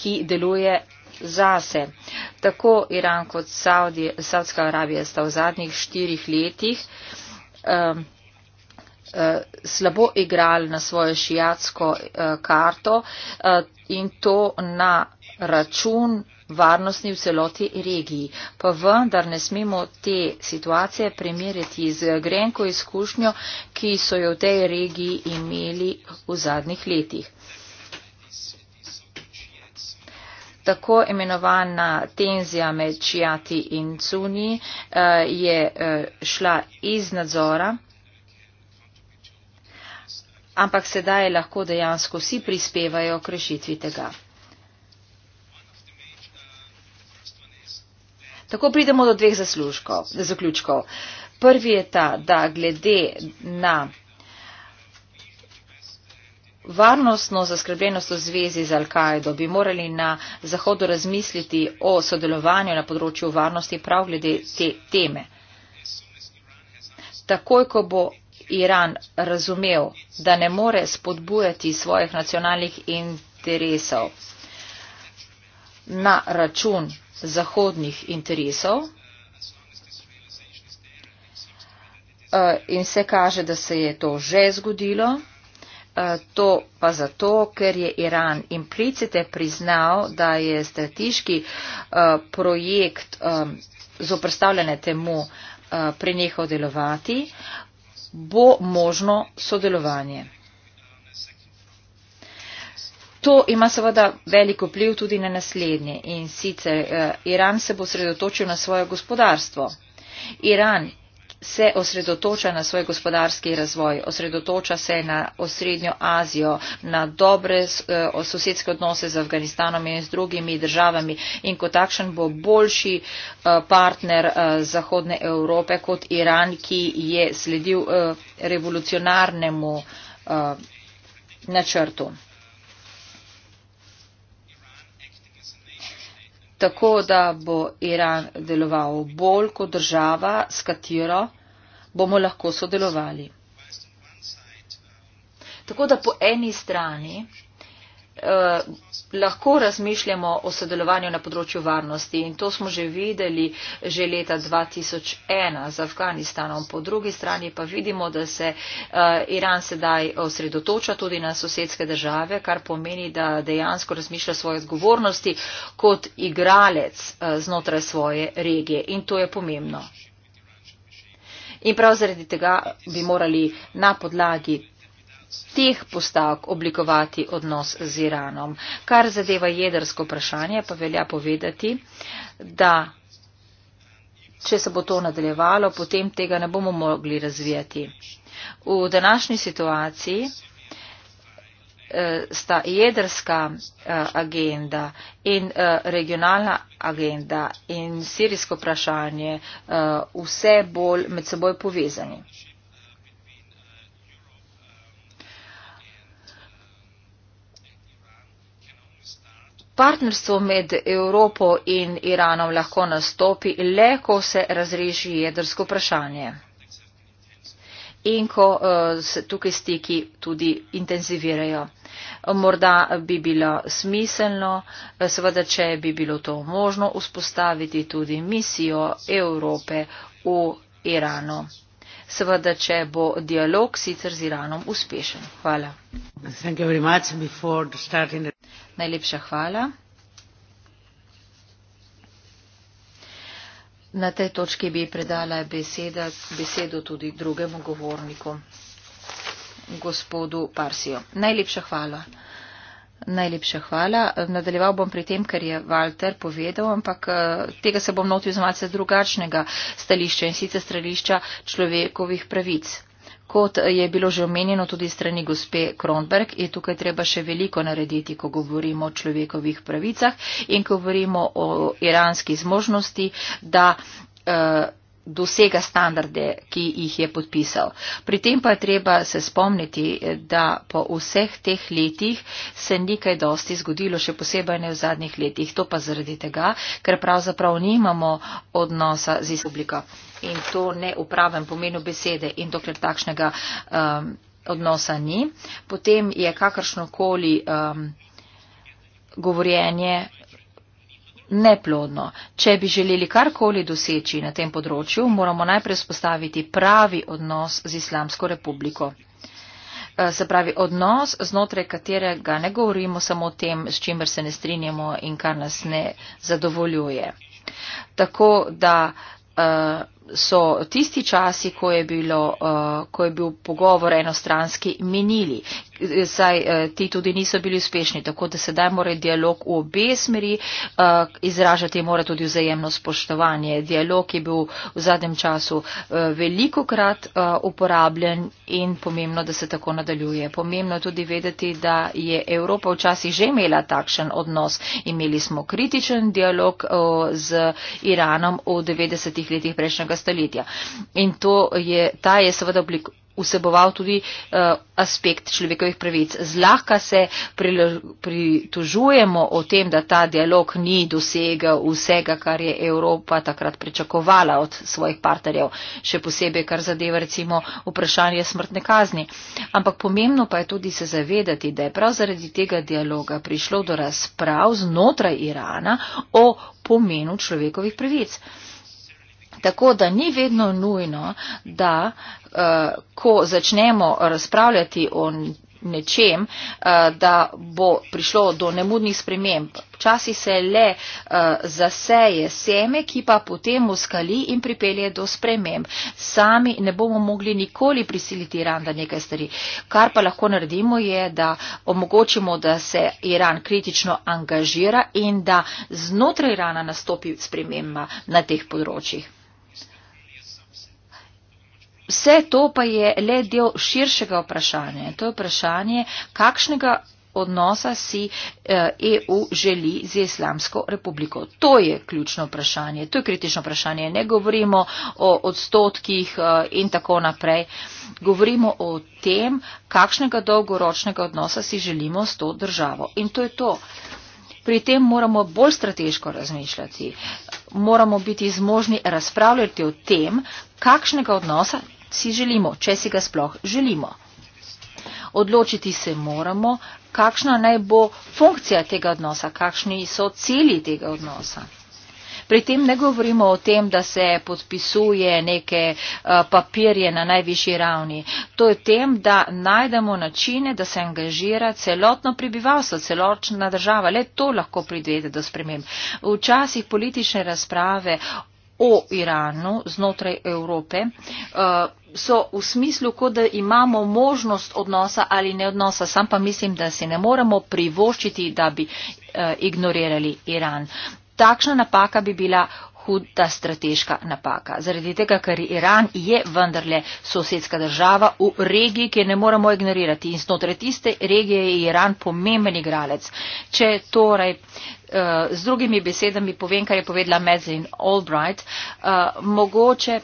ki deluje zase. Tako Iran kot Saudi, Saudska Arabija sta v zadnjih štirih letih um, uh, slabo igrali na svojo šijatsko uh, karto uh, in to na račun varnostni v celoti regiji. Pa vendar ne smemo te situacije primerjati z grenko izkušnjo, ki so jo v tej regiji imeli v zadnjih letih. Tako imenovana tenzija med Čijati in Cuni eh, je eh, šla iz nadzora, ampak sedaj lahko dejansko vsi prispevajo k rešitvi tega. Tako pridemo do dveh zaslužkov, zaključkov. Prvi je ta, da glede na varnostno zaskrbljenost v zvezi z Al-Kaido bi morali na Zahodu razmisliti o sodelovanju na področju varnosti prav glede te teme. Takoj, ko bo Iran razumel, da ne more spodbujati svojih nacionalnih interesov na račun zahodnih interesov, eh, in se kaže, da se je to že zgodilo, Eh, to pa zato, ker je Iran implicite priznal, da je strateški eh, projekt eh, zoprstavljene temu prenehal delovati, bo možno sodelovanje. To ima seveda velik vpliv tudi na naslednje in sicer eh, Iran se bo sredotočil na svoje gospodarstvo. Iran se osredotoča na svoj gospodarski razvoj, osredotoča se na osrednjo Azijo, na dobre e, sosedske odnose z Afganistanom in z drugimi državami in kot takšen bo boljši e, partner e, Zahodne Evrope kot Iran, ki je sledil revolucionarnemu načrtu. tako, da bo Iran deloval bolj kot država, s katero bomo lahko sodelovali. Tako da po eni strani eh, lahko razmišljamo o sodelovanju na področju varnosti in to smo že videli že leta 2001 z Afganistanom. Po drugi strani pa vidimo, da se eh, Iran sedaj osredotoča tudi na sosedske države, kar pomeni, da dejansko razmišlja svoje odgovornosti kot igralec eh, znotraj svoje regije in to je pomembno. In prav zaradi tega bi morali na podlagi teh postavk oblikovati odnos z Iranom. Kar zadeva jedrsko vprašanje, pa velja povedati, da če se bo to nadaljevalo, potem tega ne bomo mogli razvijati. V današnji situaciji eh, sta jedrska eh, agenda in eh, regionalna agenda in sirijsko vprašanje vse bolj med seboj povezani. Partnerstvo med Evropo in Iranom lahko nastopi le, ko se razreži jedrsko vprašanje in ko eh, se tukaj stiki tudi intenzivirajo. Morda bi bilo smiselno, eh, seveda, če bi bilo to možno, vzpostaviti tudi misijo Evrope v Iranu seveda, če bo dialog sicer z Iranom uspešen. Hvala. Najlepša hvala. Na tej točki bi predala beseda, besedo tudi drugemu govorniku, gospodu Parsijo. Najlepša hvala. Najlepša hvala. Nadaljeval bom pri tem, kar je Walter povedal, ampak eh, tega se bom notil z malce drugačnega stališča in sicer stališča človekovih pravic. Kot eh, je bilo že omenjeno tudi strani gospe Kronberg, je tukaj treba še veliko narediti, ko govorimo o človekovih pravicah in ko govorimo o iranski zmožnosti, da. Uh, dosega standarde, ki jih je podpisal. Pri tem pa je treba se spomniti, da po vseh teh letih se nekaj dosti zgodilo, še posebej ne v zadnjih letih. To pa zaradi tega, ker pravzaprav nimamo odnosa z izpubliko in to ne v pravem pomenu besede in dokler takšnega um, odnosa ni, potem je kakršnokoli um, govorjenje neplodno. Če bi želeli karkoli doseči na tem področju, moramo najprej spostaviti pravi odnos z Islamsko republiko. Eh, se pravi odnos, znotraj katerega ne govorimo samo o tem, s čimer se ne strinjamo in kar nas ne zadovoljuje. Tako da. Uh, so tisti časi, ko je, bilo, uh, ko je bil pogovor enostranski, menili. Saj uh, ti tudi niso bili uspešni, tako da sedaj mora dialog v obe smeri uh, izražati, mora tudi vzajemno spoštovanje. Dialog je bil v zadnjem času veliko krat uporabljen in pomembno, da se tako nadaljuje. Pomembno je tudi vedeti, da je Evropa včasih že imela takšen odnos. Imeli smo kritičen dialog z Iranom v 90-ih letih prejšnjega stoletja. In to je, ta je seveda oblik vseboval tudi uh, aspekt človekovih pravic. Zlahka se pritožujemo o tem, da ta dialog ni dosegel vsega, kar je Evropa takrat pričakovala od svojih partnerjev, še posebej, kar zadeva recimo vprašanje smrtne kazni. Ampak pomembno pa je tudi se zavedati, da je prav zaradi tega dialoga prišlo do razprav znotraj Irana o pomenu človekovih pravic. Uh, Tako da ni vedno nujno, da uh, ko začnemo razpravljati o nečem, uh, da bo prišlo do nemudnih sprememb. Časi se le uh, zaseje seme, ki pa potem muskali in pripelje do sprememb. Sami ne bomo mogli nikoli prisiliti Iran, da nekaj stari. Kar pa lahko naredimo je, da omogočimo, da se Iran kritično angažira in da znotraj Irana nastopi sprememba na teh področjih. Vse to pa je le del širšega vprašanja. To je vprašanje, kakšnega odnosa si EU eh, e želi z Islamsko republiko. To je ključno vprašanje, to je kritično vprašanje. Ne govorimo o odstotkih eh, in tako naprej. Govorimo o tem, kakšnega dolgoročnega odnosa si želimo s to državo. In to je to. Pri tem moramo bolj strateško razmišljati moramo biti zmožni razpravljati o tem, kakšnega odnosa si želimo, če si ga sploh želimo. Odločiti se moramo, kakšna naj bo funkcija tega odnosa, kakšni so cilji tega odnosa. Pri tem ne govorimo o tem, da se podpisuje neke eh, papirje na najvišji ravni. To je tem, da najdemo načine, da se angažira celotno prebivalstvo, celotna država. Le to lahko pridvede do spremem. Včasih politične razprave o Iranu znotraj Evrope eh, so v smislu, kot da imamo možnost odnosa ali ne odnosa. Sam pa mislim, da si ne moremo privoščiti, da bi eh, ignorirali Iran takšna napaka bi bila huda strateška napaka. Zaradi tega, ker Iran je vendarle sosedska država v regiji, ki je ne moremo ignorirati. In znotraj tiste regije je Iran pomemben igralec. Če torej uh, z drugimi besedami povem, kar je povedala Medzin Albright, uh, mogoče.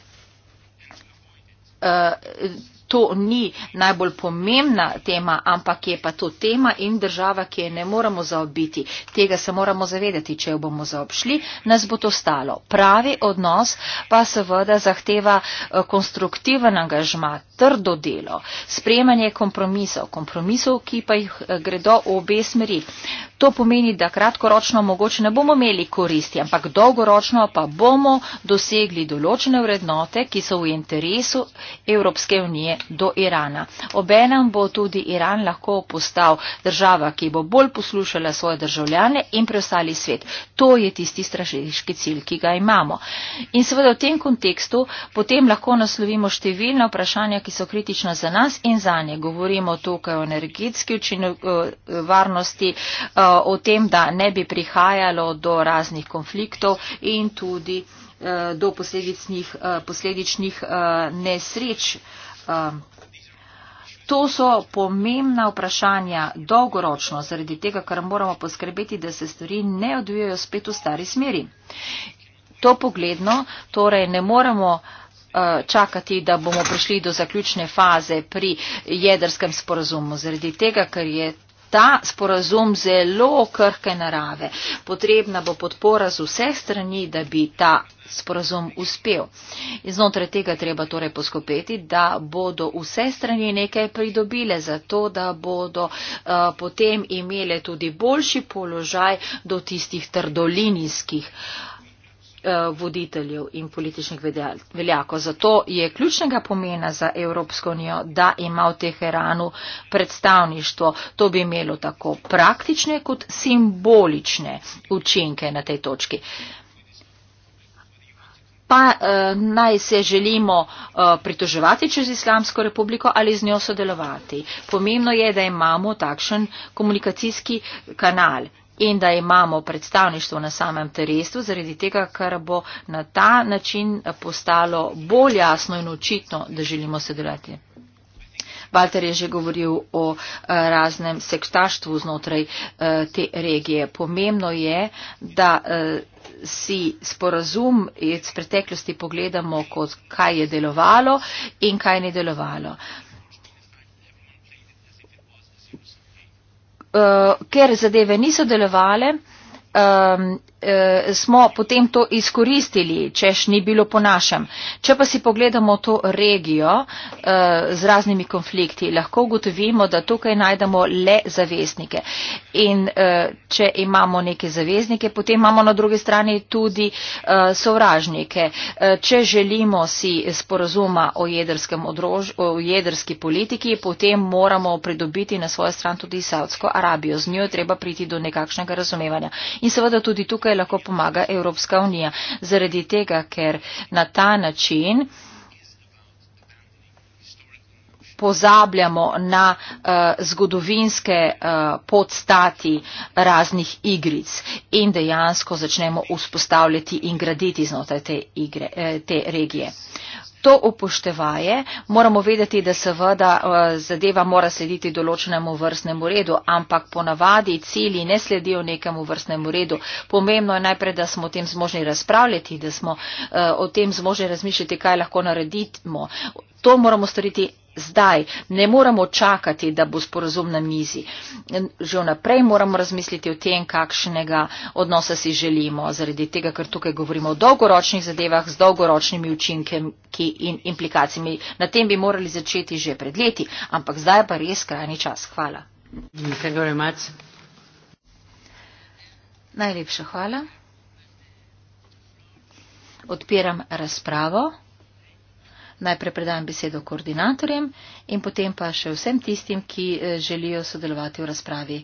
Uh, to ni najbolj pomembna tema, ampak je pa to tema in država, ki je ne moramo zaobiti. Tega se moramo zavedati, če jo bomo zaobšli, nas bo to stalo. Pravi odnos pa seveda zahteva eh, konstruktiven angažma, trdo delo, sprejemanje kompromisov, kompromisov, ki pa jih eh, gredo v obe smeri. To pomeni, da kratkoročno mogoče ne bomo imeli koristi, ampak dolgoročno pa bomo dosegli določene vrednote, ki so v interesu Evropske unije do Irana. Obenem bo tudi Iran lahko postal država, ki bo bolj poslušala svoje državljane in preostali svet. To je tisti strateški cilj, ki ga imamo. In seveda v tem kontekstu potem lahko naslovimo številna vprašanja, ki so kritična za nas in za nje. Govorimo tukaj o energetski varnosti, o tem, da ne bi prihajalo do raznih konfliktov in tudi e, do e, posledičnih, posledičnih nesreč. Um, to so pomembna vprašanja dolgoročno, zaradi tega, kar moramo poskrbeti, da se stvari ne odvijajo spet v stari smeri. To pogledno, torej ne moremo uh, čakati, da bomo prišli do zaključne faze pri jedrskem sporazumu, zaradi tega, ker je ta sporazum zelo krhke narave. Potrebna bo podpora z vseh strani, da bi ta sporazum uspel. In znotraj tega treba torej poskopeti, da bodo vse strani nekaj pridobile, zato da bodo uh, potem imele tudi boljši položaj do tistih trdolinijskih. Uh, Eh, voditeljev in političnih veljakov. Zato je ključnega pomena za Evropsko unijo, da ima v Teheranu predstavništvo. To bi imelo tako praktične kot simbolične učinke na tej točki. Pa eh, naj se želimo eh, pritoževati čez Islamsko republiko ali z njo sodelovati. Pomembno je, da imamo takšen komunikacijski kanal in da imamo predstavništvo na samem terestu, zaradi tega, ker bo na ta način postalo bolj jasno in očitno, da želimo sodelati. Walter je že govoril o eh, raznem sektaštvu znotraj eh, te regije. Pomembno je, da eh, si sporazum iz preteklosti pogledamo kot kaj je delovalo in kaj ni delovalo. uh, ker zadeve niso delovale, um, Eh, smo potem to izkoristili, češ ni bilo po našem. Če pa si pogledamo to regijo eh, z raznimi konflikti, lahko ugotovimo, da tukaj najdemo le zaveznike. In eh, če imamo neke zaveznike, potem imamo na drugi strani tudi sovražnike. Če želimo si sporozuma o, odrož, o jedrski politiki, potem moramo pridobiti na svojo stran tudi Saudsko Arabijo. Z njo je treba priti do nekakšnega razumevanja. In seveda tudi tukaj tukaj lahko pomaga Evropska unija. Zaradi tega, ker na ta način pozabljamo na uh, zgodovinske uh, podstati raznih igric in dejansko začnemo uspostavljati in graditi znotraj te, igre, eh, te regije to upoštevaje, moramo vedeti, da seveda eh, zadeva mora slediti določenemu vrstnemu redu, ampak ponavadi cilji ne sledijo nekemu vrstnemu redu. Pomembno je najprej, da smo o tem zmožni razpravljati, da smo eh, o tem zmožni razmišljati, kaj lahko naredimo. To moramo storiti zdaj, ne moramo čakati, da bo sporozum na mizi. Že vnaprej moramo razmisliti o tem, kakšnega odnosa si želimo, zaradi tega, ker tukaj govorimo o dolgoročnih zadevah z dolgoročnimi učinki in implikacijami. Na tem bi morali začeti že pred leti, ampak zdaj pa res skrajni čas. Hvala. Najlepša hvala. Odpiram razpravo. Najprej predajam besedo koordinatorjem in potem pa še vsem tistim, ki eh, želijo sodelovati v razpravi.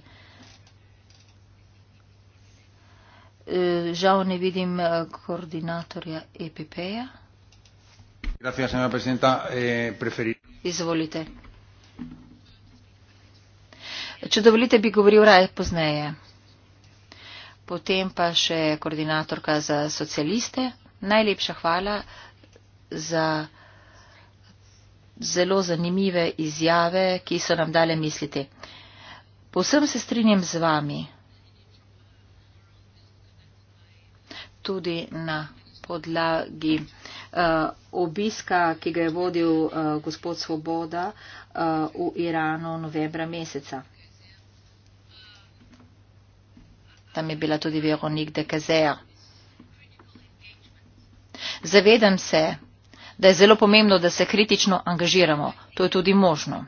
Eh, žal ne vidim eh, koordinatorja EPP-ja. Izvolite. Če dovolite, bi govoril raje pozneje. Potem pa še koordinatorka za socialiste. Najlepša hvala za zelo zanimive izjave, ki so nam dale misliti. Povsem se strinjam z vami. Tudi na podlagi uh, obiska, ki ga je vodil uh, gospod Svoboda uh, v Iranu novembra meseca. Tam je bila tudi Veronique de Cazer. Zavedam se, da je zelo pomembno, da se kritično angažiramo. To je tudi možno.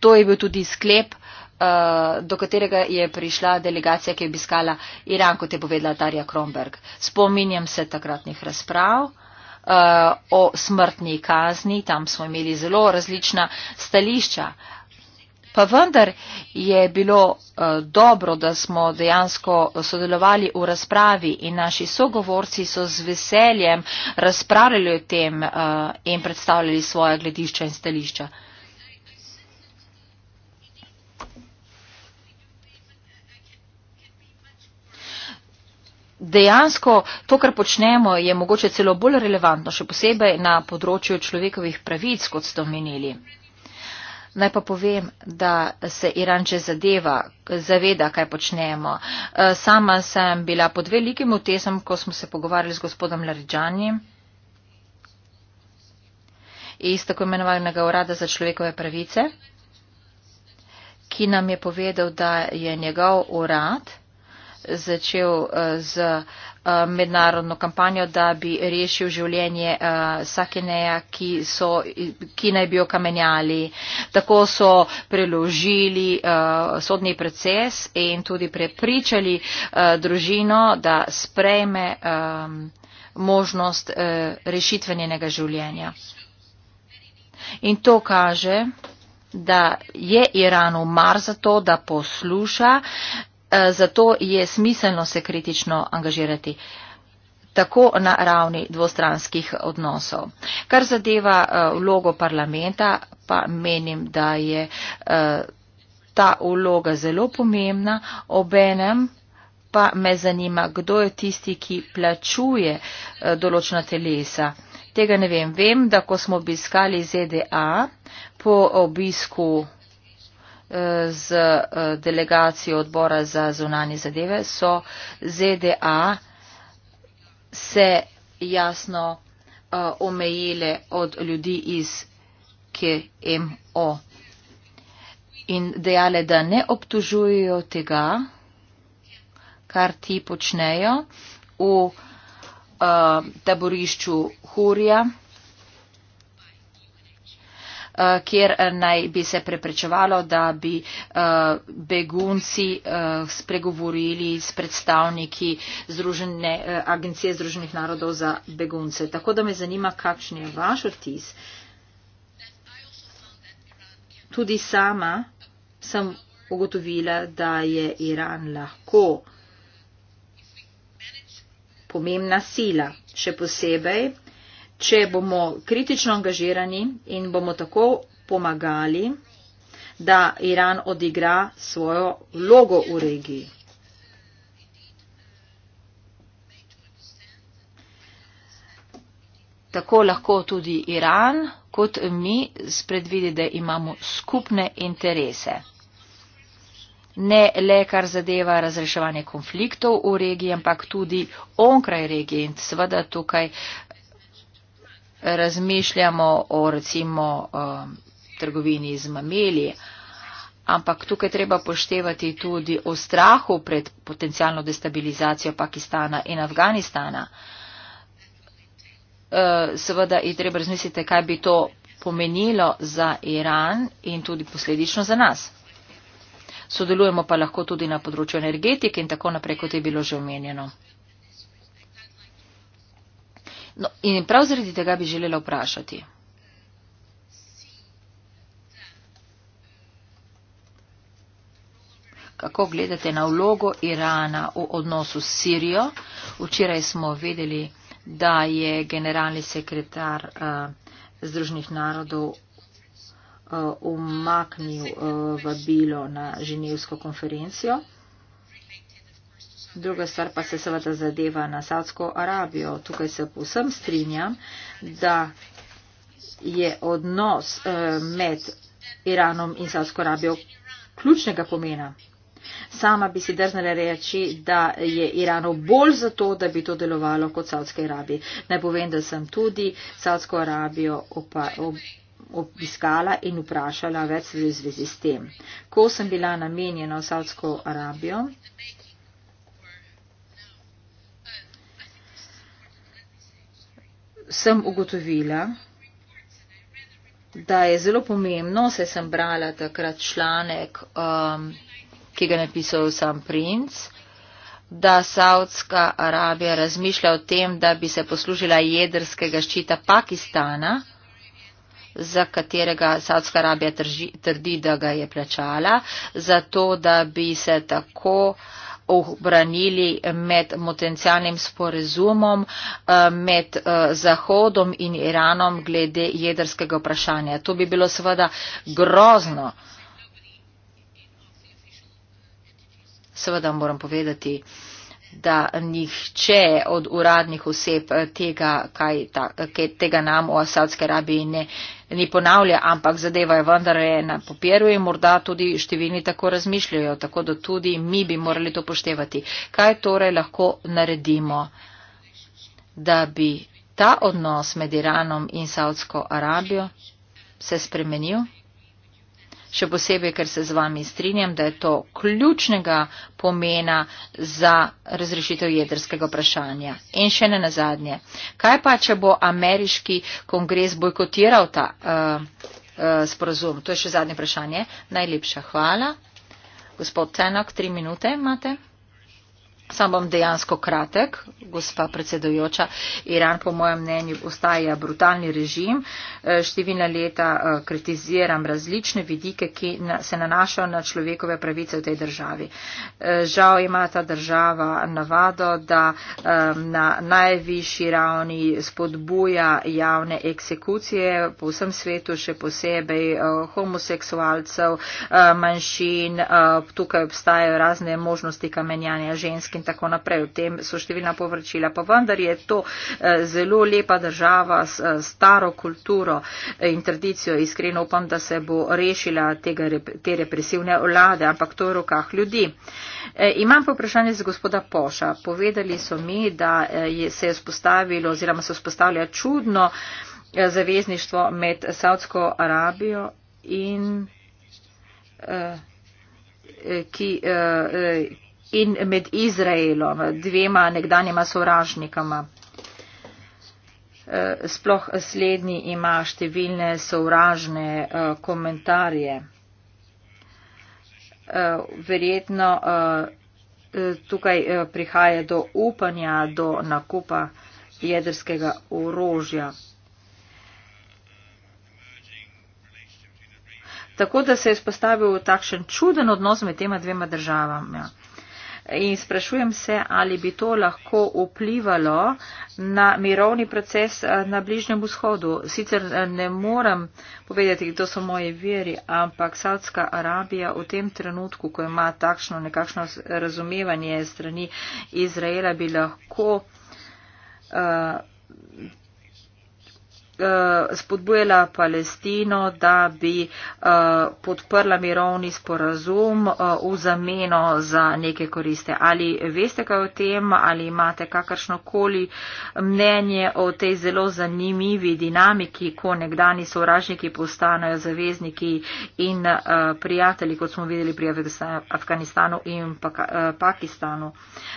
To je bil tudi sklep, eh, do katerega je prišla delegacija, ki je obiskala Iran, kot je povedala Darja Kromberg. Spominjam se takratnih razprav eh, o smrtni kazni. Tam smo imeli zelo različna stališča. Pa vendar je bilo eh, dobro, da smo dejansko sodelovali v razpravi in naši sogovorci so z veseljem razpravljali o tem eh, in predstavljali svoje gledišča in stališča. Dejansko to, kar počnemo, je mogoče celo bolj relevantno, še posebej na področju človekovih pravic, kot ste omenili. Naj pa povem, da se Iran že zadeva, zaveda, kaj počnemo. E, sama sem bila pod velikim utesom, ko smo se pogovarjali z gospodom Laridžani iz tako imenovanega urada za človekove pravice, ki nam je povedal, da je njegov urad začel e, z uh, Um, mednarodno kampanjo, da bi rešil življenje uh, Sakineja, ki, so, ki naj bi jo kamenjali. Tako so preložili uh, sodni proces in tudi prepričali uh, družino, da sprejme um, možnost uh, rešitve njenega življenja. In to kaže, da je Iranu mar za to, da posluša Eh, zato je smiselno se kritično angažirati tako na ravni dvostranskih odnosov. Kar zadeva eh, vlogo parlamenta, pa menim, da je eh, ta vloga zelo pomembna, obenem pa me zanima, kdo je tisti, ki plačuje določena telesa. Tega ne vem. Vem, da ko smo obiskali ZDA po obisku z eh, delegacijo odbora za zunanje zadeve, so ZDA se jasno eh, omejile od ljudi iz KMO in dejale, da ne obtužujejo tega, kar ti počnejo v eh, taborišču Hurja. Eh, kjer naj bi se preprečevalo, da bi eh, begunci eh, spregovorili s predstavniki Združene, Agencije Združenih narodov za begunce. Tako da me zanima, kakšen je vaš vtis. Tudi sama sem ugotovila, da je Iran lahko pomembna sila, še posebej če bomo kritično angažirani in bomo tako pomagali, da Iran odigra svojo vlogo v regiji. Tako lahko tudi Iran, kot mi, spredvidi, da imamo skupne interese. Ne le, kar zadeva razreševanje konfliktov v regiji, ampak tudi onkraj regije. In seveda tukaj uh, razmišljamo o recimo eh, trgovini z mameli, ampak tukaj treba poštevati tudi o strahu pred potencijalno destabilizacijo Pakistana in Afganistana. Eh, seveda je treba razmisliti, kaj bi to pomenilo za Iran in tudi posledično za nas. Sodelujemo pa lahko tudi na področju energetike in tako naprej, kot je bilo že omenjeno. No, in prav zaradi tega bi želela vprašati. Kako gledate na vlogo Irana v odnosu s Sirijo? Včeraj smo vedeli, da je generalni sekretar uh, Združenih narodov uh, umaknil uh, vabilo na ženevsko konferencijo. Druga stvar pa se seveda zadeva na Saudsko Arabijo. Tukaj se povsem strinjam, da je odnos eh, med Iranom in Saudsko Arabijo ključnega pomena. Sama bi si drznala reči, da je Iranu bolj zato, da bi to delovalo kot Saudske Arabije. Naj povem, da sem tudi Saudsko Arabijo opa, ob, obiskala in vprašala več v zvezi s tem. Ko sem bila namenjena v Saudsko Arabijo, sem ugotovila, da je zelo pomembno, saj sem brala takrat članek, um, ki ga je napisal sam princ, da Saudska Arabija razmišlja o tem, da bi se poslužila jedrskega ščita Pakistana, za katerega Saudska Arabija trdi, da ga je plačala, zato da bi se tako uh, obranili med potencialnim sporezumom eh, med eh, Zahodom in Iranom glede jedrskega vprašanja. To bi bilo seveda grozno. Seveda moram povedati, da nihče od uradnih oseb eh, tega, kaj ta, tega nam v Asadske Arabiji ne ni ponavlja, ampak zadeva je vendar je na papirju in morda tudi številni tako razmišljajo, tako da tudi mi bi morali to poštevati. Kaj torej lahko naredimo, da bi ta odnos med Iranom in Saudsko Arabijo se spremenil? še posebej, ker se z vami strinjam, da je to ključnega pomena za razrešitev jedrskega vprašanja. In še ne nazadnje, kaj pa, če bo ameriški kongres bojkotiral ta uh, eh, uh, eh, sporozum? To je še zadnje vprašanje. Najlepša hvala. Gospod Tenok, tri minute imate. Sam bom dejansko kratek, gospa predsedujoča. Iran, po mojem mnenju, ostaja brutalni režim. Eh, številna leta eh, kritiziram različne vidike, ki se nanašajo na človekove pravice v tej državi. Eh, žal ima ta država navado, da na najvišji ravni spodbuja javne eksekucije po vsem svetu, še posebej homoseksualcev, manjšin. Tukaj obstajajo razne možnosti kamenjanja ženskin in tako naprej. V tem so številna povrčila. Pa vendar je to eh, zelo lepa država s eh, staro kulturo eh, in tradicijo. Iskreno upam, da se bo rešila tega, te represivne vlade, ampak to je v rokah ljudi. Imam pa vprašanje za gospoda Poša. Povedali so mi, da se je spostavilo oziroma se spostavlja čudno zavezništvo med Saudsko Arabijo in ki, in med Izraelom, dvema nekdanjima sovražnikama. Eh, sploh slednji ima številne sovražne eh, komentarje. Eh, verjetno tukaj prihaja do upanja, do nakupa jedrskega orožja. Tako da se je spostavil takšen čuden odnos med tema dvema državama in sprašujem se, ali bi to lahko vplivalo na mirovni proces eh, na Bližnjem vzhodu. Sicer eh, ne morem povedati, kdo so moji veri, ampak Saudska Arabija v tem trenutku, ko ima takšno nekakšno razumevanje strani Izraela, bi lahko. Uh, Eh, spodbujala Palestino, da bi eh, podprla mirovni sporazum eh, v zameno za neke koriste. Ali veste kaj o tem, ali imate kakršnokoli mnenje o tej zelo zanimivi dinamiki, ko nekdani sovražniki postanejo zavezniki in prijatelji, kot smo videli pri Afganistanu in Pakistanu.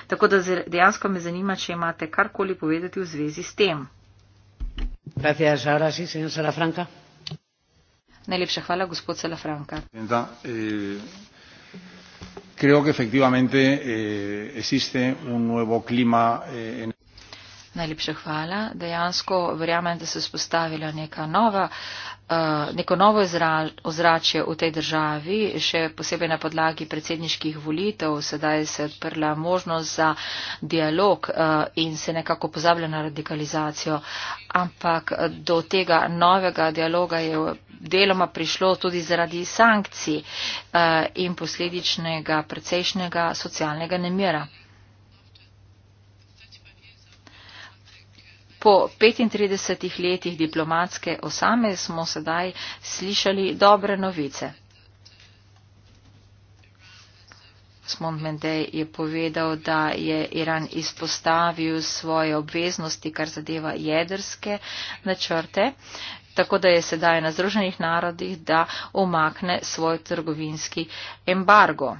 Tako da dejansko me zanima, če imate karkoli povedati v zvezi s tem. Gracias. Ahora sí, señor Salafranca. Najlepša hvala, gospod Salafranca. Eh, creo que efectivamente eh, existe un nuevo clima eh, en Najlepša hvala. Dejansko verjamem, da se je spostavila neka nova, eh, neko novo ozračje v tej državi, še posebej na podlagi predsedniških volitev. Sedaj se je odprla možnost za dialog eh, in se nekako pozablja na radikalizacijo. Ampak eh, do tega novega dialoga je deloma prišlo tudi zaradi sankcij in posledičnega precejšnjega socialnega nemira. Po 35 letih diplomatske osame smo sedaj slišali dobre novice. Smond Mendej je povedal, da je Iran izpostavil svoje obveznosti, kar zadeva jedrske načrte, tako da je sedaj na Združenih narodih, da umakne svoj trgovinski embargo.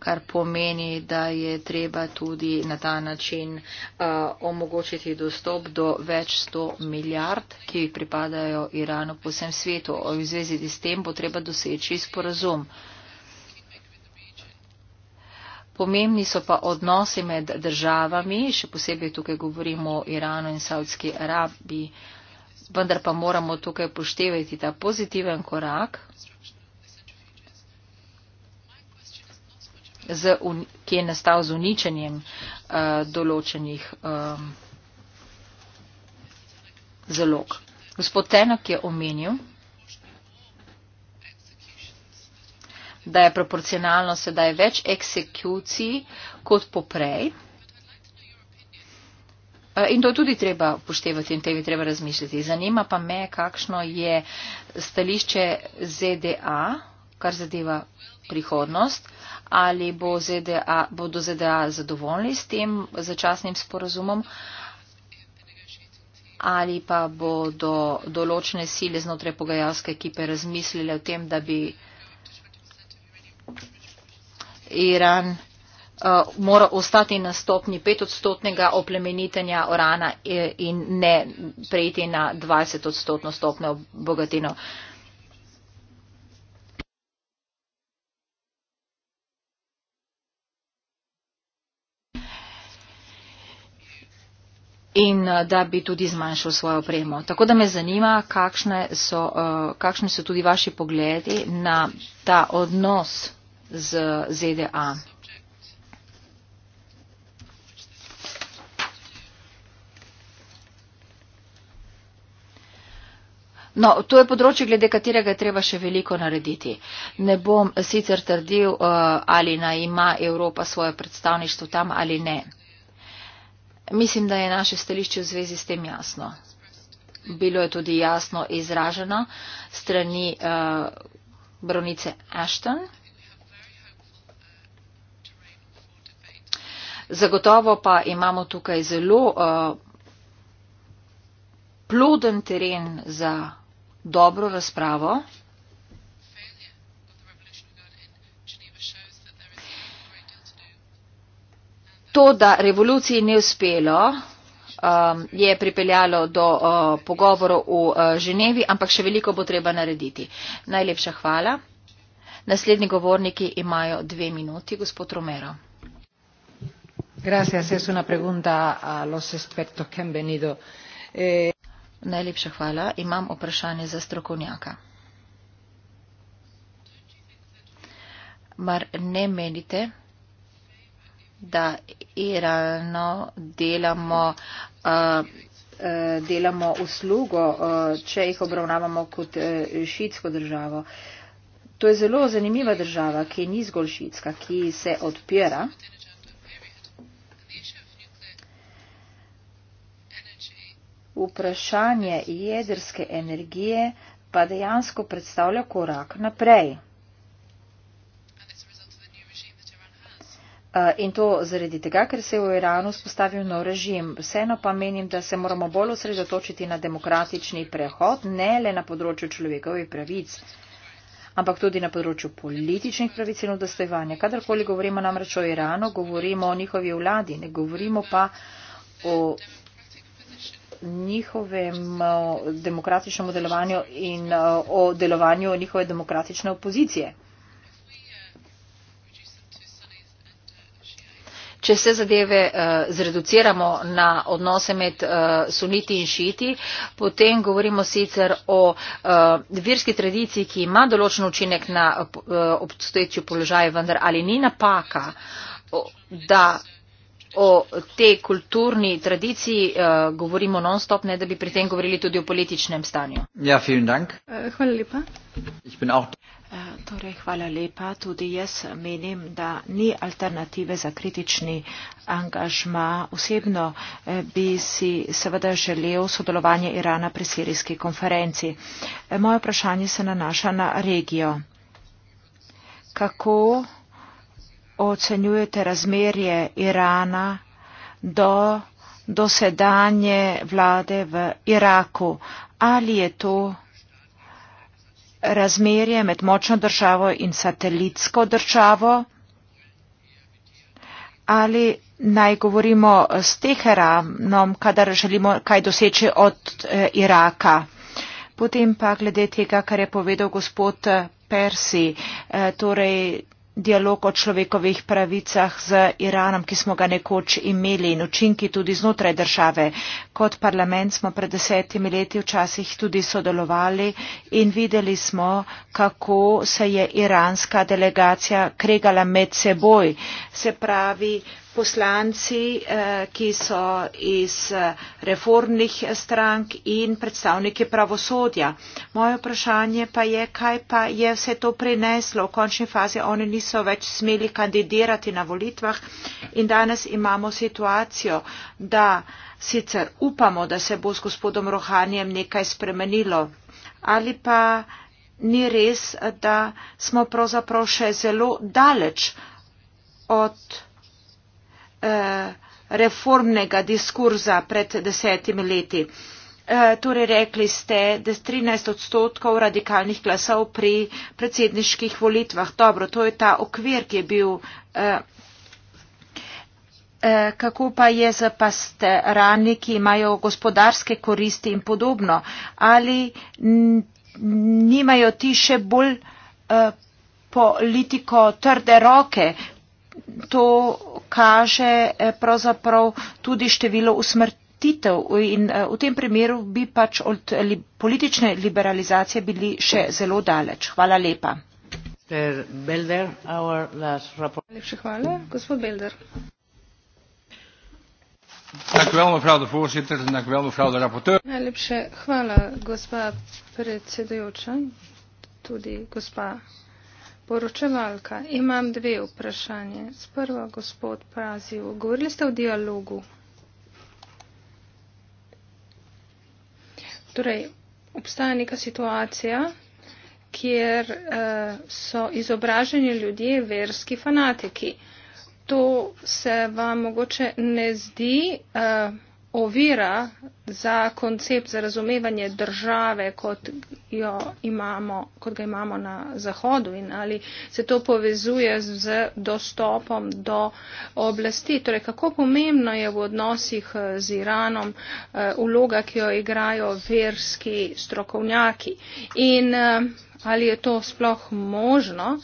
kar pomeni, da je treba tudi na ta način uh, omogočiti dostop do več sto milijard, ki pripadajo Iranu po vsem svetu. V zvezi s tem bo treba doseči sporazum. Pomembni so pa odnosi med državami, še posebej tukaj govorimo o Iranu in Saudski Arabiji, vendar pa moramo tukaj poštevati ta pozitiven korak, z, ki je nastal z uničenjem uh, določenih um, zalog. Gospod Tenok je omenil, da je proporcionalno sedaj več eksekucij kot poprej. Eh, in to tudi treba upoštevati in tebi treba razmišljati. Zanima pa me, kakšno je stališče ZDA, kar zadeva prihodnost, ali bo ZDA, bodo ZDA zadovoljni s tem začasnim sporozumom, ali pa bodo določene sile znotraj pogajalske ekipe razmislile o tem, da bi Iran uh, mora ostati na stopni petodstotnega oplemenitenja orana eh, in ne prejti na 20-odstotno stopno bogatino. Uh, in eh, da bi tudi zmanjšal svojo opremo. Tako da me zanima, kakšne so, eh, kakšne so tudi vaši pogledi na ta odnos z ZDA. No, to je področje, glede katerega je treba še veliko narediti. Ne bom sicer trdil, eh, ali naj ima Evropa svoje predstavništvo tam ali ne. Mislim, da je naše stališče v zvezi s tem jasno. Bilo je tudi jasno izraženo strani uh, bronice Ashton. Zagotovo pa imamo tukaj zelo uh, ploden teren za dobro razpravo. To, da revoluciji ni uspelo, um, je pripeljalo do uh, pogovorov v uh, Ženevi, ampak še veliko bo treba narediti. Najlepša hvala. Naslednji govorniki imajo dve minuti. Gospod Romero. Eh, Najlepša hvala. Imam vprašanje za strokovnjaka. Mar ne menite? da iralno delamo, uh, uh, delamo uslugo, uh, če jih obravnavamo kot uh, šitsko državo. To je zelo zanimiva država, ki ni zgolj šitska, ki se odpira. Vprašanje jedrske energije pa dejansko predstavlja korak naprej. Eh, in to zaradi tega, ker se je v Iranu spostavil nov režim. Vseeno pa menim, da se moramo bolj osredotočiti na demokratični prehod, ne le na področju človekovih pravic, ampak tudi na področju političnih pravic in odostevanja. Kadarkoli govorimo namreč o Iranu, govorimo o njihovi vladi, ne govorimo pa o njihovem eh, demokratičnem delovanju in eh, o delovanju njihove demokratične opozicije. če se zadeve eh, zreduciramo na odnose med eh, suniti in šiti, potem govorimo sicer o eh, verski tradiciji, ki ima določen učinek na obstoječju položaje, vendar ali ni napaka, da o tej kulturni tradiciji uh, govorimo non-stop, ne da bi pri tem govorili tudi o političnem stanju. Ja, uh, hvala lepa. Torej, hvala lepa. Tudi jaz menim, da ni alternative za kritični angažma. Osebno eh, bi si seveda želel sodelovanje Irana pri sirijski konferenci. Eh, moje vprašanje se nanaša na regijo. Kako ocenjujete razmerje Irana do dosedanje vlade v Iraku? Ali je to razmerje med močno državo in satelitsko državo? Ali naj govorimo s Teheranom, kadar želimo kaj doseči od eh, Iraka? Potem pa glede tega, kar je povedal gospod eh, Persi, eh, torej dialog o človekovih pravicah z Iranom, ki smo ga nekoč imeli in učinki tudi znotraj države. Kot parlament smo pred desetimi leti včasih tudi sodelovali in videli smo, kako se je iranska delegacija kregala med seboj. Se pravi, poslanci, eh, ki so iz eh, reformnih strank in predstavniki pravosodja. Moje vprašanje pa je, kaj pa je vse to prineslo. V končni fazi oni niso več smeli kandidirati na volitvah in danes imamo situacijo, da sicer upamo, da se bo s gospodom Rohanjem nekaj spremenilo. Ali pa ni res, da smo pravzaprav še zelo daleč od Eh, reformnega diskurza pred desetimi leti. Eh, torej rekli ste, da je 13 odstotkov radikalnih glasov pri predsedniških volitvah. Dobro, to je ta okvir, ki je bil. Eh, kako pa je z pasterani, ki imajo gospodarske koristi in podobno? Ali nimajo ti še bolj politiko trde roke, to kaže eh, pravzaprav tudi število usmrtitev in eh, v tem primeru bi pač od eh, li, politične liberalizacije bili še zelo daleč. Hvala lepa. Belder, Najlepša hvala, gospod Belder. Najlepša hvala, gospa predsedujoča, tudi gospa Poročevalka, imam dve vprašanje. Sprva, gospod Paziv, govorili ste o dialogu. Torej, obstaja neka situacija, kjer eh, so izobraženi ljudje verski fanatiki. To se vam mogoče ne zdi. Eh, ovira za koncept za razumevanje države, kot, jo imamo, kot ga imamo na Zahodu in ali se to povezuje z dostopom do oblasti. Torej, kako pomembno je v odnosih eh, z Iranom uloga, eh, ki jo igrajo verski strokovnjaki in eh, ali je to sploh možno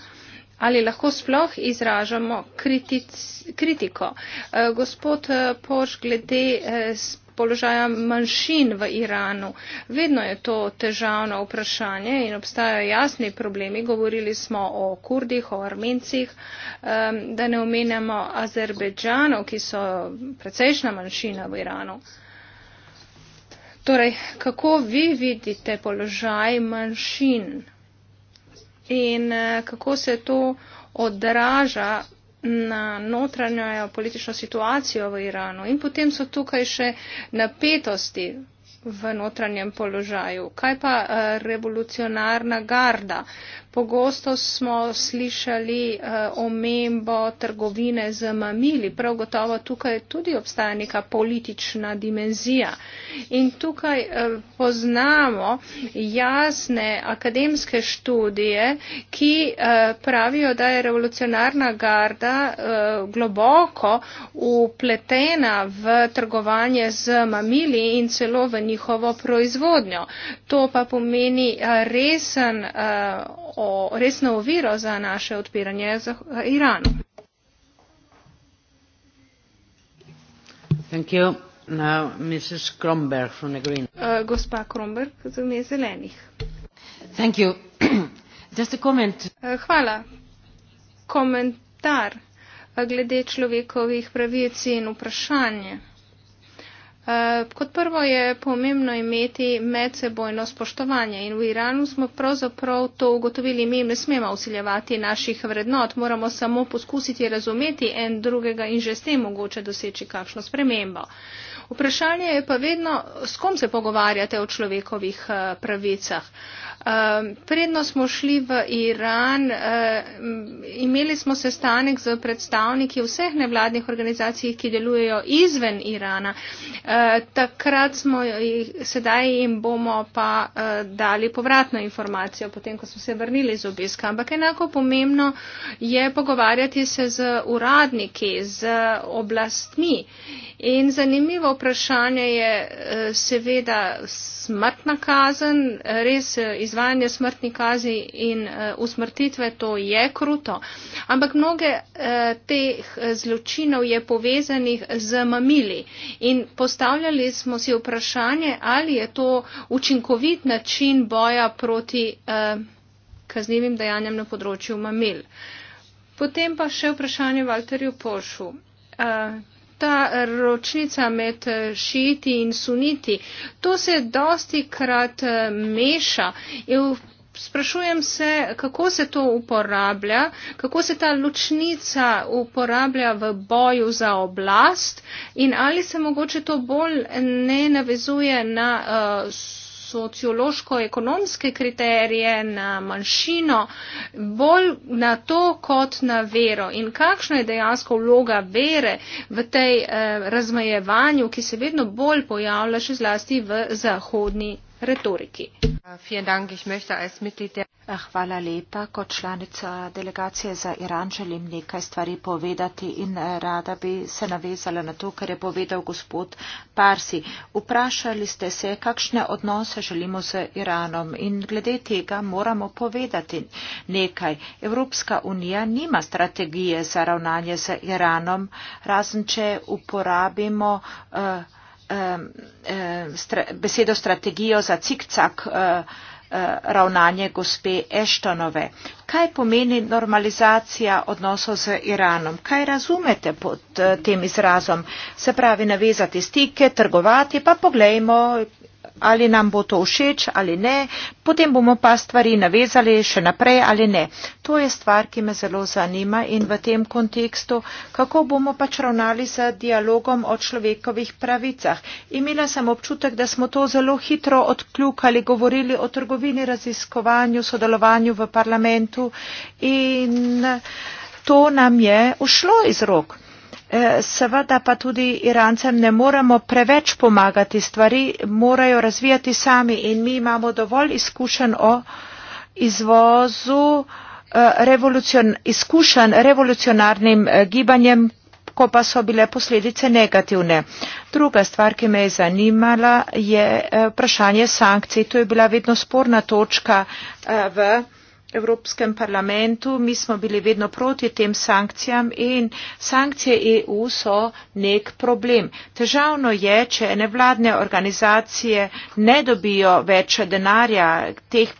ali lahko sploh izražamo kritic, kritiko. Eh, gospod eh, Poš, glede eh, položaja manjšin v Iranu. Vedno je to težavno vprašanje in obstajajo jasni problemi. Govorili smo o kurdih, o armencih, ehm, da ne omenjamo azerbejdžanov, ki so precejšna manjšina v Iranu. Torej, kako vi vidite položaj manjšin in eh, kako se to odraža na notranjo politično situacijo v Iranu. In potem so tukaj še napetosti v notranjem položaju. Kaj pa eh, revolucionarna garda? Pogosto smo slišali uh, omembo trgovine z mamili. Prav gotovo tukaj tudi obstaja neka politična dimenzija. In tukaj uh, poznamo jasne akademske študije, ki uh, pravijo, da je revolucionarna garda uh, globoko upletena v trgovanje z mamili in celo v njihovo proizvodnjo. To pa pomeni uh, resen. Uh, o resno oviro za naše odpiranje za Iran. Thank you. Now, Mrs. Kromberg from the Green. Uh, gospa Kromberg, zelo je zelenih. Thank you. *clears throat* Just a comment. Uh, hvala. Komentar uh, glede človekovih pravic in vprašanje. Eh, kot prvo je pomembno imeti medsebojno spoštovanje in v Iranu smo pravzaprav to ugotovili. Mi ne smemo usiljevati naših vrednot, moramo samo poskusiti razumeti en drugega in že s tem mogoče doseči kakšno spremembo. Vprašanje je pa vedno, s kom se pogovarjate o človekovih eh, pravicah. Ehm, predno smo šli v Iran, eh, imeli smo sestanek z predstavniki vseh nevladnih organizacij, ki delujejo izven Irana. Eh, takrat smo jih, sedaj jim bomo pa dali povratno informacijo, potem, ko smo se vrnili z obiska. Ampak enako pomembno je pogovarjati se z uradniki, z oblastmi. In zanimivo, vprašanje je eh, seveda smrtna kazen, res eh, izvajanje smrtni kazi in eh, usmrtitve, to je kruto. Ampak mnoge teh zločinov je povezanih z mamili in postavljali smo si vprašanje, ali je to učinkovit način boja proti kaznivim dejanjem na področju mamil. Potem pa še vprašanje Valterju Pošu ta ročnica med eh, šiti in suniti. To se dosti krat eh, meša. Sprašujem se, kako se to uporablja, kako se ta ločnica uporablja v boju za oblast in ali se mogoče to bolj ne navezuje na uh, sociološko-ekonomske kriterije, na manjšino, bolj na to kot na vero. In kakšna je dejansko vloga vere v tej eh, razmejevanju, ki se vedno bolj pojavlja še zlasti v zahodni retoriki. Eh, hvala lepa. Kot članica delegacije za Iran želim nekaj stvari povedati in eh, rada bi se navezala na to, kar je povedal gospod Parsi. Vprašali ste se, kakšne odnose želimo z Iranom in glede tega moramo povedati nekaj. Evropska unija nima strategije za ravnanje z Iranom, razen če uporabimo. Uh, besedo strategijo za cikcak eh, eh, ravnanje gospe Eštonove. Kaj pomeni normalizacija odnosov z Iranom? Kaj razumete pod eh, tem izrazom? Se pravi, navezati stike, trgovati, pa poglejmo ali nam bo to všeč ali ne, potem bomo pa stvari navezali še naprej ali ne. To je stvar, ki me zelo zanima in v tem kontekstu, kako bomo pač ravnali z dialogom o človekovih pravicah. Imela sem občutek, da smo to zelo hitro odkljukali, govorili o trgovini, raziskovanju, sodelovanju v parlamentu in to nam je ušlo iz rok. Eh, seveda pa tudi Irancem ne moremo preveč pomagati, stvari morajo razvijati sami in mi imamo dovolj izkušen o izvozu eh, revolucion, izkušen revolucionarnim eh, gibanjem, ko pa so bile posledice negativne. Druga stvar, ki me je zanimala, je vprašanje sankcij. To je bila vedno sporna točka v Evropskem parlamentu, mi smo bili vedno proti tem sankcijam in sankcije EU so nek problem. Težavno je, če nevladne organizacije ne dobijo več denarja,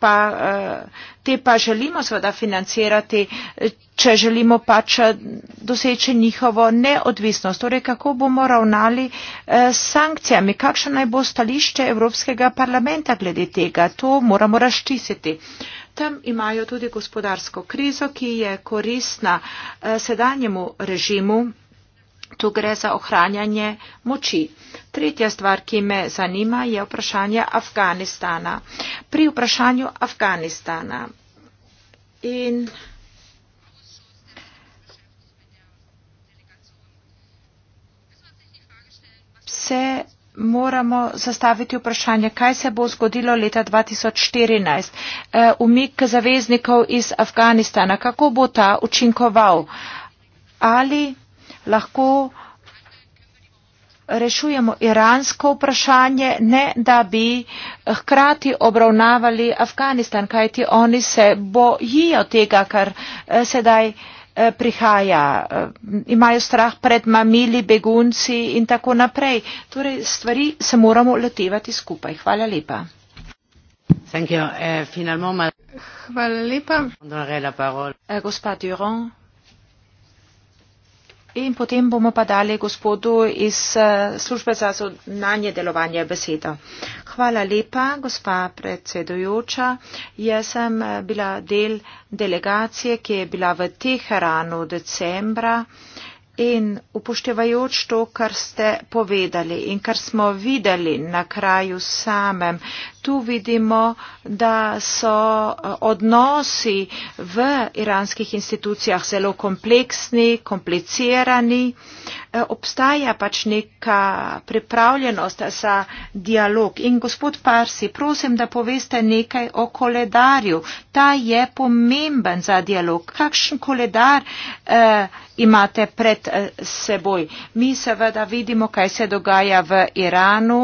pa, eh, te pa želimo seveda financirati, če želimo pač eh, doseči njihovo neodvisnost. Torej, kako bomo ravnali eh, s sankcijami? Kakšno naj bo stališče Evropskega parlamenta glede tega? To moramo raščistiti tem imajo tudi gospodarsko krizo, ki je koristna eh, sedanjemu režimu. Tu gre za ohranjanje moči. Tretja stvar, ki me zanima, je vprašanje Afganistana. Pri vprašanju Afganistana in se moramo zastaviti vprašanje, kaj se bo zgodilo leta 2014. Eh, umik zaveznikov iz Afganistana, kako bo ta učinkoval? Ali lahko rešujemo iransko vprašanje, ne da bi hkrati obravnavali Afganistan, kajti oni se bojijo tega, kar eh, sedaj. Eh, prihaja eh, imajo strah pred mamili begunci in tako naprej torej stvari se moramo lotevati skupaj hvala lepa Thank you. Eh, finalement, ma... Hvala lepa. Eh, gospa Durand. In potem bomo pa dali gospodu iz eh, službe za zunanje delovanje besedo. Hvala lepa, gospa predsedujoča. Jaz sem eh, bila del delegacije, ki je bila v Teheranu decembra In upoštevajoč to, kar ste povedali in kar smo videli na kraju samem, tu vidimo, da so eh, odnosi v iranskih institucijah zelo kompleksni, komplicirani. Uh, Eh, obstaja pač neka pripravljenost za dialog. In gospod Parsi, prosim, da poveste nekaj o koledarju. Ta je pomemben za dialog. Kakšen koledar eh, imate pred eh, seboj? Mi seveda vidimo, kaj se dogaja v Iranu.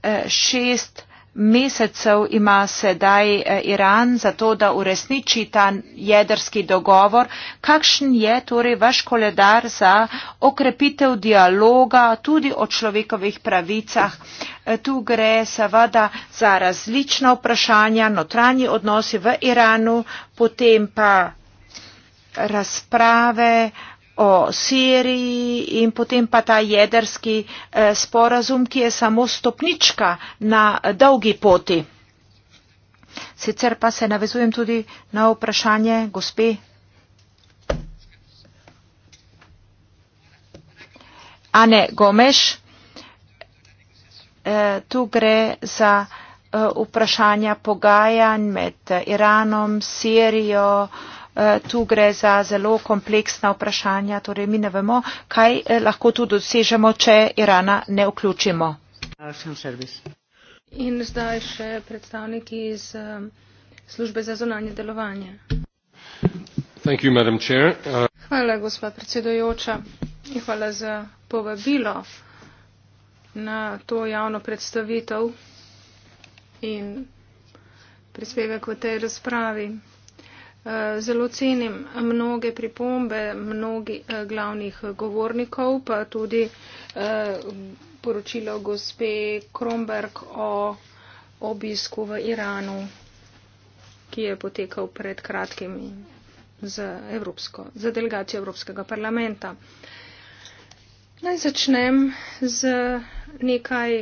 Eh, šest mesecev ima sedaj eh, Iran za to, da uresniči ta jedrski dogovor. Kakšen je torej vaš koledar za okrepitev dialoga tudi o človekovih pravicah? Eh, tu gre seveda za različna vprašanja, notranji odnosi v Iranu, potem pa razprave, o Siriji in potem pa ta jedrski eh, sporazum, ki je samo stopnička na eh, dolgi poti. Sicer pa se navezujem tudi na vprašanje gospe. A ne, Gomeš, eh, tu gre za vprašanja pogajanj med Iranom, Sirijo, Eh, tu gre za zelo kompleksna vprašanja, torej mi ne vemo, kaj eh, lahko tu dosežemo, če Irana ne vključimo. In zdaj še predstavniki iz eh, službe za zonanje delovanje. You, uh... Hvala, gospod predsedojoča, in hvala za povabilo na to javno predstavitev in prispevek v tej razpravi. Eh, zelo cenim mnoge pripombe mnogih eh, glavnih govornikov, pa tudi eh, poročilo gospe Kromberg o obisku v Iranu, ki je potekal pred kratkim za, Evropsko, za delegacijo Evropskega parlamenta. Naj začnem z nekaj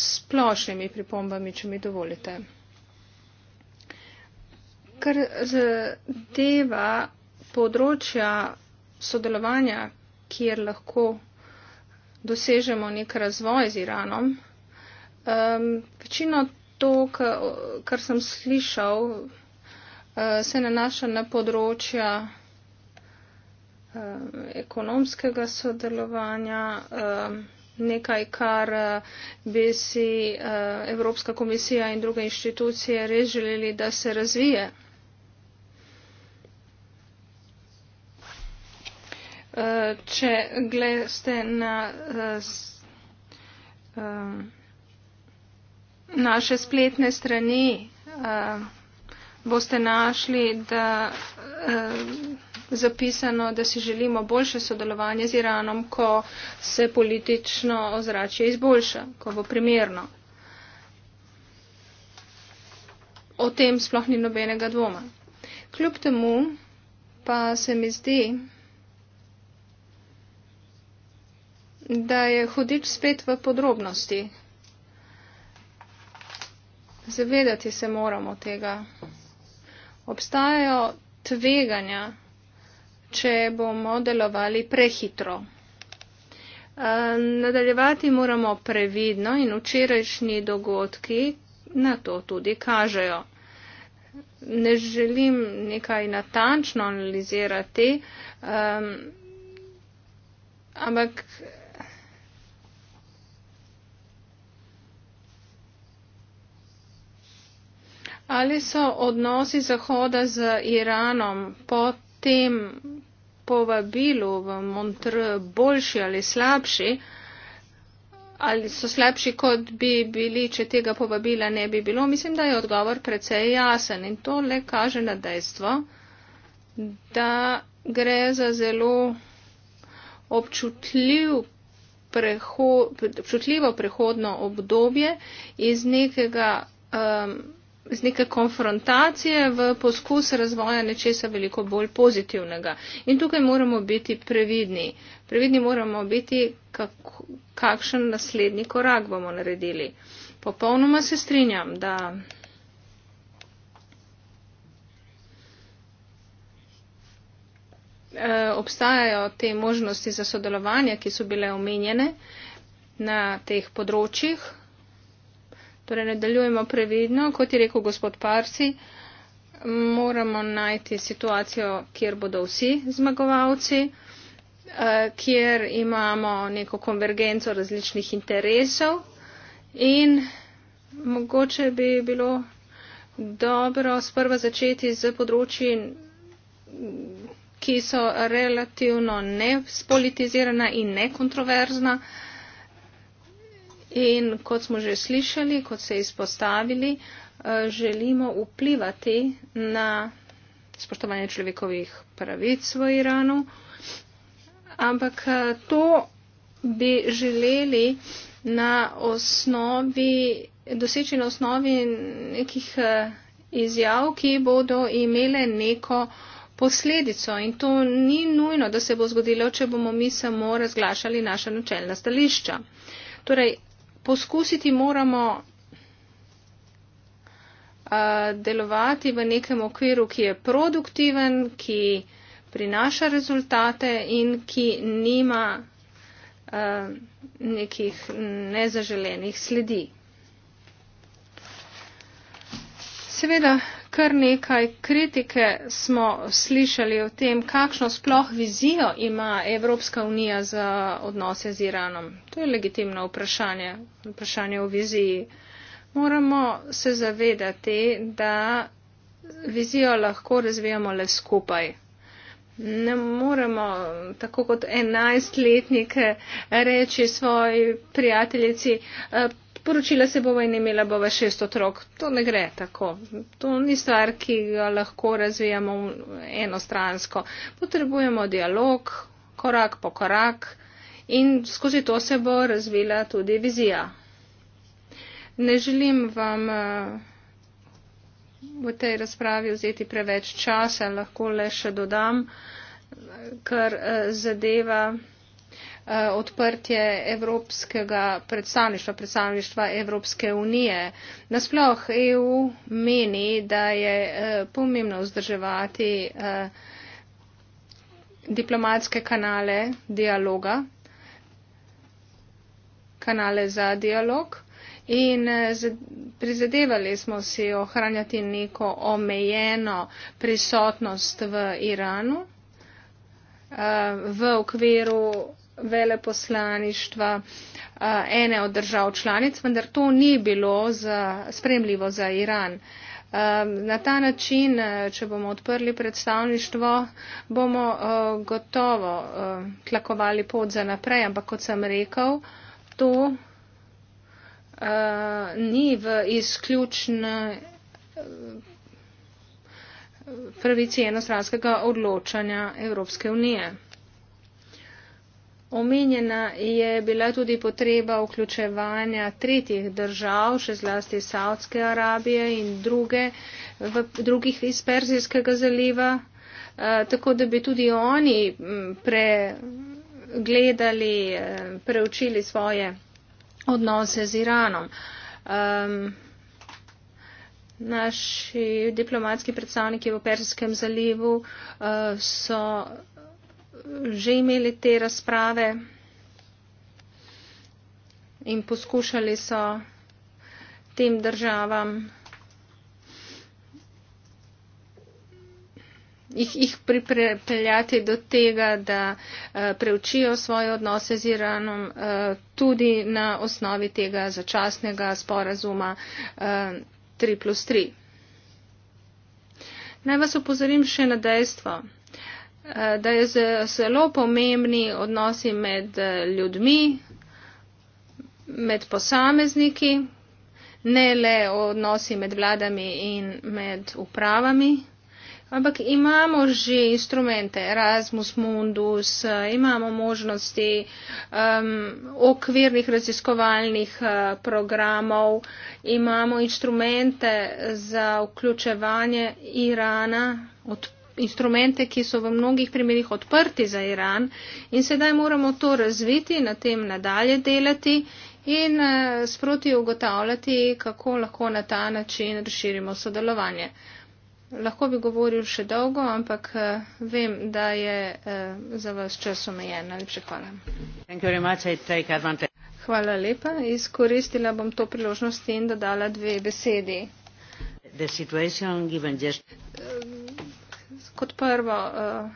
splošnimi pripombami, če mi dovolite kar zadeva področja sodelovanja, kjer lahko dosežemo nek razvoj z Iranom. Um, večino to, kar sem slišal, uh, se nanaša na področja um, ekonomskega sodelovanja, um, nekaj, kar uh, bi si uh, Evropska komisija in druge inštitucije res želeli, da se razvije. če gleste na eh, eh, naše spletne strani, eh, boste našli, da zapisano, da si želimo boljše sodelovanje z Iranom, ko se politično ozračje izboljša, ko bo primerno. O tem sploh ni nobenega dvoma. Kljub temu pa se mi zdi, da je hudič spet v podrobnosti. Zavedati se moramo tega. Obstajajo tveganja, če bomo delovali prehitro. Eh, nadaljevati moramo previdno in včerajšnji dogodki na to tudi kažejo. Ne želim nekaj natančno analizirati, um, ampak Ali so odnosi Zahoda z Iranom po tem povabilu v Montr boljši ali slabši? Ali so slabši, kot bi bili, če tega povabila ne bi bilo? Mislim, da je odgovor precej jasen in to le kaže na dejstvo, da gre za zelo občutljiv preho občutljivo prehodno obdobje iz nekega um, z neke konfrontacije v poskus razvoja nečesa veliko bolj pozitivnega. In tukaj moramo biti previdni. Previdni moramo biti, kak, kakšen naslednji korak bomo naredili. Popolnoma se strinjam, da. Eh, obstajajo te možnosti za sodelovanje, ki so bile omenjene na teh področjih, Torej, nadaljujemo previdno, kot je rekel gospod Parsi, moramo najti situacijo, kjer bodo vsi zmagovalci, eh, kjer imamo neko konvergenco različnih interesov in mogoče bi bilo dobro sprva začeti z področji, ki so relativno nespolitizirana in nekontroverzna. In kot smo že slišali, kot se izpostavili, eh, želimo vplivati na spoštovanje človekovih pravic v Iranu. Ampak eh, to bi želeli na osnovi, doseči na osnovi nekih eh, izjav, ki bodo imele neko posledico. In to ni nujno, da se bo zgodilo, če bomo mi samo razglašali naša načelna stališča. Torej, poskusiti moramo delovati v nekem okviru, ki je produktiven, ki prinaša rezultate in ki nima nekih nezaželenih sledi. Seveda, kar nekaj kritike smo slišali o tem, kakšno sploh vizijo ima Evropska unija za odnose z Iranom. To je legitimno vprašanje, vprašanje o viziji. Moramo se zavedati, da vizijo lahko razvijamo le skupaj. Ne moremo, tako kot enajstletnik, reči svoji prijateljici, poročila se bova in imela bova šest otrok. To ne gre tako. To ni stvar, ki jo lahko razvijamo enostransko. Potrebujemo dialog, korak po korak in skozi to se bo razvila tudi vizija. Ne želim vam eh, v tej razpravi vzeti preveč časa, lahko le še dodam, kar eh, zadeva. Eh, odprtje evropskega predstavništva, predstavništva Evropske unije. Nasploh EU meni, da je eh, pomembno vzdrževati eh, diplomatske kanale dialoga, kanale za dialog. In prizadevali smo si ohranjati neko omejeno prisotnost v Iranu v okviru veleposlaništva ene od držav članic, vendar to ni bilo za, spremljivo za Iran. Na ta način, če bomo odprli predstavništvo, bomo gotovo tlakovali pot za naprej, ampak kot sem rekel, to ni v izključni pravici enostranskega odločanja Evropske unije. Omenjena je bila tudi potreba vključevanja tretjih držav, še zlasti Saudske Arabije in druge, v, drugih iz Persijskega zaliva, eh, tako da bi tudi oni mm, pregledali, eh, preučili svoje odnose z Iranom. Ehm, naši diplomatski predstavniki v Persijskem zalivu eh, so že imeli te razprave in poskušali so tem državam jih, jih pripeljati do tega, da eh, preučijo svoje odnose z Iranom eh, tudi na osnovi tega začasnega sporazuma 3 eh, plus 3. Naj vas opozorim še na dejstvo, Eh, da je zelo pomembni odnosi med eh, ljudmi, med posamezniki, ne le odnosi med vladami in med upravami, ampak imamo že instrumente Erasmus Mundus, eh, imamo možnosti um, okvirnih raziskovalnih uh, programov, imamo instrumente za vključevanje Irana, odprtje instrumente, ki so v mnogih primerjih odprti za Iran in sedaj moramo to razviti, na tem nadalje delati in eh, sproti ugotavljati, kako lahko na ta način razširimo sodelovanje. Lahko bi govoril še dolgo, ampak eh, vem, da je eh, za vas čas omejen. Najlepše hvala. Hvala lepa. Izkoristila bom to priložnost in dodala dve besedi. The situation given just... Uh, kot prvo eh,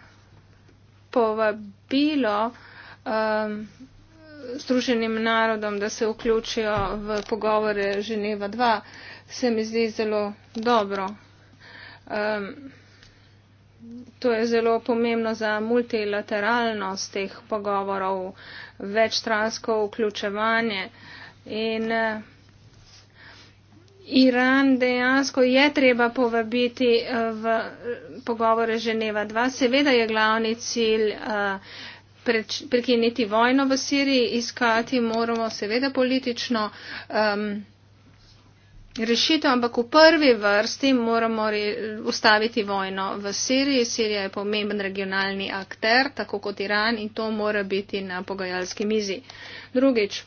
povabilo eh, Združenim narodom, da se vključijo v pogovore Ženeva 2, se mi zdi zelo dobro. To je zelo pomembno za multilateralnost teh pogovorov, večstransko vključevanje in eh, Iran dejansko je treba povabiti eh, v eh, pogovore Ženeva 2. Seveda je glavni cilj eh, prekiniti vojno v Siriji, iskati moramo seveda politično um, rešitev, ampak v prvi vrsti moramo re, ustaviti vojno v Siriji. Sirija je pomemben regionalni akter, tako kot Iran, in to mora biti na pogajalski mizi. Drugič,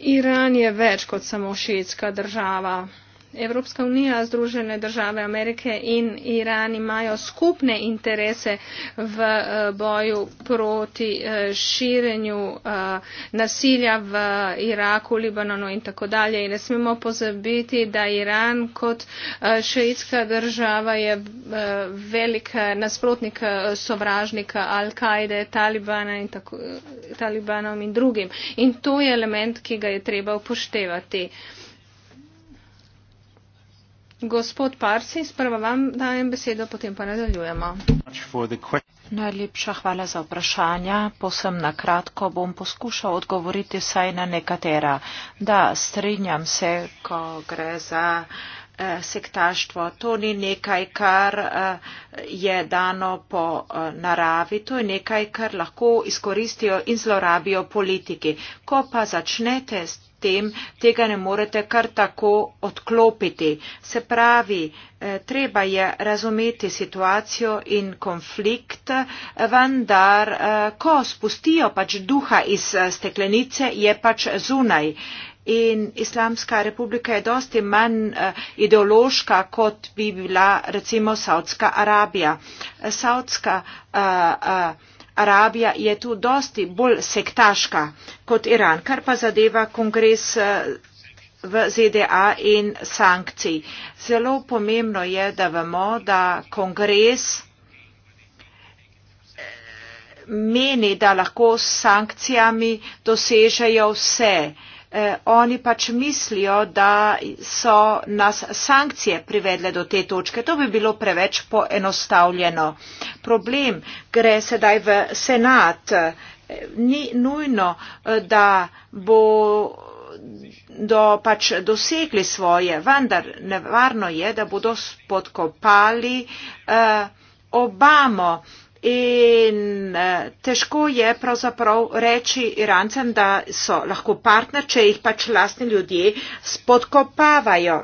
iran je več kot samo šiitska država. Evropska unija, Združene države Amerike in Iran imajo skupne interese v eh, boju proti eh, širjenju eh, nasilja v Iraku, Libanonu in tako dalje. In ne smemo pozabiti, da Iran kot šeitska država je velik nasprotnik sovražnika Al-Kaide, Talibana in tako, Talibanom in drugim. In to je element, ki ga je treba upoštevati. Gospod Parsi, sprva vam dajem besedo, potem pa nadaljujemo. Najlepša hvala za vprašanja. Posem na kratko bom poskušal odgovoriti saj na nekatera. Da, strinjam se, ko gre za eh, sektaštvo. To ni nekaj, kar eh, je dano po eh, naravi, to je nekaj, kar lahko izkoristijo in zlorabijo politiki. Ko pa začnete tem, tega ne morete kar tako odklopiti. Se pravi, eh, treba je razumeti situacijo in konflikt, eh, vendar, eh, ko spustijo pač duha iz steklenice, je pač zunaj. In Islamska republika je dosti manj ideološka, kot bi bila recimo Saudska Arabija. Saudska uh, uh, Arabija je tu dosti bolj sektaška kot Iran, kar pa zadeva kongres eh, v ZDA in sankcij. Zelo pomembno je, da vemo, da kongres eh, meni, da lahko s sankcijami dosežejo vse. Eh, oni pač mislijo, da so nas sankcije privedle do te točke. To bi bilo preveč poenostavljeno. Problem gre sedaj v senat. Eh, ni nujno, eh, da bo do pač dosegli svoje, vendar nevarno je, da bodo spodkopali eh, Obamo. Eh, In eh, težko je pravzaprav reči Irancem, da so lahko partner, če jih pač lastni ljudje spodkopavajo.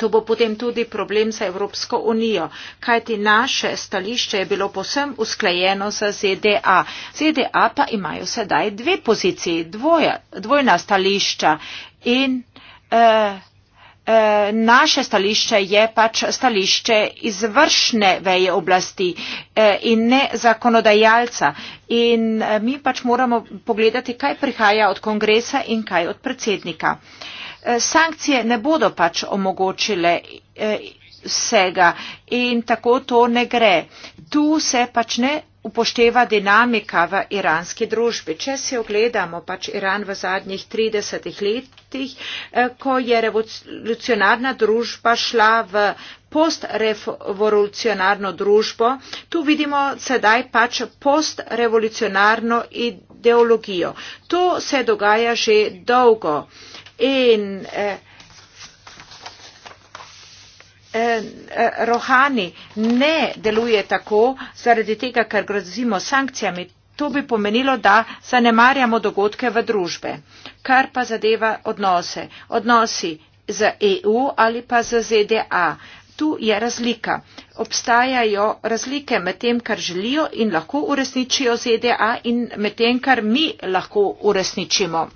To bo potem tudi problem za Evropsko unijo, kajti naše stališče je bilo posem usklajeno za ZDA. ZDA pa imajo sedaj dve poziciji, dvoja, dvojna stališča. In, eh, Eh, naše stališče je pač stališče izvršne veje oblasti eh, in ne zakonodajalca. In eh, mi pač moramo pogledati, kaj prihaja od kongresa in kaj od predsednika. Sankcije ne bodo pač omogočile vsega in tako to ne gre. Tu se pač ne upošteva dinamika v iranski družbi. Če si ogledamo pač Iran v zadnjih 30 letih, eh, ko je revolucionarna družba šla v postrevolucionarno družbo, tu vidimo sedaj pač postrevolucionarno ideologijo. To se dogaja že dolgo. In, eh, Eh, eh, Rohani ne deluje tako zaradi tega, ker grozimo sankcijami. To bi pomenilo, da zanemarjamo dogodke v družbe. Kar pa zadeva odnose. Odnosi z EU ali pa z ZDA. Tu je razlika. Obstajajo razlike med tem, kar želijo in lahko uresničijo ZDA in med tem, kar mi lahko uresničimo.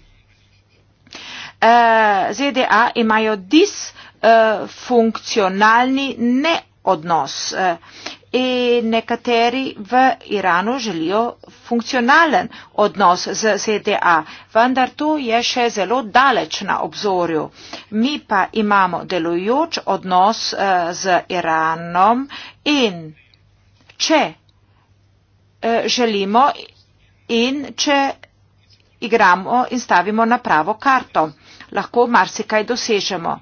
Eh, ZDA imajo dis Eh, funkcionalni neodnos. Eh, in nekateri v Iranu želijo funkcionalen odnos z ZDA, vendar to je še zelo daleč na obzorju. Mi pa imamo delujoč odnos eh, z Iranom in če želimo in če igramo in stavimo na pravo karto, lahko marsikaj dosežemo.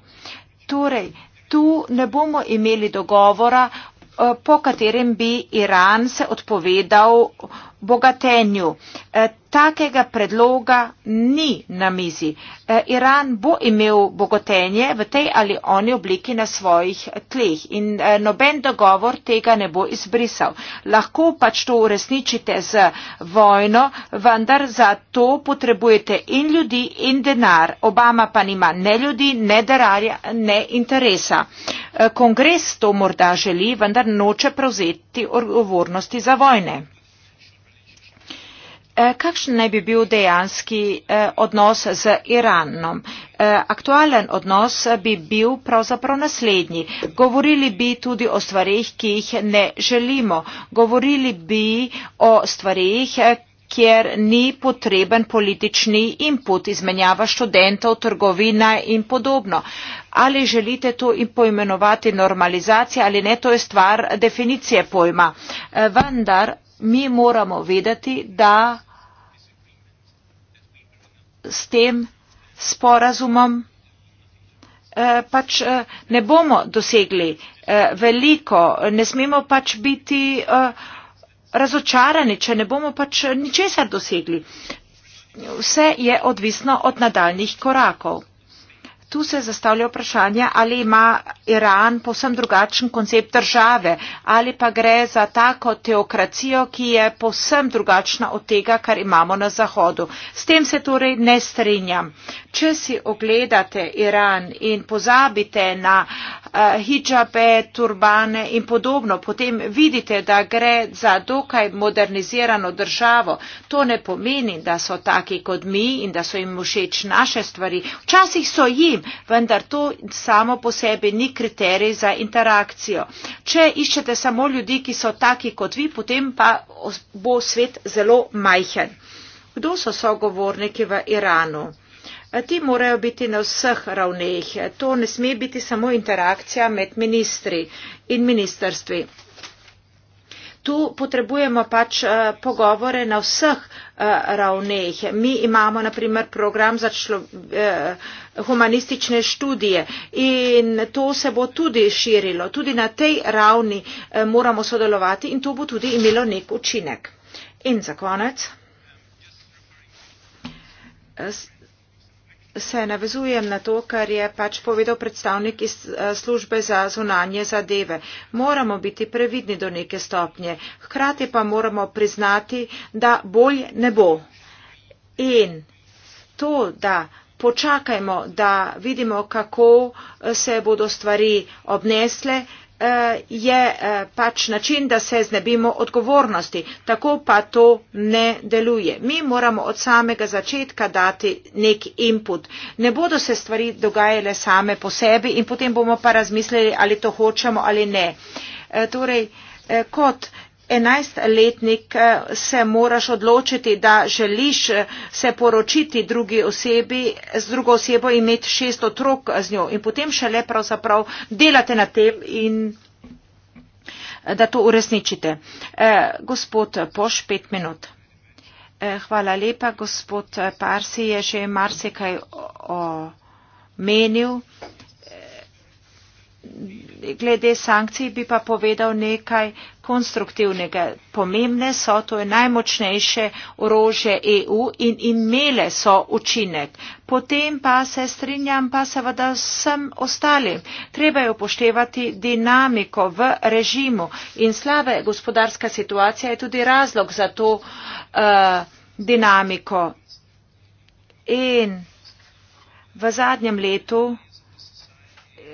Torej, tu ne bomo imeli dogovora, eh, po katerem bi Iran se odpovedal bogatenju. E, takega predloga ni na mizi. E, Iran bo imel bogatenje v tej ali oni obliki na svojih tleh in e, noben dogovor tega ne bo izbrisal. Lahko pač to uresničite z vojno, vendar za to potrebujete in ljudi in denar. Obama pa nima ne ljudi, ne denarja, ne interesa. Kongres to morda želi, vendar noče prevzeti odgovornosti za vojne. Eh, kakšen naj bi bil dejanski eh, odnos z Iranom? Eh, aktualen odnos bi bil pravzaprav naslednji. Govorili bi tudi o stvarih, ki jih ne želimo. Govorili bi o stvarih, kjer ni potreben politični input, izmenjava študentov, trgovina in podobno. Ali želite to in poimenovati normalizacija ali ne, to je stvar definicije pojma. Vendar mi moramo vedeti, da s tem sporazumom eh, pač eh, ne bomo dosegli eh, veliko, ne smemo pač biti razočarani, če ne bomo pač ničesar dosegli. Vse je odvisno od nadaljnih korakov. Tu se zastavlja vprašanje, ali ima Iran posem drugačen koncept države ali pa gre za tako teokracijo, ki je posem drugačna od tega, kar imamo na Zahodu. S tem se torej ne strinjam če si ogledate Iran in pozabite na eh, hijabe, turbane in podobno, potem vidite, da gre za dokaj modernizirano državo. To ne pomeni, da so taki kot mi in da so jim všeč naše stvari. Včasih so jim, vendar to samo po sebi ni kriterij za interakcijo. Če iščete samo ljudi, ki so taki kot vi, potem pa bo svet zelo majhen. Kdo so sogovorniki v Iranu? Eh, ti morajo biti na vseh ravneh. To ne sme biti samo interakcija med ministri in ministerstvi. Tu potrebujemo pač eh, pogovore na vseh eh, ravneh. Mi imamo naprimer program za člo, humanistične študije in to se bo tudi širilo. Tudi na tej ravni moramo sodelovati in to bo tudi imelo nek učinek. In za konec se navezujem na to, kar je pač povedal predstavnik iz eh, službe za zunanje zadeve. Moramo biti previdni do neke stopnje, hkrati pa moramo priznati, da bolj ne bo. In to, da počakajmo, da vidimo, kako eh, se bodo stvari obnesle, Eh, je eh, pač način, da se znebimo odgovornosti. Tako pa to ne deluje. Mi moramo od samega začetka dati nek input. Ne bodo se stvari dogajale same po sebi in potem bomo pa razmislili, ali to hočemo ali ne. Eh, torej, kot enajstletnik eh, se moraš odločiti, da želiš eh, se poročiti drugi osebi, z drugo osebo imeti šest otrok z njo in potem šele pravzaprav delate na tem in eh, da to uresničite. Eh, gospod Poš, pet minut. Eh, hvala lepa, gospod Parsi je že marsikaj omenil. O glede sankcij bi pa povedal nekaj konstruktivnega. Pomembne so, to je najmočnejše orožje EU in imele so učinek. Potem pa se strinjam pa seveda vsem ostalim. Treba je upoštevati dinamiko v režimu in slaba gospodarska situacija je tudi razlog za to uh, dinamiko. In v zadnjem letu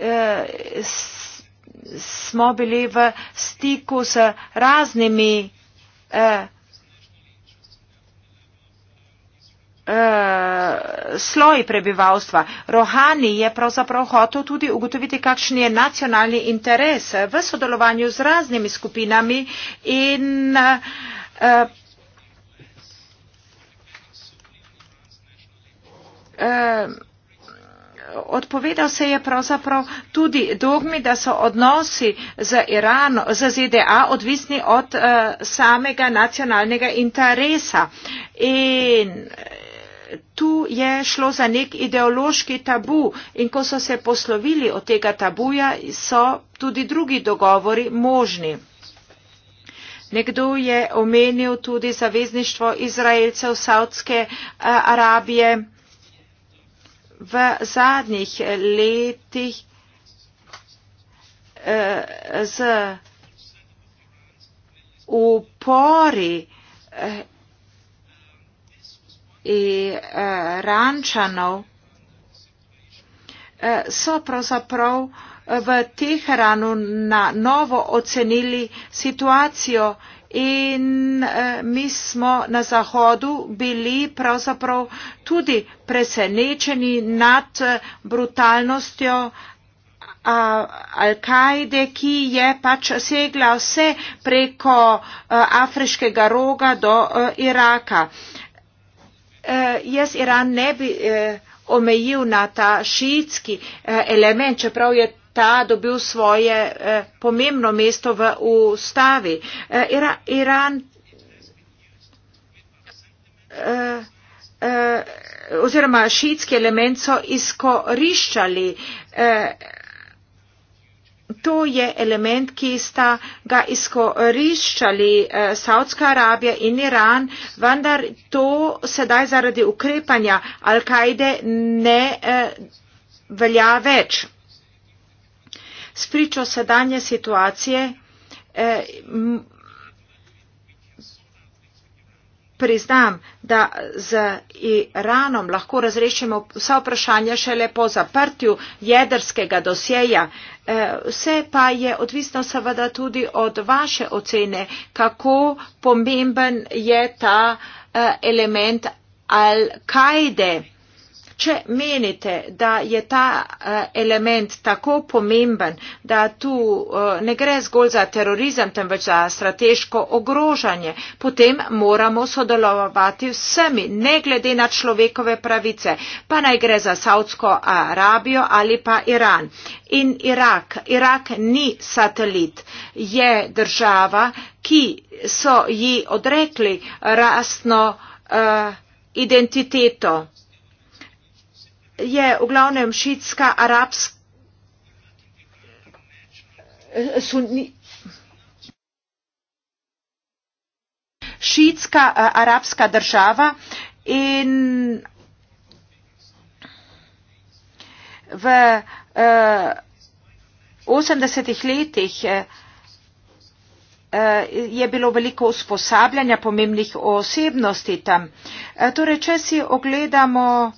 eh, smo bili v stiku s raznimi eh, eh, sloji prebivalstva. Rohani je pravzaprav hotel tudi ugotoviti, kakšen je nacionalni interes v sodelovanju z raznimi skupinami in eh, eh, odpovedal se je pravzaprav tudi dogmi, da so odnosi z Iranom, z ZDA odvisni od uh, samega nacionalnega interesa. In eh, tu je šlo za nek ideološki tabu in ko so se poslovili od tega tabuja, so tudi drugi dogovori možni. Nekdo je omenil tudi zavezništvo Izraelcev, Saudske eh, Arabije v zadnjih letih eh, z upori eh, eh, rančanov so pravzaprav v Teheranu na novo ocenili situacijo in eh, mi smo na Zahodu bili pravzaprav tudi presenečeni nad eh, brutalnostjo Al-Kaide, ki je pač segla vse preko eh, afriškega roga do Iraka. Jaz Iran ne bi omejil na ta šiitski element, čeprav je ta dobil svoje eh, pomembno mesto v ustavi. Eh, Ira, Iran. Eh, eh, oziroma šitski element so izkoriščali. E, to je element, ki sta ga izkoriščali e, eh, Saudska Arabija in Iran, vendar to sedaj zaradi ukrepanja Al-Kaide ne e, velja več spričo sedanje situacije eh, priznam, da z Iranom lahko razrešimo vsa vprašanja šele po zaprtju jedrskega dosjeja. Eh, vse pa je odvisno seveda tudi od vaše ocene, kako pomemben je ta eh, element Al-Kaide. Če menite, da je ta eh, element tako pomemben, da tu eh, ne gre zgolj za terorizem, temveč za strateško ogrožanje, potem moramo sodelovati vsemi, ne glede na človekove pravice, pa naj gre za Saudsko Arabijo ali pa Iran. In Irak. Irak ni satelit, je država, ki so ji odrekli rastno uh, identiteto je v glavnem šitska arabska. Šitska eh, arabska država in v 80-ih eh, letih eh, je bilo veliko usposabljanja pomembnih osebnosti tam. Torej, če si ogledamo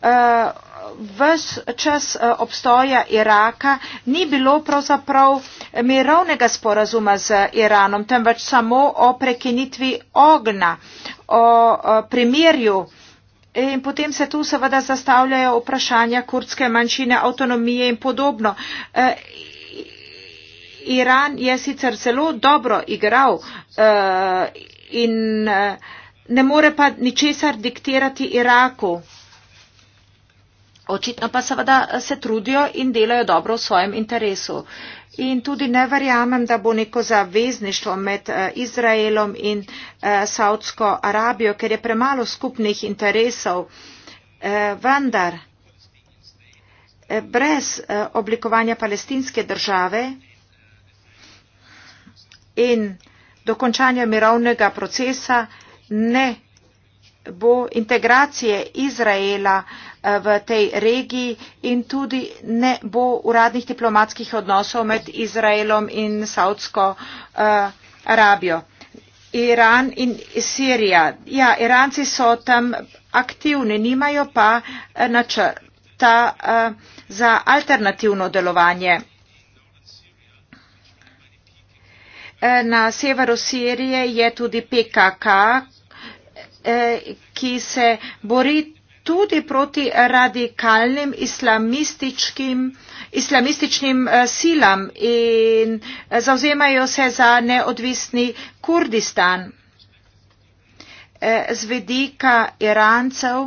Eh, ves čas eh, obstoja Iraka ni bilo pravzaprav mirovnega sporazuma z Iranom, temveč samo o prekinitvi ognja, o eh, primirju. In potem se tu seveda zastavljajo vprašanja kurdske manjšine, avtonomije in podobno. Iran je sicer zelo dobro igral in ne more pa ničesar diktirati Iraku. Očitno pa seveda eh, se trudijo in delajo dobro v svojem interesu. In tudi ne verjamem, da bo neko zavezništvo med eh, Izraelom in eh, Saudsko Arabijo, ker je premalo skupnih interesov. Vendar, brez oblikovanja palestinske države in dokončanja mirovnega procesa ne bo integracije Izraela uh, Eh, v tej regiji in tudi ne bo uradnih diplomatskih odnosov med Izraelom in Saudsko eh, Arabijo. Iran in Sirija. Ja, Iranci so tam aktivni, nimajo pa eh, načrta za alternativno delovanje. Na severu Sirije je tudi PKK, ki se bori tudi proti radikalnim islamističkim, islamističnim eh, silam in eh, zauzemajo se za neodvisni Kurdistan. Eh, z vedika Irancev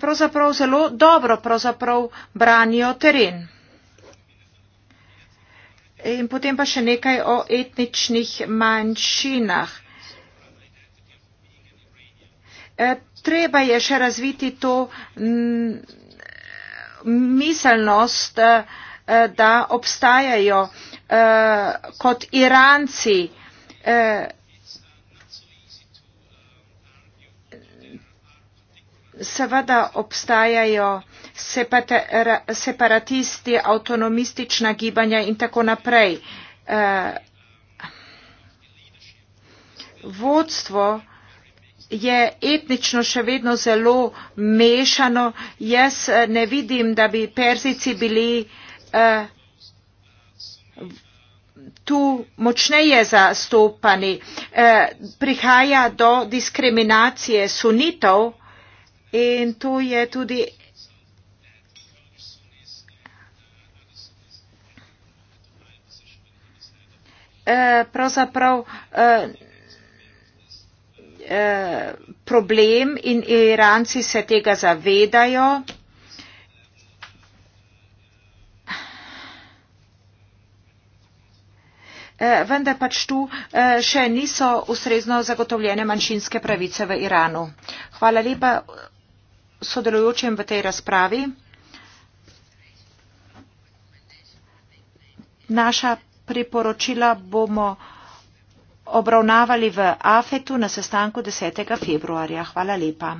pravzaprav zelo dobro pravzaprav branijo teren. In potem pa še nekaj o etničnih manjšinah. E, treba je še razviti to mm, miselnost, e, da obstajajo e, kot Iranci seveda obstajajo separatisti, avtonomistična gibanja in tako naprej. Vodstvo je etnično še vedno zelo mešano. Jaz eh, ne vidim, da bi Persici bili uh, tu močneje zastopani. Uh, prihaja do diskriminacije sunitov in tu je tudi. Uh, pravzaprav uh, Eh, problem in Iranci se tega zavedajo. Eh, vendar pač tu eh, še niso ustrezno zagotovljene manjšinske pravice v Iranu. Hvala lepa sodelujočim v tej razpravi. Naša priporočila bomo obravnavali v AFET-u na sestanku 10. februarja. Hvala lepa.